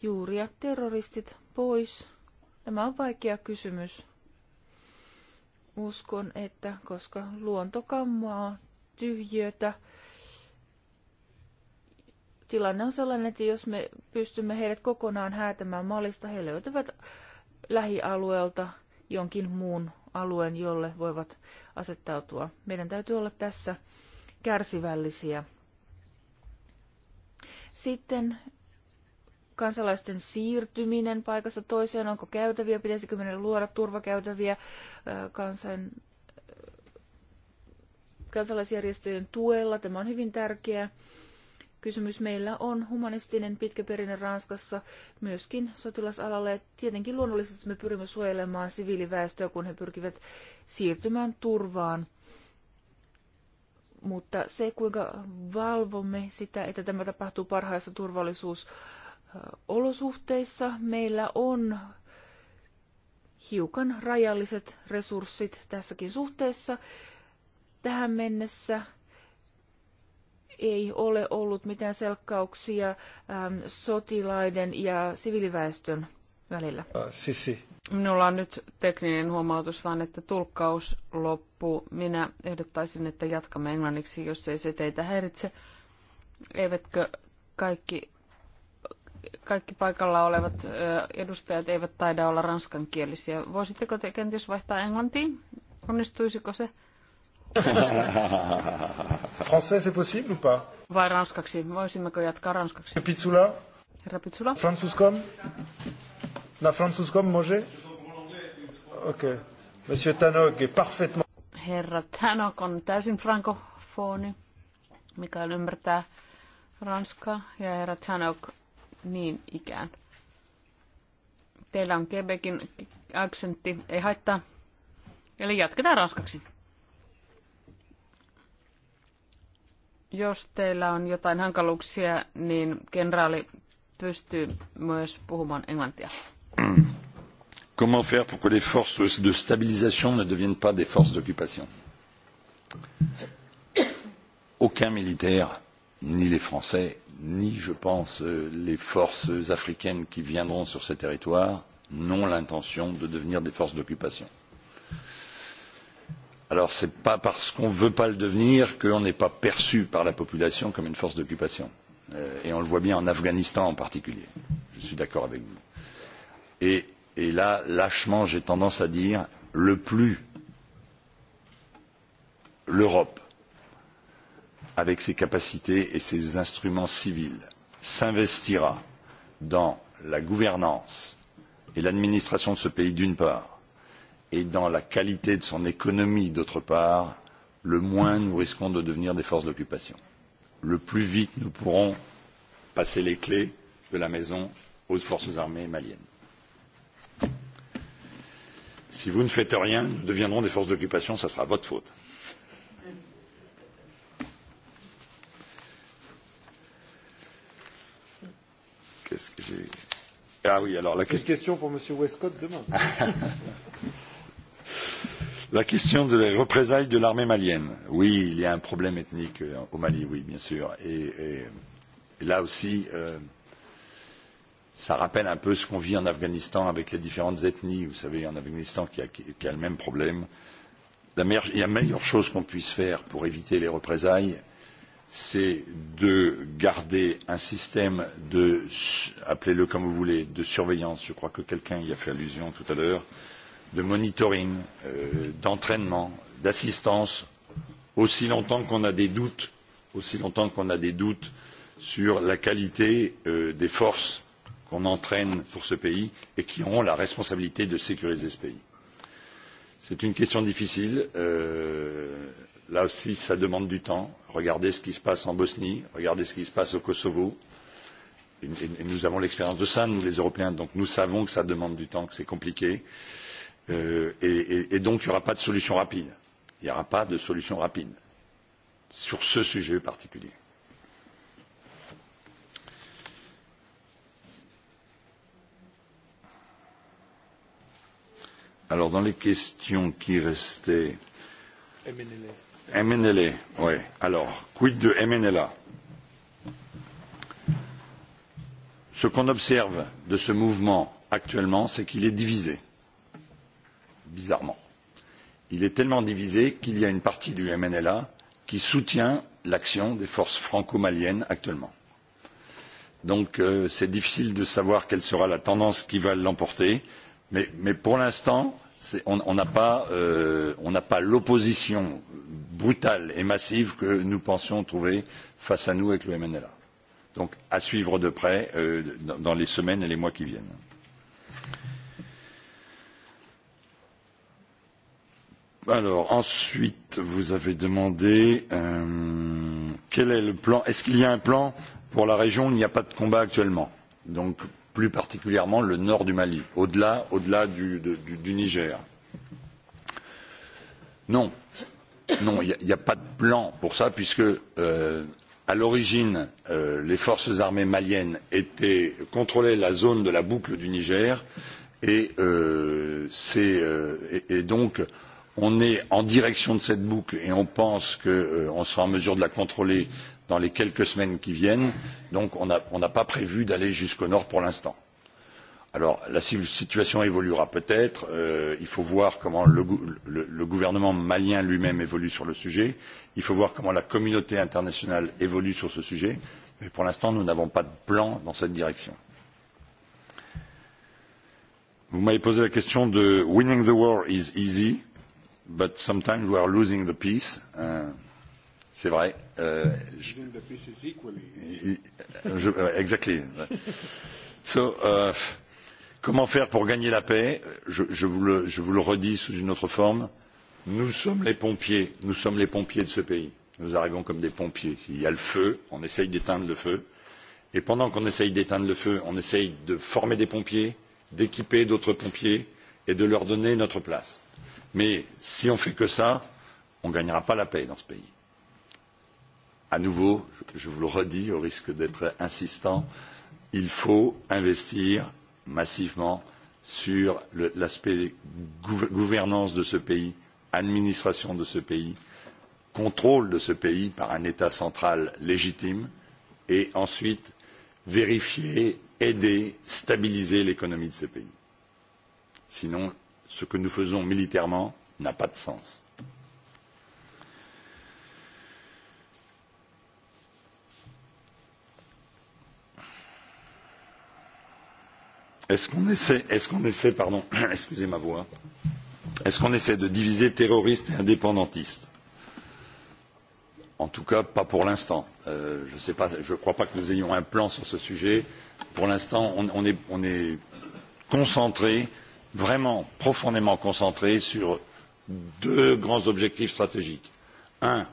juuri ja terroristit pois? Tämä on vaikea kysymys. Uskon, että koska luonto kammaa tyhjötä, tilanne on sellainen, että jos me pystymme heidät kokonaan häätämään malista, he löytävät lähialueelta jonkin muun alueen, jolle voivat asettautua. Meidän täytyy olla tässä kärsivällisiä. Sitten kansalaisten siirtyminen paikasta toiseen, onko käytäviä, pitäisikö meidän luoda turvakäytäviä kansan, kansalaisjärjestöjen tuella. Tämä on hyvin tärkeä kysymys. Meillä on humanistinen pitkä perinne Ranskassa myöskin sotilasalalle. Tietenkin luonnollisesti me pyrimme suojelemaan siviiliväestöä, kun he pyrkivät siirtymään turvaan mutta se, kuinka valvomme sitä, että tämä tapahtuu parhaissa turvallisuus- olosuhteissa meillä on hiukan rajalliset resurssit tässäkin suhteessa. Tähän mennessä ei ole ollut mitään selkkauksia ähm, sotilaiden ja siviiliväestön välillä. Äh, Sisi. Minulla on nyt tekninen huomautus vaan, että tulkkaus loppuu. Minä ehdottaisin, että jatkamme englanniksi, jos ei se teitä häiritse. Eivätkö kaikki kaikki paikalla olevat edustajat eivät taida olla ranskankielisiä. Voisitteko te kenties vaihtaa englantiin? Onnistuisiko se? *laughs* Français, c'est possible ou pas? Vai ranskaksi? Voisimmeko jatkaa ranskaksi? Pizzula? Herra Pizzula? Fransuscom? La Fransuscom Moje? Okei. Okay. Monsieur Tanog est parfaitement... Herra Tanok on täysin frankofoni, mikä ymmärtää ranskaa, ja herra Tanok niin ikään. Teillä on Quebecin aksentti, ei haittaa. Eli jatketaan ranskaksi. Jos teillä on jotain hankaluuksia, niin kenraali pystyy myös puhumaan englantia. *clears throat* Comment faire pour que les forces de stabilisation ne deviennent pas des forces d'occupation Aucun militaire, ni les Français, ni, je pense, euh, les forces africaines qui viendront sur ces territoires n'ont l'intention de devenir des forces d'occupation. Alors ce n'est pas parce qu'on ne veut pas le devenir qu'on n'est pas perçu par la population comme une force d'occupation. Euh, et on le voit bien en Afghanistan en particulier. Je suis d'accord avec vous. Et, et là, lâchement, j'ai tendance à dire le plus l'Europe avec ses capacités et ses instruments civils, s'investira dans la gouvernance et l'administration de ce pays d'une part, et dans la qualité de son économie d'autre part, le moins nous risquons de devenir des forces d'occupation. Le plus vite nous pourrons passer les clés de la maison aux forces armées maliennes. Si vous ne faites rien, nous deviendrons des forces d'occupation, ce sera votre faute. Qu'est-ce que j'ai Ah oui, alors la question. question pour Monsieur Westcott demain. *laughs* la question de la représailles de l'armée malienne. Oui, il y a un problème ethnique euh, au Mali, oui, bien sûr. Et, et, et là aussi, euh, ça rappelle un peu ce qu'on vit en Afghanistan avec les différentes ethnies. Vous savez, en Afghanistan, qui a, qui qui a le même problème. La meilleure, il y a meilleure chose qu'on puisse faire pour éviter les représailles, c'est de garder un système de, appelez-le comme vous voulez, de surveillance, je crois que quelqu'un y a fait allusion tout à l'heure, de monitoring, euh, d'entraînement, d'assistance, aussi longtemps qu'on a des doutes, aussi longtemps qu'on a des doutes sur la qualité euh, des forces qu'on entraîne pour ce pays et qui auront la responsabilité de sécuriser ce pays. C'est une question difficile. Euh, là aussi, ça demande du temps. Regardez ce qui se passe en Bosnie, regardez ce qui se passe au Kosovo. Et, et, et nous avons l'expérience de ça, nous les Européens, donc nous savons que ça demande du temps, que c'est compliqué. Euh, et, et, et donc il n'y aura pas de solution rapide. Il n'y aura pas de solution rapide sur ce sujet particulier. Alors dans les questions qui restaient. MNLF. MNLA, oui. Alors, quid de MNLA Ce qu'on observe de ce mouvement actuellement, c'est qu'il est divisé, bizarrement. Il est tellement divisé qu'il y a une partie du MNLA qui soutient l'action des forces franco-maliennes actuellement. Donc euh, c'est difficile de savoir quelle sera la tendance qui va l'emporter, mais, mais pour l'instant, on n'a pas, euh, pas l'opposition brutale et massive que nous pensions trouver face à nous avec le MNLA. Donc à suivre de près euh, dans les semaines et les mois qui viennent. Alors ensuite, vous avez demandé euh, quel est le plan. Est-ce qu'il y a un plan pour la région Il n'y a pas de combat actuellement. Donc plus particulièrement le nord du Mali, au-delà, au-delà du, du, du Niger. Non, non, il n'y a, a pas de plan pour ça, puisque euh, à l'origine, euh, les forces armées maliennes étaient, contrôlaient la zone de la boucle du Niger, et, euh, c'est, euh, et, et donc on est en direction de cette boucle et on pense qu'on euh, sera en mesure de la contrôler dans les quelques semaines qui viennent. Donc on n'a pas prévu d'aller jusqu'au nord pour l'instant. Alors la situation évoluera peut-être. Euh, il faut voir comment le, le, le gouvernement malien lui-même évolue sur le sujet. Il faut voir comment la communauté internationale évolue sur ce sujet. Mais pour l'instant, nous n'avons pas de plan dans cette direction. Vous m'avez posé la question de winning the war is easy, but sometimes we are losing the peace. Euh, C'est vrai. Uh, je, euh, exactly. So, euh, comment faire pour gagner la paix je, je, vous le, je vous le redis sous une autre forme. Nous sommes les pompiers. Nous sommes les pompiers de ce pays. Nous arrivons comme des pompiers. S'il y a le feu, on essaye d'éteindre le feu. Et pendant qu'on essaye d'éteindre le feu, on essaye de former des pompiers, d'équiper d'autres pompiers et de leur donner notre place. Mais si on fait que ça, on ne gagnera pas la paix dans ce pays à nouveau, je vous le redis au risque d'être insistant, il faut investir massivement sur l'aspect gouvernance de ce pays, administration de ce pays, contrôle de ce pays par un État central légitime et ensuite vérifier, aider, stabiliser l'économie de ce pays. Sinon, ce que nous faisons militairement n'a pas de sens Est-ce qu'on essaie, est qu essaie pardon, *clears throat* excusez ma voix, est-ce qu'on essaie de diviser terroristes et indépendantistes En tout cas, pas pour l'instant. Euh, je ne crois pas que nous ayons un plan sur ce sujet. Pour l'instant, on, on, est, on est concentré, vraiment profondément concentré sur deux grands objectifs stratégiques. Un,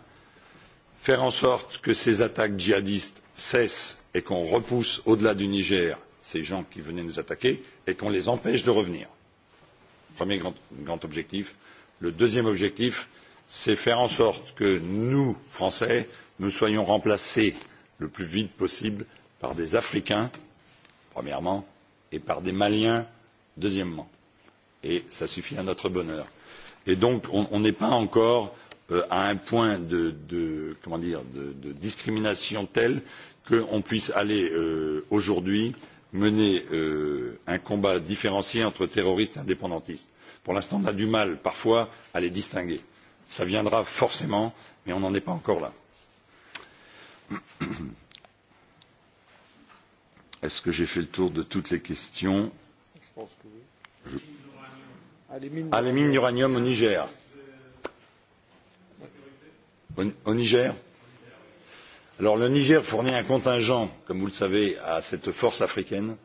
faire en sorte que ces attaques djihadistes cessent et qu'on repousse au-delà du Niger – ces gens qui venaient nous attaquer et qu'on les empêche de revenir. Premier grand, grand objectif. Le deuxième objectif, c'est faire en sorte que nous, Français, nous soyons remplacés le plus vite possible par des Africains, premièrement, et par des Maliens, deuxièmement. Et ça suffit à notre bonheur. Et donc, on n'est pas encore euh, à un point de, de, comment dire, de, de discrimination telle qu'on puisse aller euh, aujourd'hui euh, mener euh, un combat différencié entre terroristes et indépendantistes. Pour l'instant, on a du mal parfois à les distinguer. Ça viendra forcément, mais on n'en est pas encore là. *coughs* Est-ce que j'ai fait le tour de toutes les questions Je pense que oui. Je... À ah, les mines, ah, les mines d'uranium au Niger. Au, au Niger Alors le Niger fournit un contingent, comme vous le savez, à cette force africaine.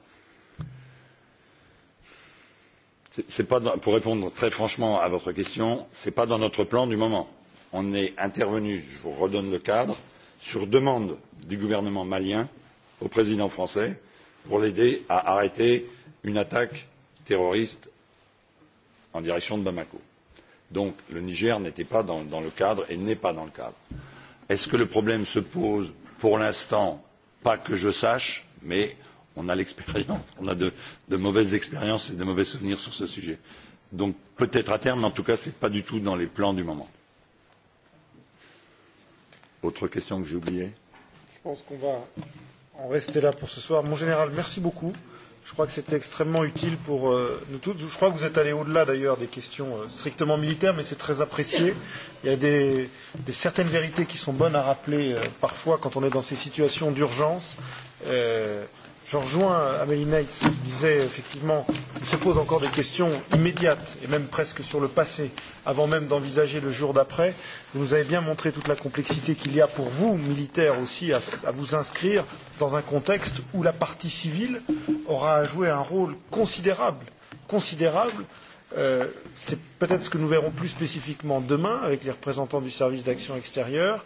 C'est pas dans, pour répondre très franchement à votre question, ce n'est pas dans notre plan du moment. On est intervenu, je vous redonne le cadre, sur demande du gouvernement malien au président français pour l'aider à arrêter une attaque terroriste en direction de Bamako. Donc le Niger n'était pas dans, dans le cadre et n'est pas dans le cadre. Est-ce que le problème se pose pour l'instant Pas que je sache, mais on a l'expérience, on a de, de mauvaises expériences et de mauvais souvenirs sur ce sujet. Donc peut-être à terme, mais en tout cas, ce n'est pas du tout dans les plans du moment. Autre question que j'ai oubliée Je pense qu'on va en rester là pour ce soir. Mon général, merci beaucoup. Je crois que c'était extrêmement utile pour euh, nous toutes. Je crois que vous êtes allé au-delà d'ailleurs des questions euh, strictement militaires, mais c'est très apprécié. Il y a des, des certaines vérités qui sont bonnes à rappeler euh, parfois quand on est dans ces situations d'urgence. Euh, je rejoins Amélie Neitz qui disait effectivement qu'il se pose encore des questions immédiates et même presque sur le passé avant même d'envisager le jour d'après. Vous nous avez bien montré toute la complexité qu'il y a pour vous, militaires aussi, à, à vous inscrire dans un contexte où la partie civile aura à jouer un rôle considérable, considérable Euh, c'est peut-être ce que nous verrons plus spécifiquement demain avec les représentants du service d'action extérieure,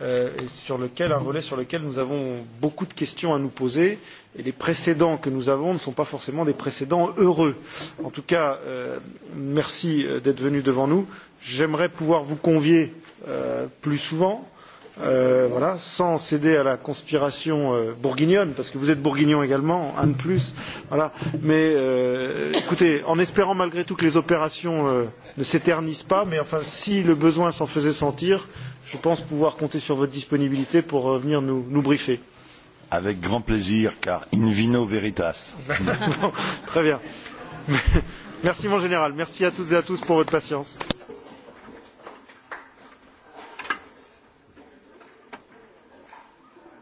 euh, sur lequel, un volet sur lequel nous avons beaucoup de questions à nous poser et les précédents que nous avons ne sont pas forcément des précédents heureux. En tout cas, euh, merci euh, d'être venu devant nous. J'aimerais pouvoir vous convier euh, plus souvent, euh, voilà, sans céder à la conspiration euh, bourguignonne, parce que vous êtes bourguignon également, un de plus. Voilà. Mais euh, écoutez, en espérant malgré tout que les opérations euh, ne s'éternisent pas, mais enfin, si le besoin s'en faisait sentir, je pense pouvoir compter sur votre disponibilité pour euh, venir nous, nous briefer. Avec grand plaisir, car in vino veritas. *laughs* Très bien. *laughs* Merci mon général, merci à toutes et à tous pour votre patience.